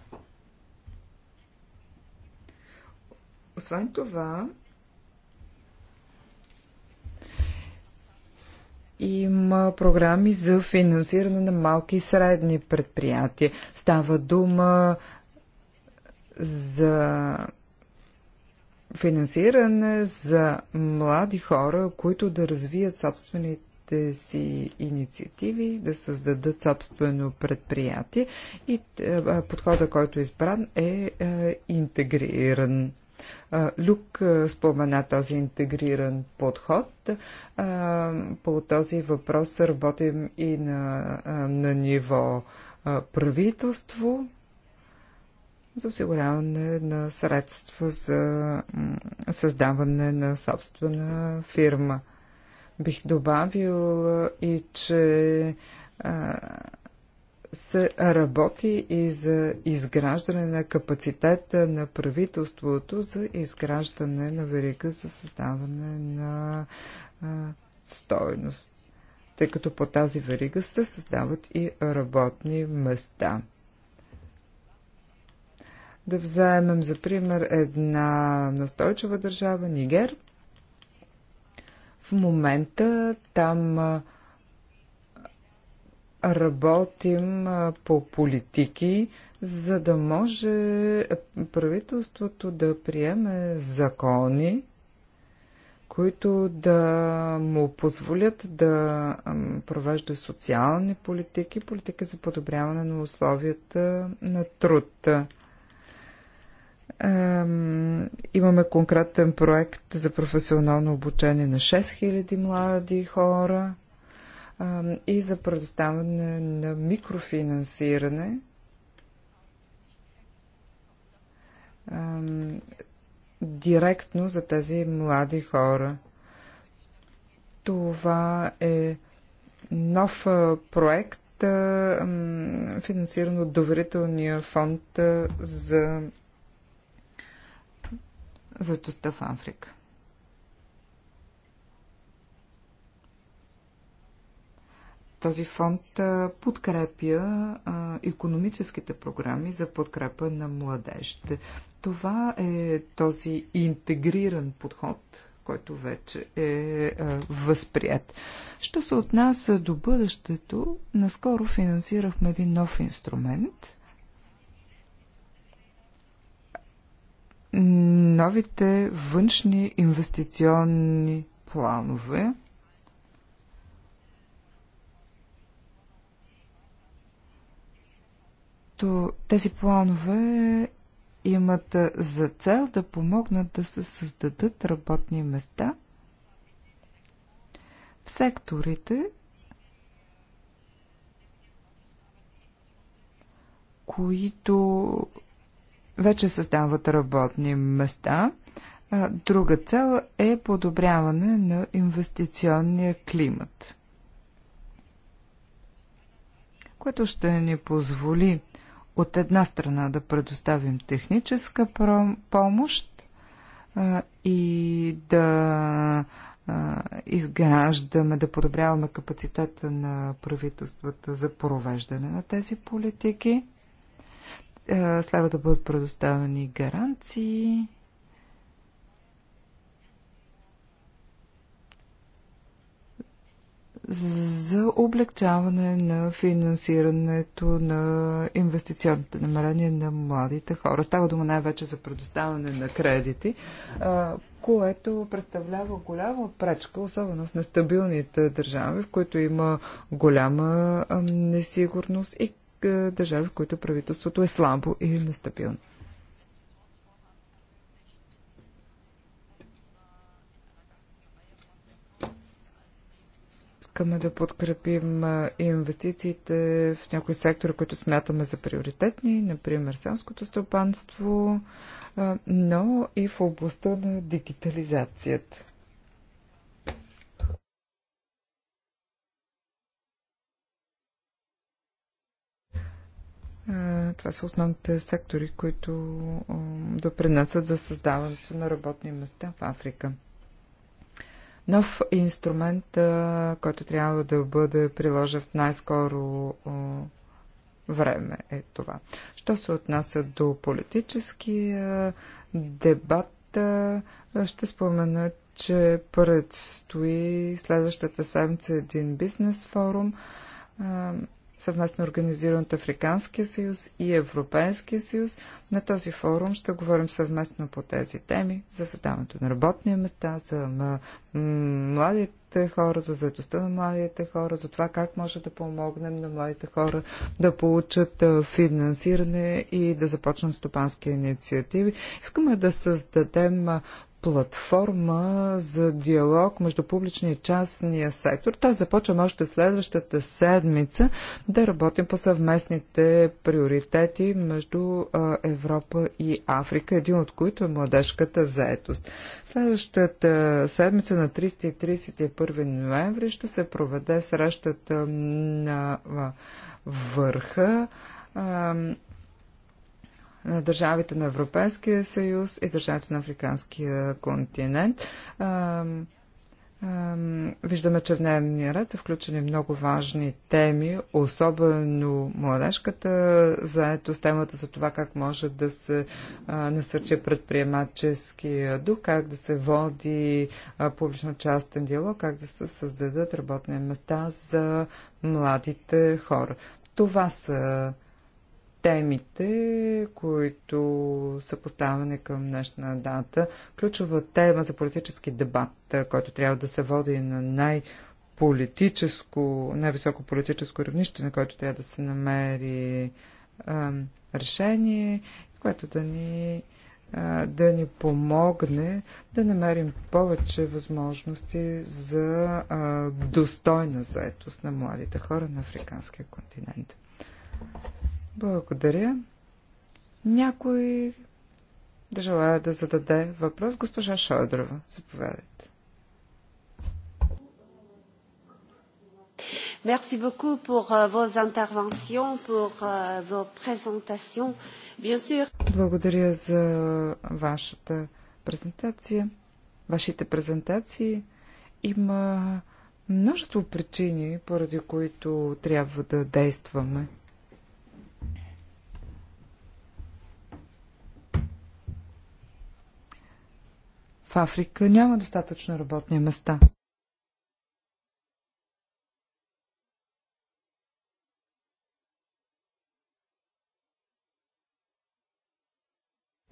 Освен това, има програми за финансиране на малки и средни предприятия. Става дума за финансиране за млади хора, които да развият собствените си инициативи, да създадат собствено предприятие и е, подхода, който е избран, е, е интегриран. Люк спомена този интегриран подход. По този въпрос работим и на, на ниво правителство за осигуряване на средства за създаване на собствена фирма. Бих добавил и, че се работи и за изграждане на капацитета на правителството за изграждане на верига за създаване на а, стойност, тъй като по тази верига се създават и работни места. Да вземем за пример една настойчива държава Нигер. В момента там работим по политики, за да може правителството да приеме закони, които да му позволят да провежда социални политики, политики за подобряване на условията на труд. Имаме конкретен проект за професионално обучение на 6000 млади хора и за предоставяне на микрофинансиране директно за тези млади хора. Това е нов проект, финансиран от доверителния фонд за заетостта в Африка. Този фонд подкрепя економическите програми за подкрепа на младежите. Това е този интегриран подход, който вече е възприят. Що се отнася до бъдещето, наскоро финансирахме един нов инструмент. Новите външни инвестиционни планове тези планове имат за цел да помогнат да се създадат работни места в секторите, които вече създават работни места. Друга цел е подобряване на инвестиционния климат, което ще ни позволи от една страна да предоставим техническа помощ а, и да а, изграждаме, да подобряваме капацитета на правителствата за провеждане на тези политики. А, е, следва да бъдат предоставени гаранции за облегчаване на финансирането на инвестиционните намерения на младите хора. Става дума най-вече за предоставяне на кредити, което представлява голяма пречка, особено в нестабилните държави, в които има голяма несигурност и държави, в които правителството е слабо и нестабилно. искаме да подкрепим инвестициите в някои сектори, които смятаме за приоритетни, например селското стопанство, но и в областта на дигитализацията. Това са основните сектори, които допринасят за създаването на работни места в Африка нов инструмент, който трябва да бъде приложен в най-скоро време е това. Що се отнася до политическия дебат, ще спомена, че предстои следващата седмица един бизнес форум съвместно организиран от Африканския съюз и Европейския съюз. На този форум ще говорим съвместно по тези теми за създаването на работни места, за младите хора, за заедостта на младите хора, за това как може да помогнем на младите хора да получат финансиране и да започнат стопански инициативи. Искаме да създадем платформа за диалог между публичния и частния сектор. Той започва още следващата седмица да работим по съвместните приоритети между Европа и Африка, един от които е младежката заетост. Следващата седмица на 30 и 31 ноември ще се проведе срещата на върха на държавите на Европейския съюз и държавите на Африканския континент. Виждаме, че в дневния ред са включени много важни теми, особено младежката заетост, темата за това как може да се насърчи предприемаческия дух, как да се води публично-частен диалог, как да се създадат работни места за младите хора. Това са темите, които са поставени към днешна дата. Ключова тема за политически дебат, който трябва да се води на най- политическо, най-високо политическо равнище, на който трябва да се намери а, решение, което да ни, да ни помогне да намерим повече възможности за достойна заетост на младите хора на африканския континент. Благодаря. Някой да желая да зададе въпрос, госпожа Шойдрова. Заповядайте. Merci beaucoup pour euh, vos interventions, pour euh, vos présentations. Bien sûr. Благодаря за вашата презентация, вашите презентации. Има множество причини, поради които трябва да действаме. В Африка няма достатъчно работни места.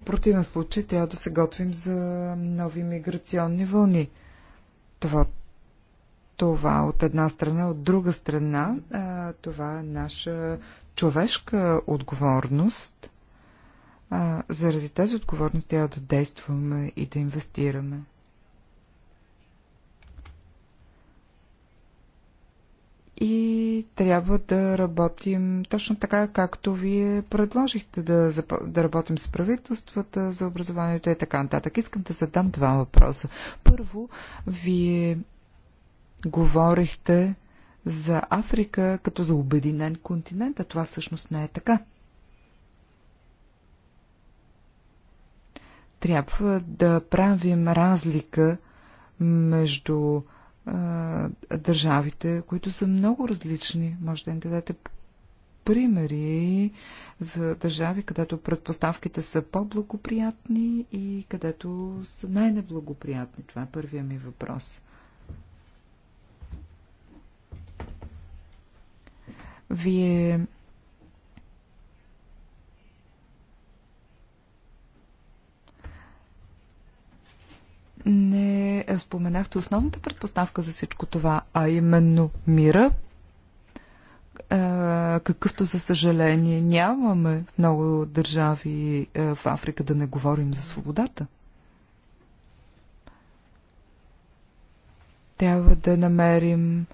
В противен случай трябва да се готвим за нови миграционни вълни. Това, това от една страна, от друга страна, това е наша човешка отговорност. А, заради тази отговорност трябва да действаме и да инвестираме. и трябва да работим точно така, както вие предложихте да, да работим с правителствата за образованието и така нататък. Искам да задам два въпроса. Първо, вие говорихте за Африка като за обединен континент, а това всъщност не е така. Трябва да правим разлика между а, държавите, които са много различни. Може да ни дадете примери за държави, където предпоставките са по-благоприятни и където са най-неблагоприятни. Това е първия ми въпрос. Вие не споменахте основната предпоставка за всичко това, а именно мира, какъвто за съжаление нямаме в много държави в Африка, да не говорим за свободата. Трябва да намерим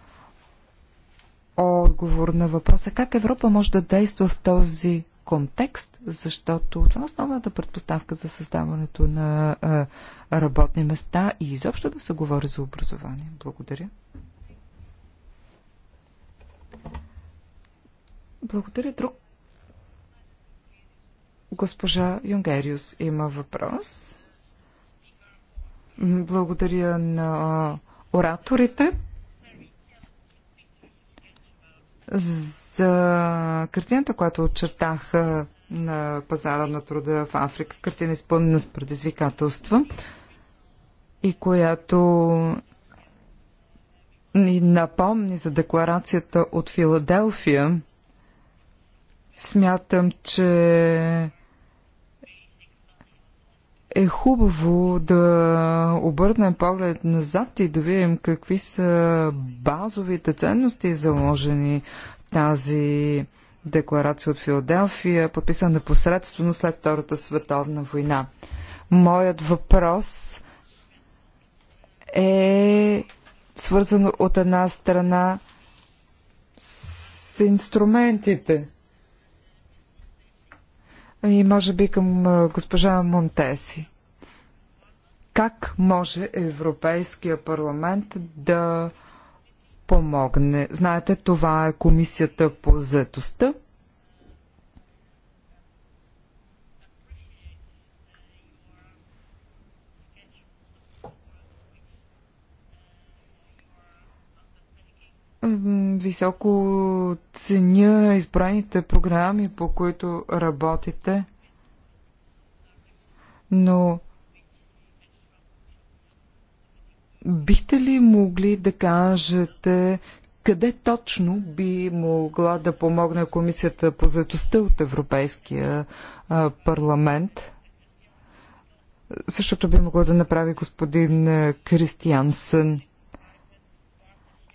отговор на въпроса как Европа може да действа в този контекст, защото това е основната предпоставка за създаването на работни места и изобщо да се говори за образование. Благодаря. Благодаря. Друг. Госпожа Юнгериус има въпрос. Благодаря на ораторите за картината, която очертах на пазара на труда в Африка, картина изпълнена с предизвикателства и която ни напомни за декларацията от Филаделфия, смятам, че е хубаво да обърнем поглед назад и да видим какви са базовите ценности заложени в тази декларация от Филаделфия, подписана непосредствено след Втората световна война. Моят въпрос е свързан от една страна с инструментите – и може би към госпожа Монтеси. Как може Европейския парламент да помогне? Знаете, това е комисията по заетостта. Високо ценя избраните програми, по които работите, но бихте ли могли да кажете къде точно би могла да помогне Комисията по заедостта от Европейския парламент? Същото би могло да направи господин Кристиансън.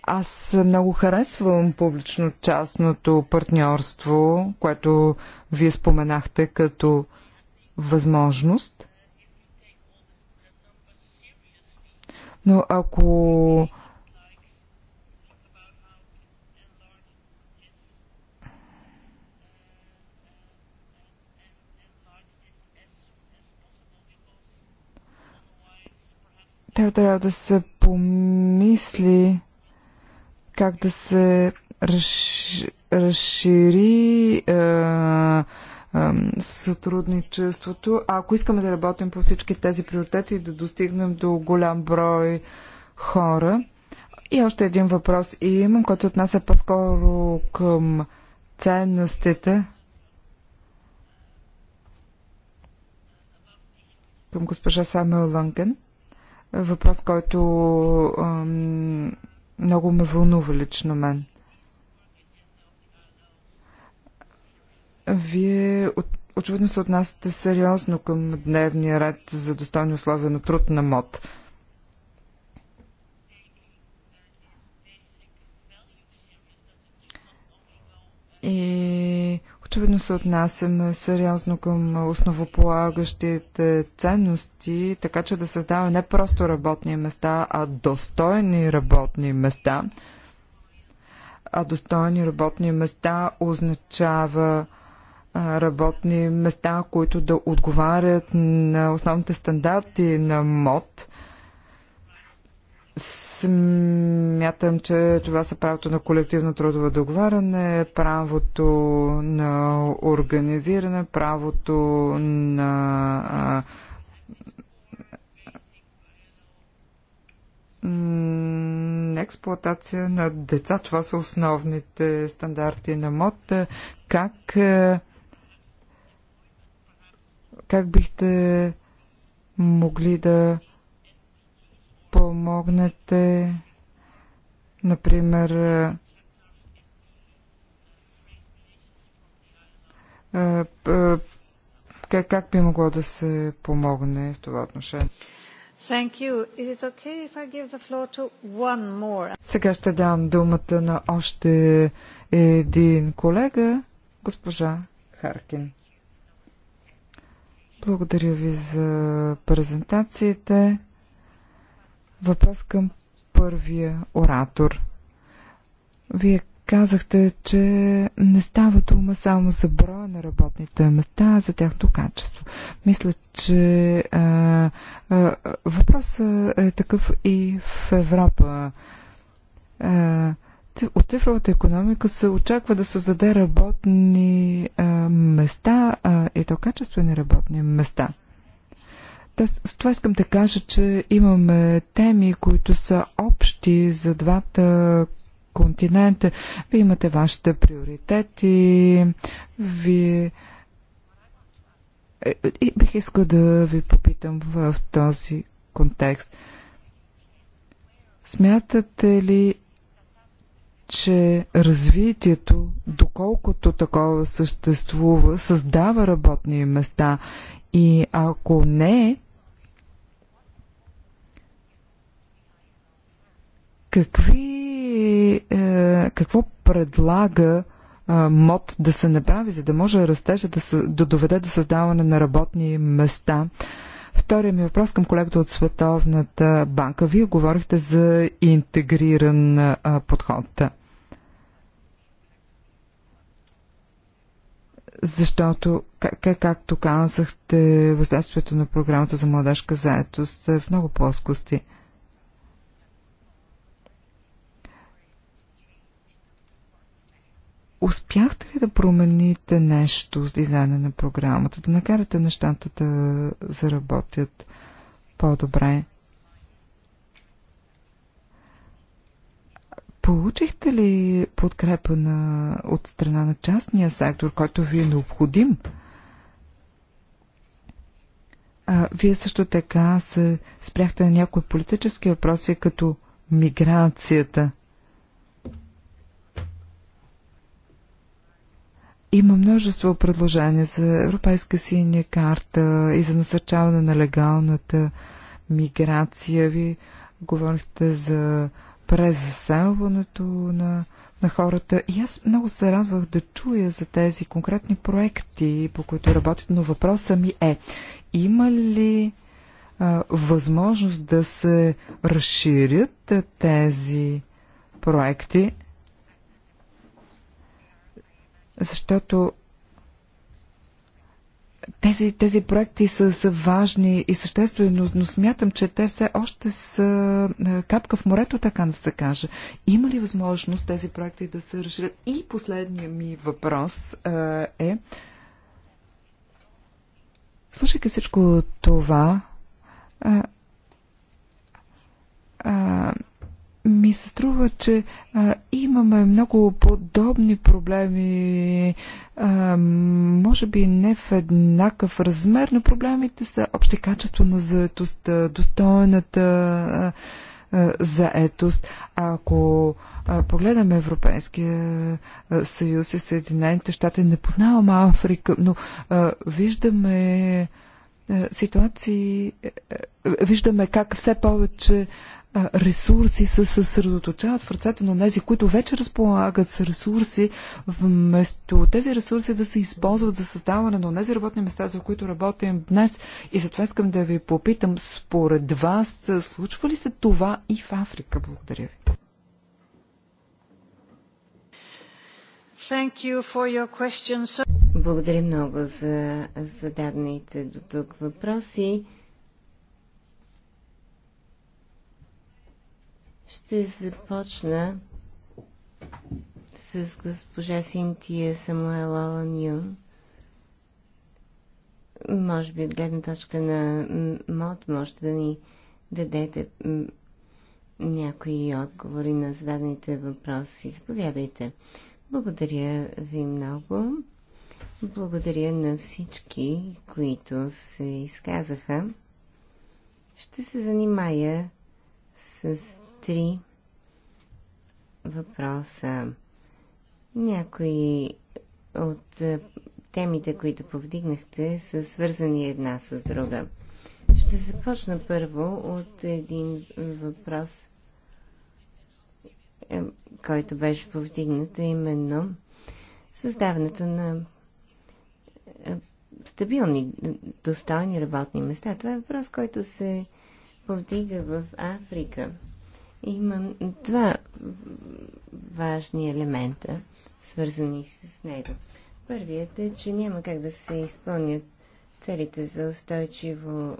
Аз много харесвам публично-частното партньорство, което вие споменахте като възможност. Но ако трябва, трябва да се помисли как да се разшири е, е, сътрудничеството. А ако искаме да работим по всички тези приоритети и да достигнем до голям брой хора. И още един въпрос и имам, който отнася по-скоро към ценностите. Към госпожа Самел Лънген. Въпрос, който е, много ме вълнува лично мен. Вие от очевидно се отнасяте сериозно към дневния ред за достойни условия на труд на МОД. И очевидно се отнасяме сериозно към основополагащите ценности, така че да създаваме не просто работни места, а достойни работни места. А достойни работни места означава работни места, които да отговарят на основните стандарти на МОД Смятам, че това са правото на колективно трудово договаряне, правото на организиране, правото на експлуатация на деца. Това са основните стандарти на МОД. Как, как бихте могли да помогнете, например, как, как би могло да се помогне в това отношение? Okay Сега ще дам думата на още един колега, госпожа Харкин. Благодаря ви за презентациите. Въпрос към първия оратор. Вие казахте, че не става дума само за броя на работните места, а за тяхното качество. Мисля, че а, а, въпросът е такъв и в Европа. А, от цифровата економика се очаква да създаде работни а, места а, и то качествени работни места. С това искам да кажа, че имаме теми, които са общи за двата континента. Вие имате вашите приоритети, вие и е, е, бих искал да ви попитам в този контекст. Смятате ли, че развитието, доколкото такова съществува, създава работни места и ако не, Какви, е, какво предлага е, МОД да се направи, за да може растежа да, се, да доведе до създаване на работни места? Втория ми въпрос към колегата от Световната банка. Вие говорихте за интегриран е, подход. Защото, как, както казахте, въздействието на програмата за младежка заедост е в много плоскости. Успяхте ли да промените нещо с дизайна на програмата, да накарате нещата да заработят по-добре? Получихте ли подкрепа на, от страна на частния сектор, който ви е необходим? А, вие също така се спряхте на някои политически въпроси, като миграцията – Има множество предложения за Европейска синя карта и за насърчаване на легалната миграция. Ви говорихте за презаселването на, на хората. И аз много се радвах да чуя за тези конкретни проекти, по които работят, но въпросът ми е, има ли а, възможност да се разширят тези проекти? защото тези, тези проекти са, са важни и съществени, но, но смятам, че те все още са е, капка в морето, така да се каже. Има ли възможност тези проекти да се разширят? И последният ми въпрос а, е, е, слушайки всичко това, а, е, ми се струва, че а, имаме много подобни проблеми, а, може би не в еднакъв размер, но проблемите са общи качество на заетостта, достойната а, заетост. Ако а, погледаме Европейския съюз и Съединените щати, не познавам Африка, но а, виждаме ситуации, виждаме как все повече ресурси се съсредоточават в ръцете на тези, които вече разполагат с ресурси, вместо тези ресурси да се използват за създаване на тези работни места, за които работим днес. И затова искам да ви попитам, според вас, случва ли се това и в Африка? Благодаря ви. You Благодаря много за зададените до тук въпроси. Ще започна с госпожа Синтия Самуел Олан Може би от гледна точка на МОД може да ни дадете някои отговори на зададените въпроси. Заповядайте. Благодаря ви много. Благодаря на всички, които се изказаха. Ще се занимая с три въпроса. Някои от е, темите, които повдигнахте, са свързани една с друга. Ще започна първо от един въпрос, е, който беше повдигнат, а именно създаването на е, стабилни, достойни работни места. Това е въпрос, който се повдига в Африка – има два важни елемента, свързани с него. Първият е, че няма как да се изпълнят целите за устойчиво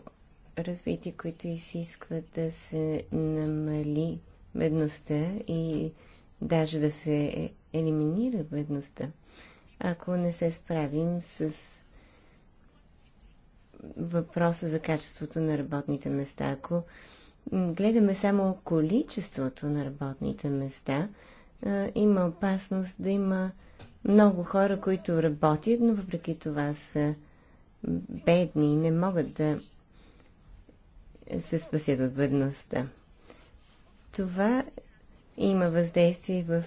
развитие, които изискват да се намали бедността и даже да се елиминира бедността, ако не се справим с въпроса за качеството на работните места, ако гледаме само количеството на работните места, има опасност да има много хора, които работят, но въпреки това са бедни и не могат да се спасят от бедността. Това има въздействие в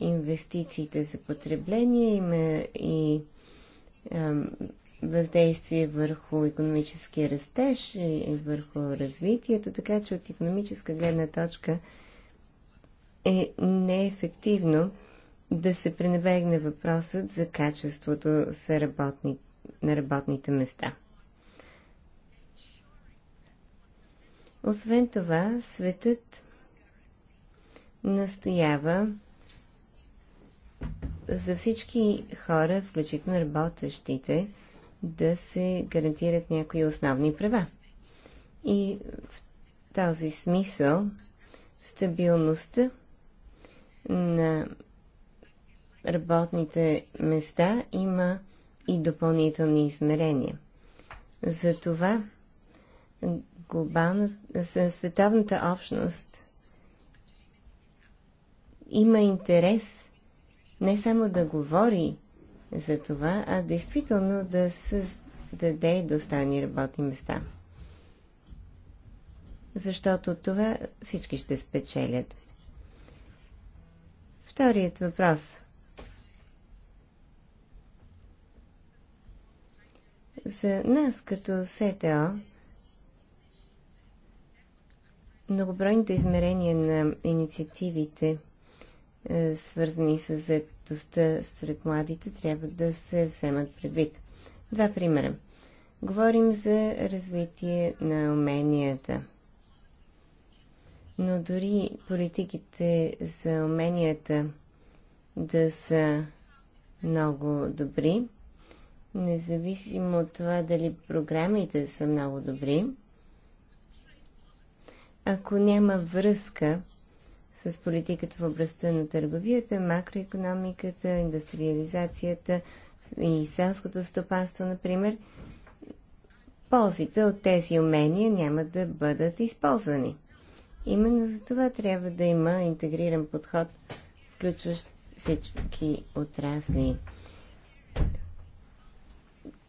инвестициите за потребление, има и въздействие върху економическия растеж и върху развитието, така че от економическа гледна точка е неефективно да се пренебегне въпросът за качеството са работни, на работните места. Освен това, светът настоява за всички хора, включително работещите, да се гарантират някои основни права. И в този смисъл стабилността на работните места има и допълнителни измерения. Затова глобална, за световната общност има интерес не само да говори за това, а действително да създаде достойни работни места. Защото от това всички ще спечелят. Вторият въпрос. За нас като СТО, многобройните измерения на инициативите – е, свързани с заедостта сред младите, трябва да се вземат предвид. Два примера. Говорим за развитие на уменията. Но дори политиките за уменията да са много добри, независимо от това дали програмите са много добри, ако няма връзка с политиката в областта на търговията, макроекономиката, индустриализацията и селското стопанство, например, ползите от тези умения няма да бъдат използвани. Именно за това трябва да има интегриран подход, включващ всички отрасли.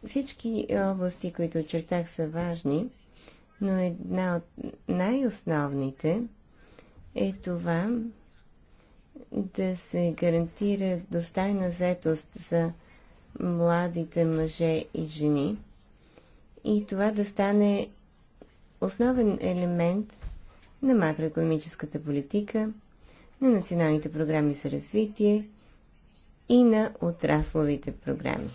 Всички области, които очертах, са важни, но една от най-основните – е това да се гарантира достойна заетост за младите мъже и жени и това да стане основен елемент на макроекономическата политика, на националните програми за развитие и на отрасловите програми.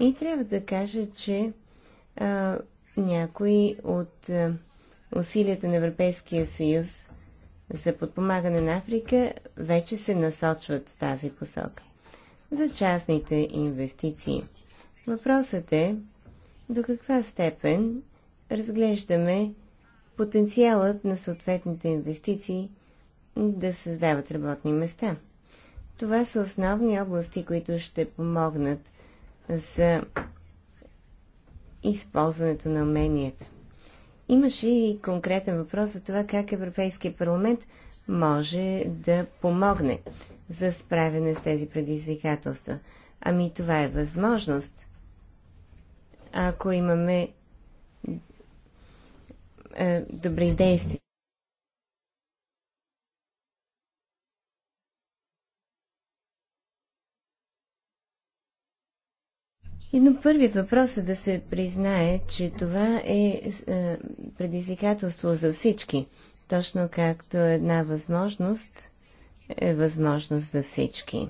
И трябва да кажа, че а, някои от а, усилията на Европейския съюз за подпомагане на Африка вече се насочват в тази посока. За частните инвестиции. Въпросът е до каква степен разглеждаме потенциалът на съответните инвестиции да създават работни места. Това са основни области, които ще помогнат за използването на уменията. Имаше и конкретен въпрос за това как Европейския парламент може да помогне за справяне с тези предизвикателства. Ами това е възможност. Ако имаме е, добри действия. Едно първият въпрос е да се признае, че това е, е предизвикателство за всички, точно както една възможност е възможност за всички.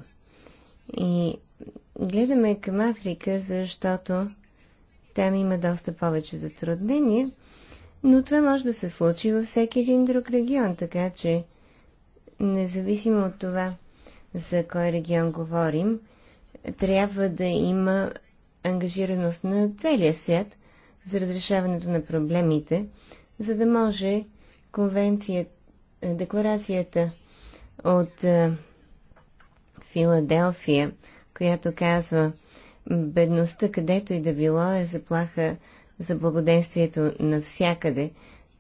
И гледаме към Африка, защото там има доста повече затруднения, но това може да се случи във всеки един друг регион, така че независимо от това за кой регион говорим, трябва да има ангажираност на целия свят за разрешаването на проблемите, за да може конвенцията, е, декларацията от е, Филаделфия, която казва бедността където и да било е заплаха за благоденствието навсякъде,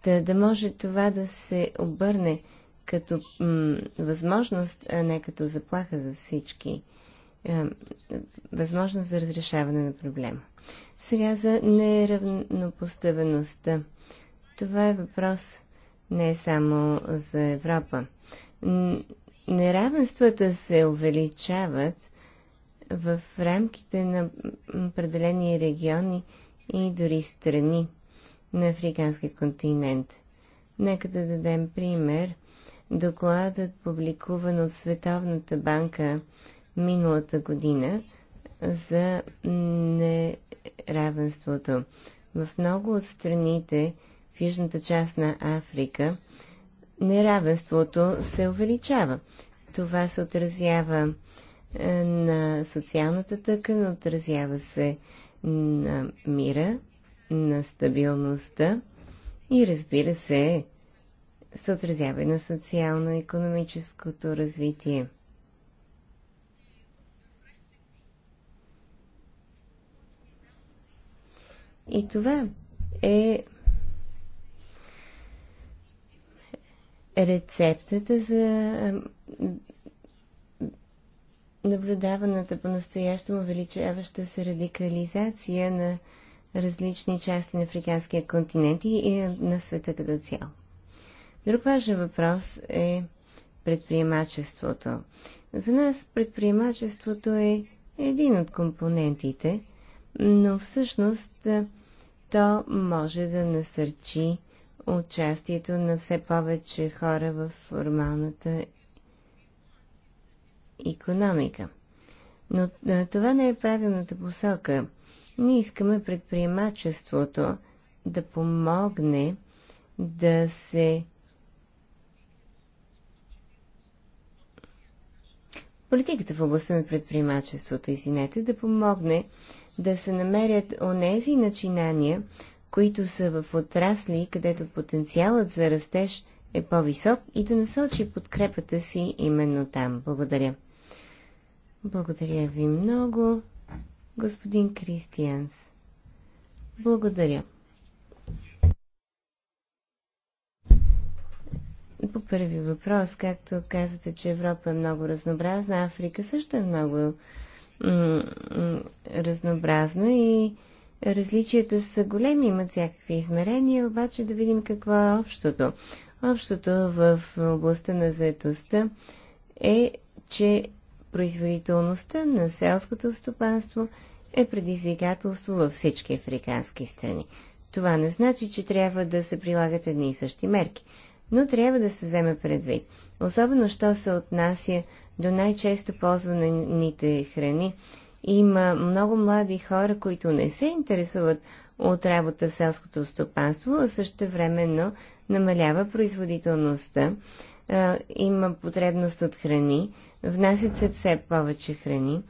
да, да може това да се обърне като възможност, а не като заплаха за всички е, възможност за разрешаване на проблема. Сега за неравнопоставеността. Това е въпрос не е само за Европа. Неравенствата се увеличават в рамките на определени региони и дори страни на африканския континент. Нека да дадем пример. Докладът, публикуван от Световната банка миналата година за неравенството. В много от страните в южната част на Африка неравенството се увеличава. Това се отразява е, на социалната тъкан, отразява се на мира, на стабилността и разбира се, се отразява и на социално-економическото развитие. И това е рецептата за наблюдаваната по настоящему увеличаваща се радикализация на различни части на африканския континент и на света като цяло. Друг важен въпрос е предприемачеството. За нас предприемачеството е един от компонентите – но всъщност е, то може да насърчи участието на все повече хора в формалната економика. Но е, това не е правилната посока. Ние искаме предприемачеството да помогне да се Политиката в областта на предприемачеството, извинете, да помогне да се намерят онези начинания, които са в отрасли, където потенциалът за растеж е по-висок и да насочи подкрепата си именно там. Благодаря. Благодаря ви много, господин Кристианс. Благодаря. По първи въпрос, както казвате, че Европа е много разнообразна, Африка също е много разнообразна и различията са големи, имат всякакви измерения, обаче да видим какво е общото. Общото в областта на заетостта е, че производителността на селското стопанство е предизвикателство във всички африкански страни. Това не значи, че трябва да се прилагат едни и същи мерки, но трябва да се вземе предвид. Особено, що се отнася до най-често ползваните храни. Има много млади хора, които не се интересуват от работа в селското стопанство, а също времено намалява производителността. Има потребност от храни, внасят се все повече храни,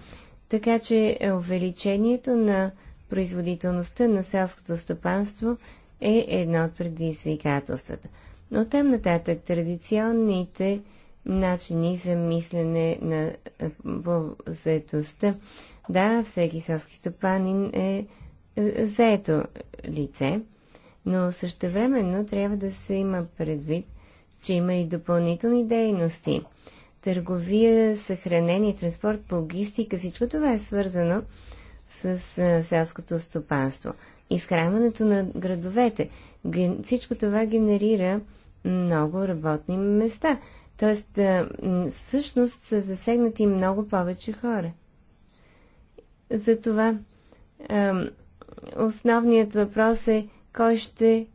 така че е, увеличението на производителността на селското стопанство е едно от предизвикателствата. Но там нататък традиционните начини за мислене на заедостта. Да, всеки селски стопанин е, е заето лице, но същевременно трябва да се има предвид, че има и допълнителни дейности. Търговия, съхранение, транспорт, логистика, всичко това е свързано с селското стопанство. Изхранването на градовете. Всичко това генерира много работни места. Тоест, всъщност са засегнати много повече хора. Затова основният въпрос е кой ще.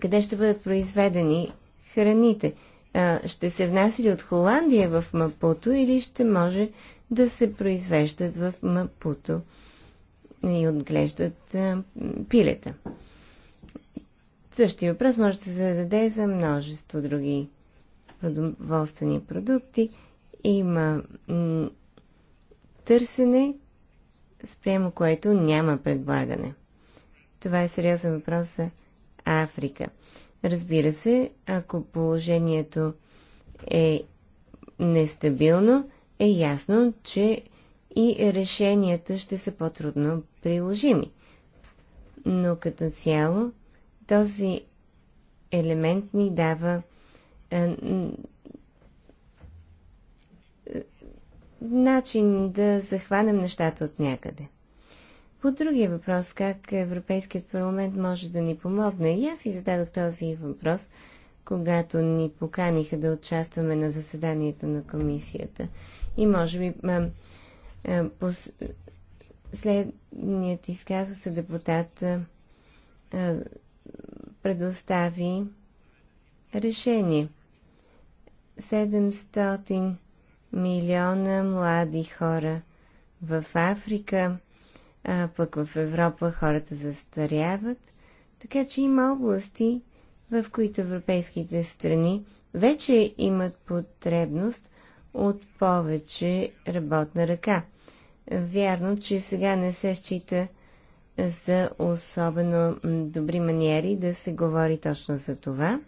Къде ще бъдат произведени храните? Ще се внася ли от Холандия в Мапуто или ще може да се произвеждат в Мапуто и отглеждат пилета? Същия въпрос може да се зададе за множество други продоволствени продукти. Има търсене, спрямо което няма предлагане. Това е сериозен въпрос за Африка. Разбира се, ако положението е нестабилно, е ясно, че и решенията ще са по-трудно приложими. Но като цяло този елемент ни дава е, начин да захванем нещата от някъде. По другия въпрос, как Европейският парламент може да ни помогне, и аз си зададох този въпрос, когато ни поканиха да участваме на заседанието на комисията. И може би е, е, пос... следният изказва се депутат е, предостави решение. 700 милиона млади хора в Африка, а пък в Европа хората застаряват, така че има области, в които европейските страни вече имат потребност от повече работна ръка. Вярно, че сега не се счита за особено добри маниери да се говори точно за това,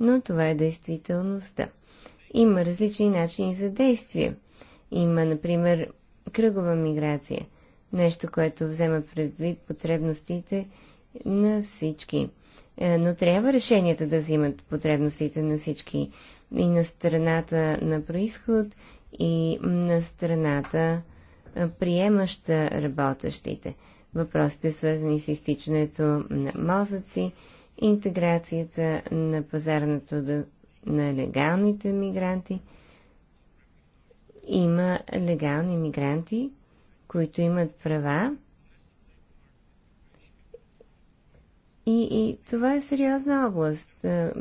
но това е действителността. Има различни начини за действие. Има, например, кръгова миграция. Нещо, което взема предвид потребностите на всички. Е, но трябва решенията да взимат потребностите на всички. И на страната на происход, и на страната е, приемаща работещите въпросите, свързани с изтичането на мозъци, интеграцията на пазарното на легалните мигранти. Има легални мигранти, които имат права. И, и това е сериозна област. Е,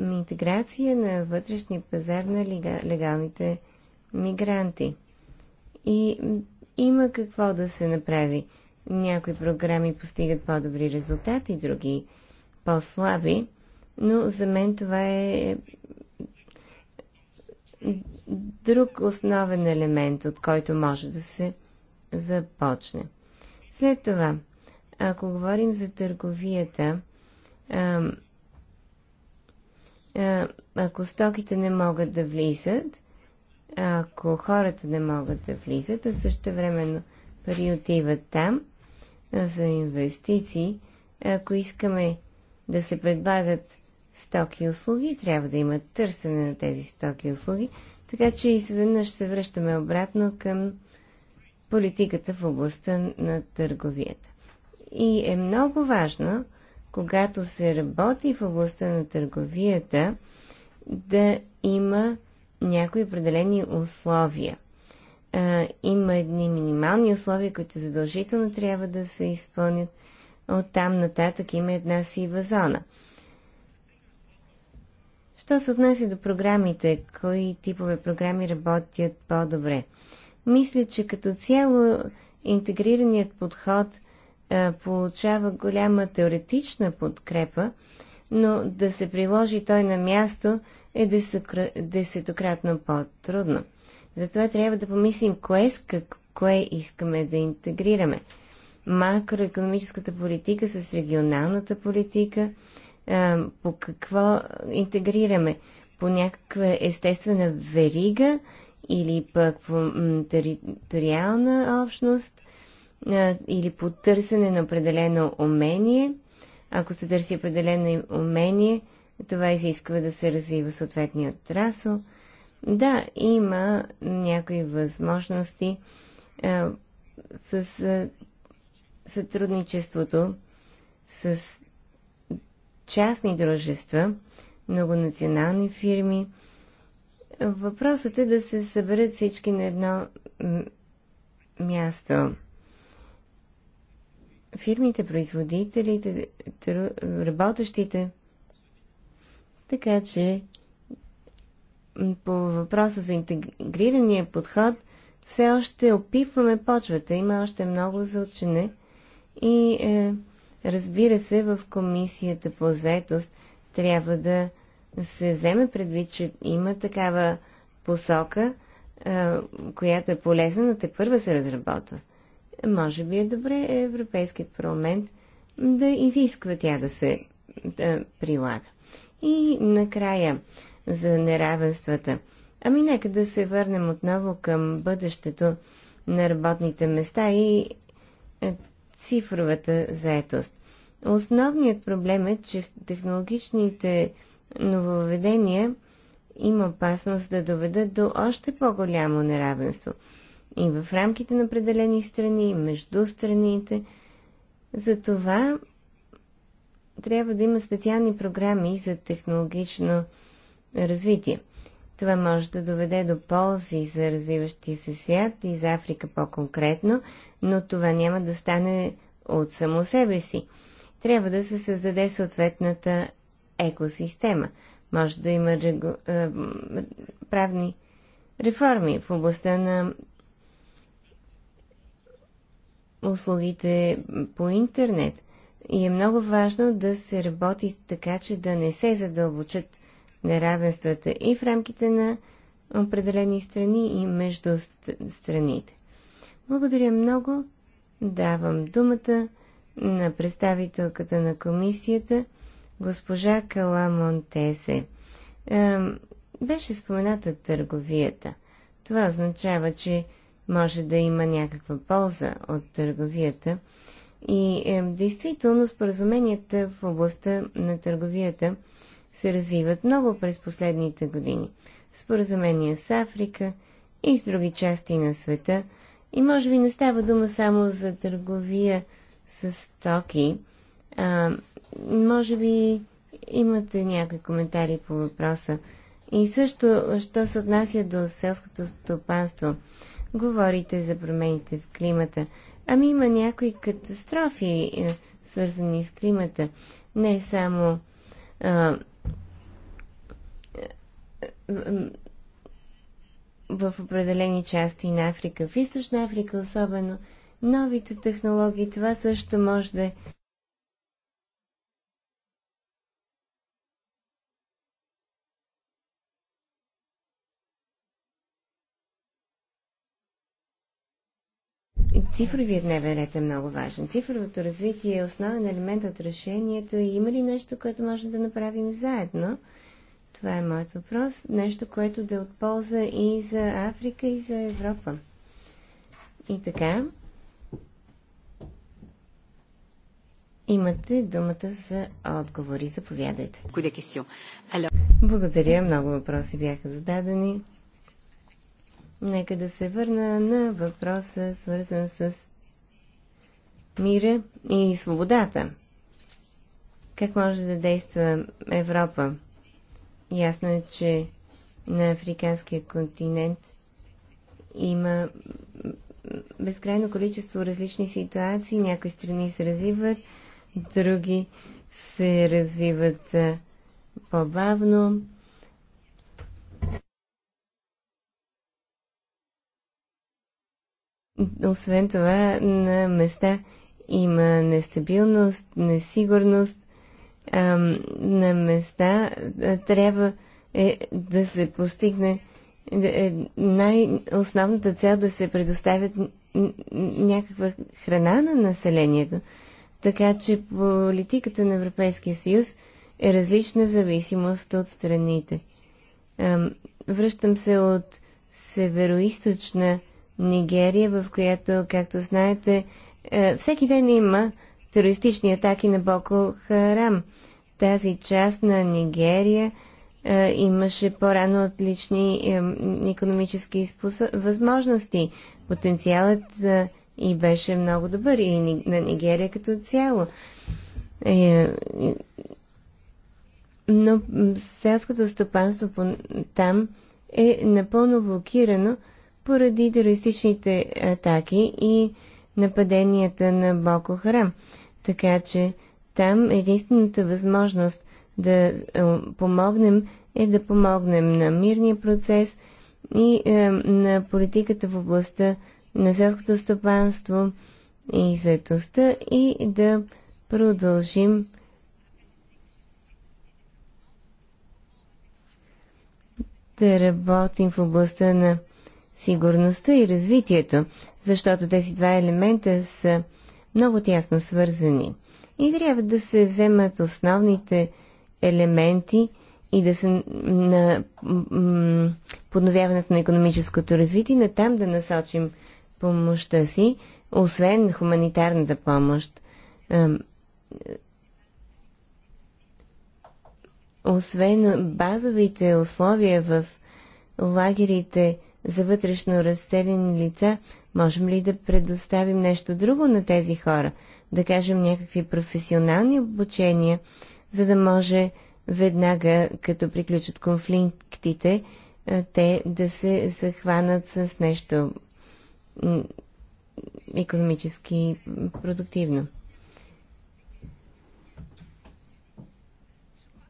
интеграция на вътрешния пазар на легалните мигранти. И има какво да се направи. Някои програми постигат по-добри резултати, други по-слаби, но за мен това е друг основен елемент, от който може да се започне. След това, ако говорим за търговията, ако стоките не могат да влизат, ако хората не могат да влизат, а също времено пари отиват там за инвестиции, ако искаме да се предлагат стоки и услуги, трябва да има търсене на тези стоки и услуги, така че изведнъж се връщаме обратно към политиката в областта на търговията. И е много важно, когато се работи в областта на търговията, да има някои определени условия. А, има едни минимални условия, които задължително трябва да се изпълнят. От там нататък има една сива зона. Що се отнася до програмите, кои типове програми работят по-добре? Мисля, че като цяло интегрираният подход а, получава голяма теоретична подкрепа, но да се приложи той на място е десетократно по-трудно. Затова трябва да помислим кое, е, как, кое искаме да интегрираме. Макроекономическата политика с регионалната политика, по какво интегрираме? По някаква естествена верига или пък по териториална общност или по търсене на определено умение. Ако се търси определено умение, това изисква да се развива съответния отрасъл. Да, има някои възможности а, с а, сътрудничеството с частни дружества, многонационални фирми. Въпросът е да се съберат всички на едно място. Фирмите, производителите, работещите така че по въпроса за интегрирания подход все още опитваме почвата. Има още много за учене и е, разбира се в комисията по заетост трябва да се вземе предвид, че има такава посока, е, която е полезна, но те първа се разработва. Може би е добре Европейският парламент да изисква тя да се да прилага. И накрая за неравенствата. Ами нека да се върнем отново към бъдещето на работните места и е, цифровата заетост. Основният проблем е, че технологичните нововведения има опасност да доведат до още по-голямо неравенство. И в рамките на определени страни, и между страните. Затова трябва да има специални програми за технологично развитие. Това може да доведе до ползи за развиващия се свят и за Африка по-конкретно, но това няма да стане от само себе си. Трябва да се създаде съответната екосистема. Може да има регу... Е, правни реформи в областта на услугите по интернет. И е много важно да се работи така, че да не се задълбочат неравенствата и в рамките на определени страни и между страните. Благодаря много. Давам думата на представителката на комисията, госпожа Кала Монтесе. беше спомената търговията. Това означава, че може да има някаква полза от търговията и е, действително споразуменията в областта на търговията се развиват много през последните години. Споразумения с Африка и с други части на света. И може би не става дума само за търговия с стоки. А, може би имате някои коментари по въпроса. И също, що се отнася до селското стопанство. Говорите за промените в климата. Ами има някои катастрофи, е, свързани с климата. Не само а, в определени части на Африка, в Източна Африка особено, новите технологии, това също може да е Цифровият дневен ред е много важен. Цифровото развитие е основен елемент от решението и има ли нещо, което можем да направим заедно? Това е моят въпрос. Нещо, което да е отполза и за Африка, и за Европа. И така. Имате думата за отговори. Заповядайте. Благодаря. Много въпроси бяха зададени. Нека да се върна на въпроса, свързан с мира и свободата. Как може да действа Европа? Ясно е, че на африканския континент има безкрайно количество различни ситуации. Някои страни се развиват, други се развиват по-бавно. Освен това, на места има нестабилност, несигурност. на места трябва е, да се постигне е, е най-основната цел да се предоставят някаква храна на населението. Така че политиката на Европейския съюз е различна в зависимост от страните. връщам се от северо Нигерия, в която, както знаете, е, всеки ден има терористични атаки на Боко Харам. Тази част на Нигерия е, имаше по-рано отлични економически възможности. Потенциалът е, и беше много добър и на Нигерия като цяло. Но селското стопанство там е напълно блокирано поради терористичните атаки и нападенията на Боко Харам. Така че там единствената възможност да е, помогнем е да помогнем на мирния процес и е, на политиката в областта на селското стопанство и заетостта и да продължим да работим в областта на сигурността и развитието, защото тези два елемента са много тясно свързани. И трябва да се вземат основните елементи и да се на подновяването на економическото развитие, на там да насочим помощта си, освен хуманитарната помощ. Освен базовите условия в лагерите за вътрешно разселени лица, можем ли да предоставим нещо друго на тези хора? Да кажем някакви професионални обучения, за да може веднага, като приключат конфликтите, те да се захванат с нещо економически продуктивно.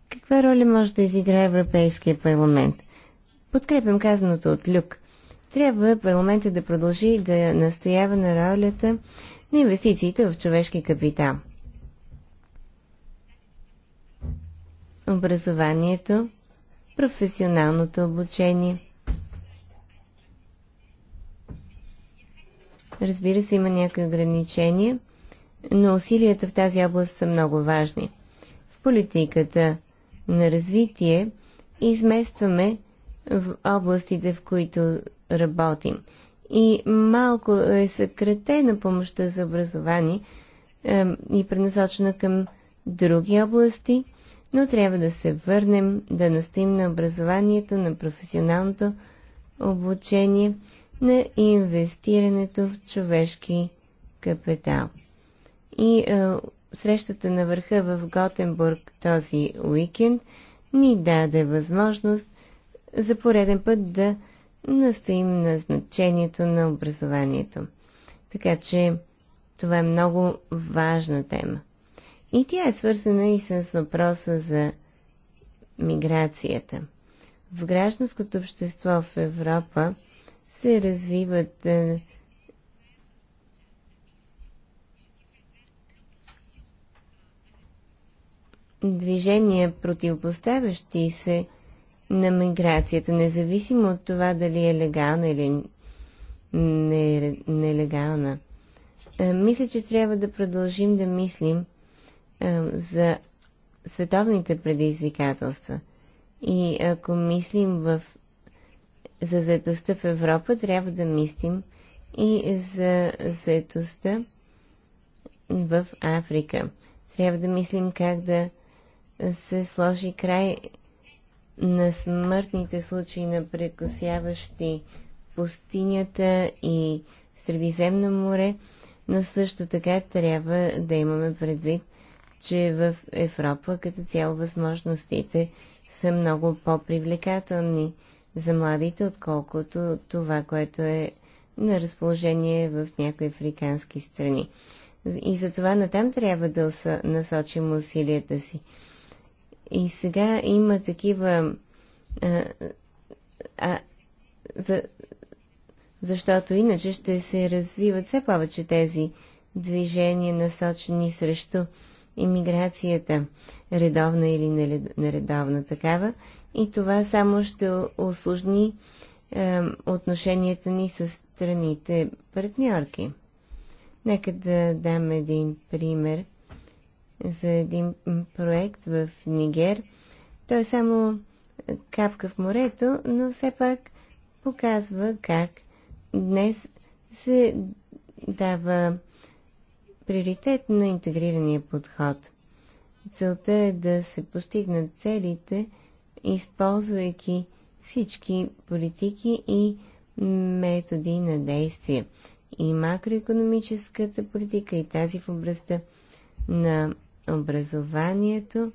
Каква роля може да изиграе Европейския парламент? Подкрепям казаното от Люк. Трябва парламентът да продължи да настоява на ролята на инвестициите в човешки капитал. Образованието, професионалното обучение. Разбира се, има някои ограничения, но усилията в тази област са много важни. В политиката на развитие изместваме в областите, в които работим. И малко е съкратена помощта за образование е, и пренасочена към други области, но трябва да се върнем, да настоим на образованието, на професионалното обучение, на инвестирането в човешки капитал. И е, срещата на върха в Готенбург този уикенд ни даде възможност за пореден път да настоим на значението на образованието. Така че това е много важна тема. И тя е свързана и с въпроса за миграцията. В гражданското общество в Европа се развиват е, движения, противопоставящи се на миграцията, независимо от това дали е легална или е нелегална. Е, мисля, че трябва да продължим да мислим е, за световните предизвикателства. И ако мислим в... за заедостта в Европа, трябва да мислим и за заедостта в Африка. Трябва да мислим как да се сложи край на смъртните случаи на прекосяващи пустинята и Средиземно море, но също така трябва да имаме предвид, че в Европа като цяло възможностите са много по-привлекателни за младите, отколкото това, което е на разположение в някои африкански страни. И за това натам трябва да насочим усилията си. И сега има такива. А, а, за, защото иначе ще се развиват все повече тези движения, насочени срещу иммиграцията, редовна или нередовна такава. И това само ще осложни е, отношенията ни с страните партньорки. Нека да дам един пример – за един проект в Нигер. Той е само капка в морето, но все пак показва как днес се дава приоритет на интегрирания подход. Целта е да се постигнат целите, използвайки всички политики и методи на действие. И макроекономическата политика, и тази в областта на образованието,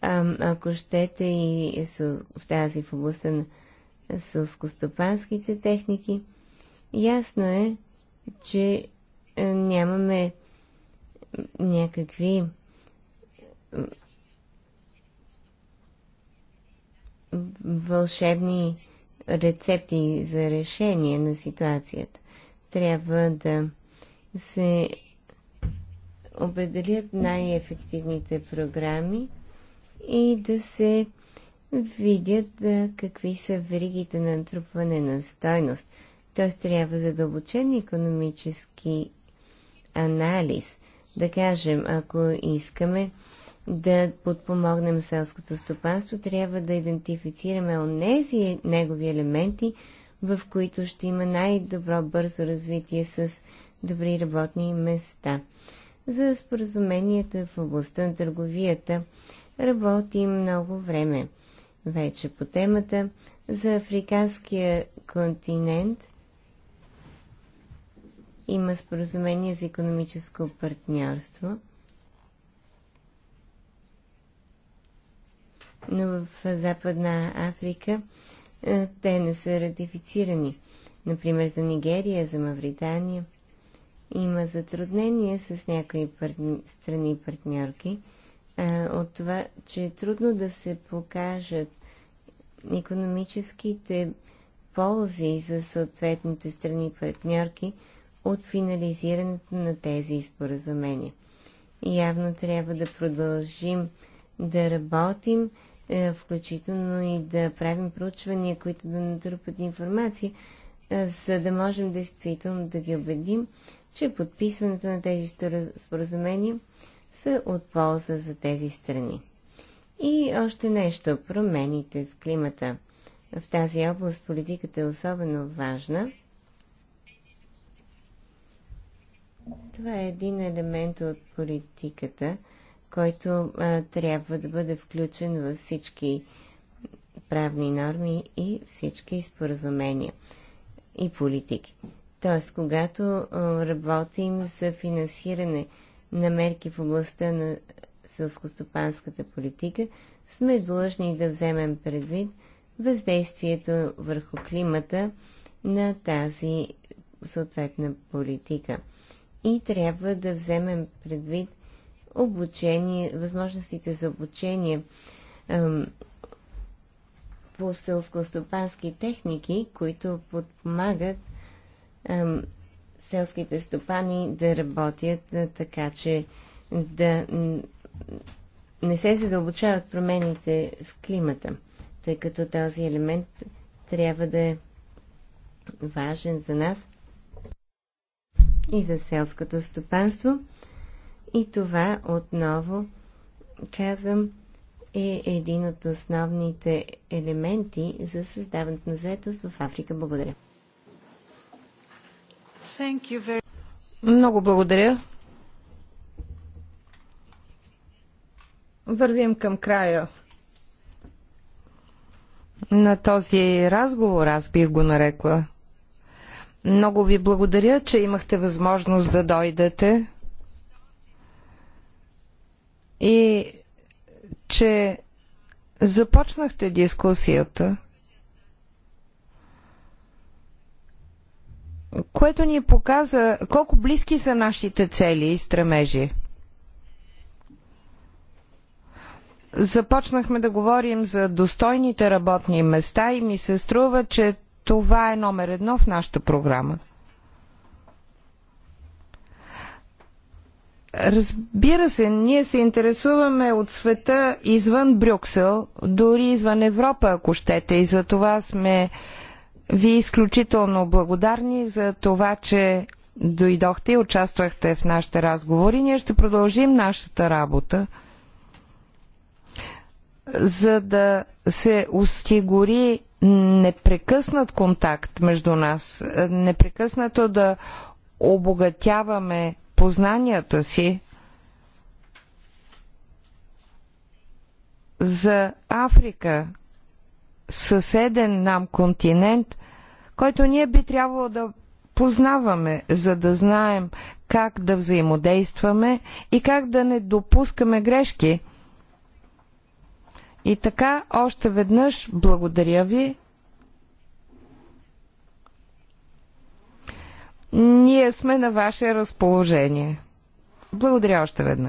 а, ако щете и в тази в областта на сълскостопанските техники. Ясно е, че е, нямаме някакви вълшебни рецепти за решение на ситуацията. Трябва да се определят най-ефективните програми и да се видят да, какви са веригите на натрупване на стойност. Т.е. трябва задълбочен економически анализ. Да кажем, ако искаме да подпомогнем селското стопанство, трябва да идентифицираме онези негови елементи, в които ще има най-добро бързо развитие с добри работни места за споразуменията в областта на търговията. Работи много време вече по темата за африканския континент. Има споразумение за економическо партньорство. Но в Западна Африка е, те не са ратифицирани. Например, за Нигерия, за Мавритания – има затруднения с някои партни... страни партньорки а, от това, че е трудно да се покажат економическите ползи за съответните страни партньорки от финализирането на тези споразумения. Явно трябва да продължим да работим, е, включително и да правим проучвания, които да натрупат информация, е, за да можем действително да ги убедим, че подписването на тези споразумения са от полза за тези страни. И още нещо, промените в климата. В тази област политиката е особено важна. Това е един елемент от политиката, който а, трябва да бъде включен във всички правни норми и всички споразумения и политики. Т.е. когато работим за финансиране на мерки в областта на сълскостопанската политика, сме длъжни да вземем предвид въздействието върху климата на тази съответна политика. И трябва да вземем предвид обучение, възможностите за обучение ем, по селскостопански техники, които подпомагат селските стопани да работят така, че да не се задълбочават промените в климата, тъй като този елемент трябва да е важен за нас и за селското стопанство. И това отново, казвам, е един от основните елементи за създаването на заетост в Африка. Благодаря. Много благодаря. Вървим към края на този разговор, аз бих го нарекла. Много ви благодаря, че имахте възможност да дойдете и че започнахте дискусията. което ни показа колко близки са нашите цели и стремежи. Започнахме да говорим за достойните работни места и ми се струва, че това е номер едно в нашата програма. Разбира се, ние се интересуваме от света извън Брюксел, дори извън Европа, ако щете, и за това сме вие изключително благодарни за това, че дойдохте и участвахте в нашите разговори. Ние ще продължим нашата работа, за да се осигури непрекъснат контакт между нас, непрекъснато да обогатяваме познанията си за Африка, съседен нам континент, който ние би трябвало да познаваме, за да знаем как да взаимодействаме и как да не допускаме грешки. И така, още веднъж благодаря ви. Ние сме на ваше разположение. Благодаря още веднъж.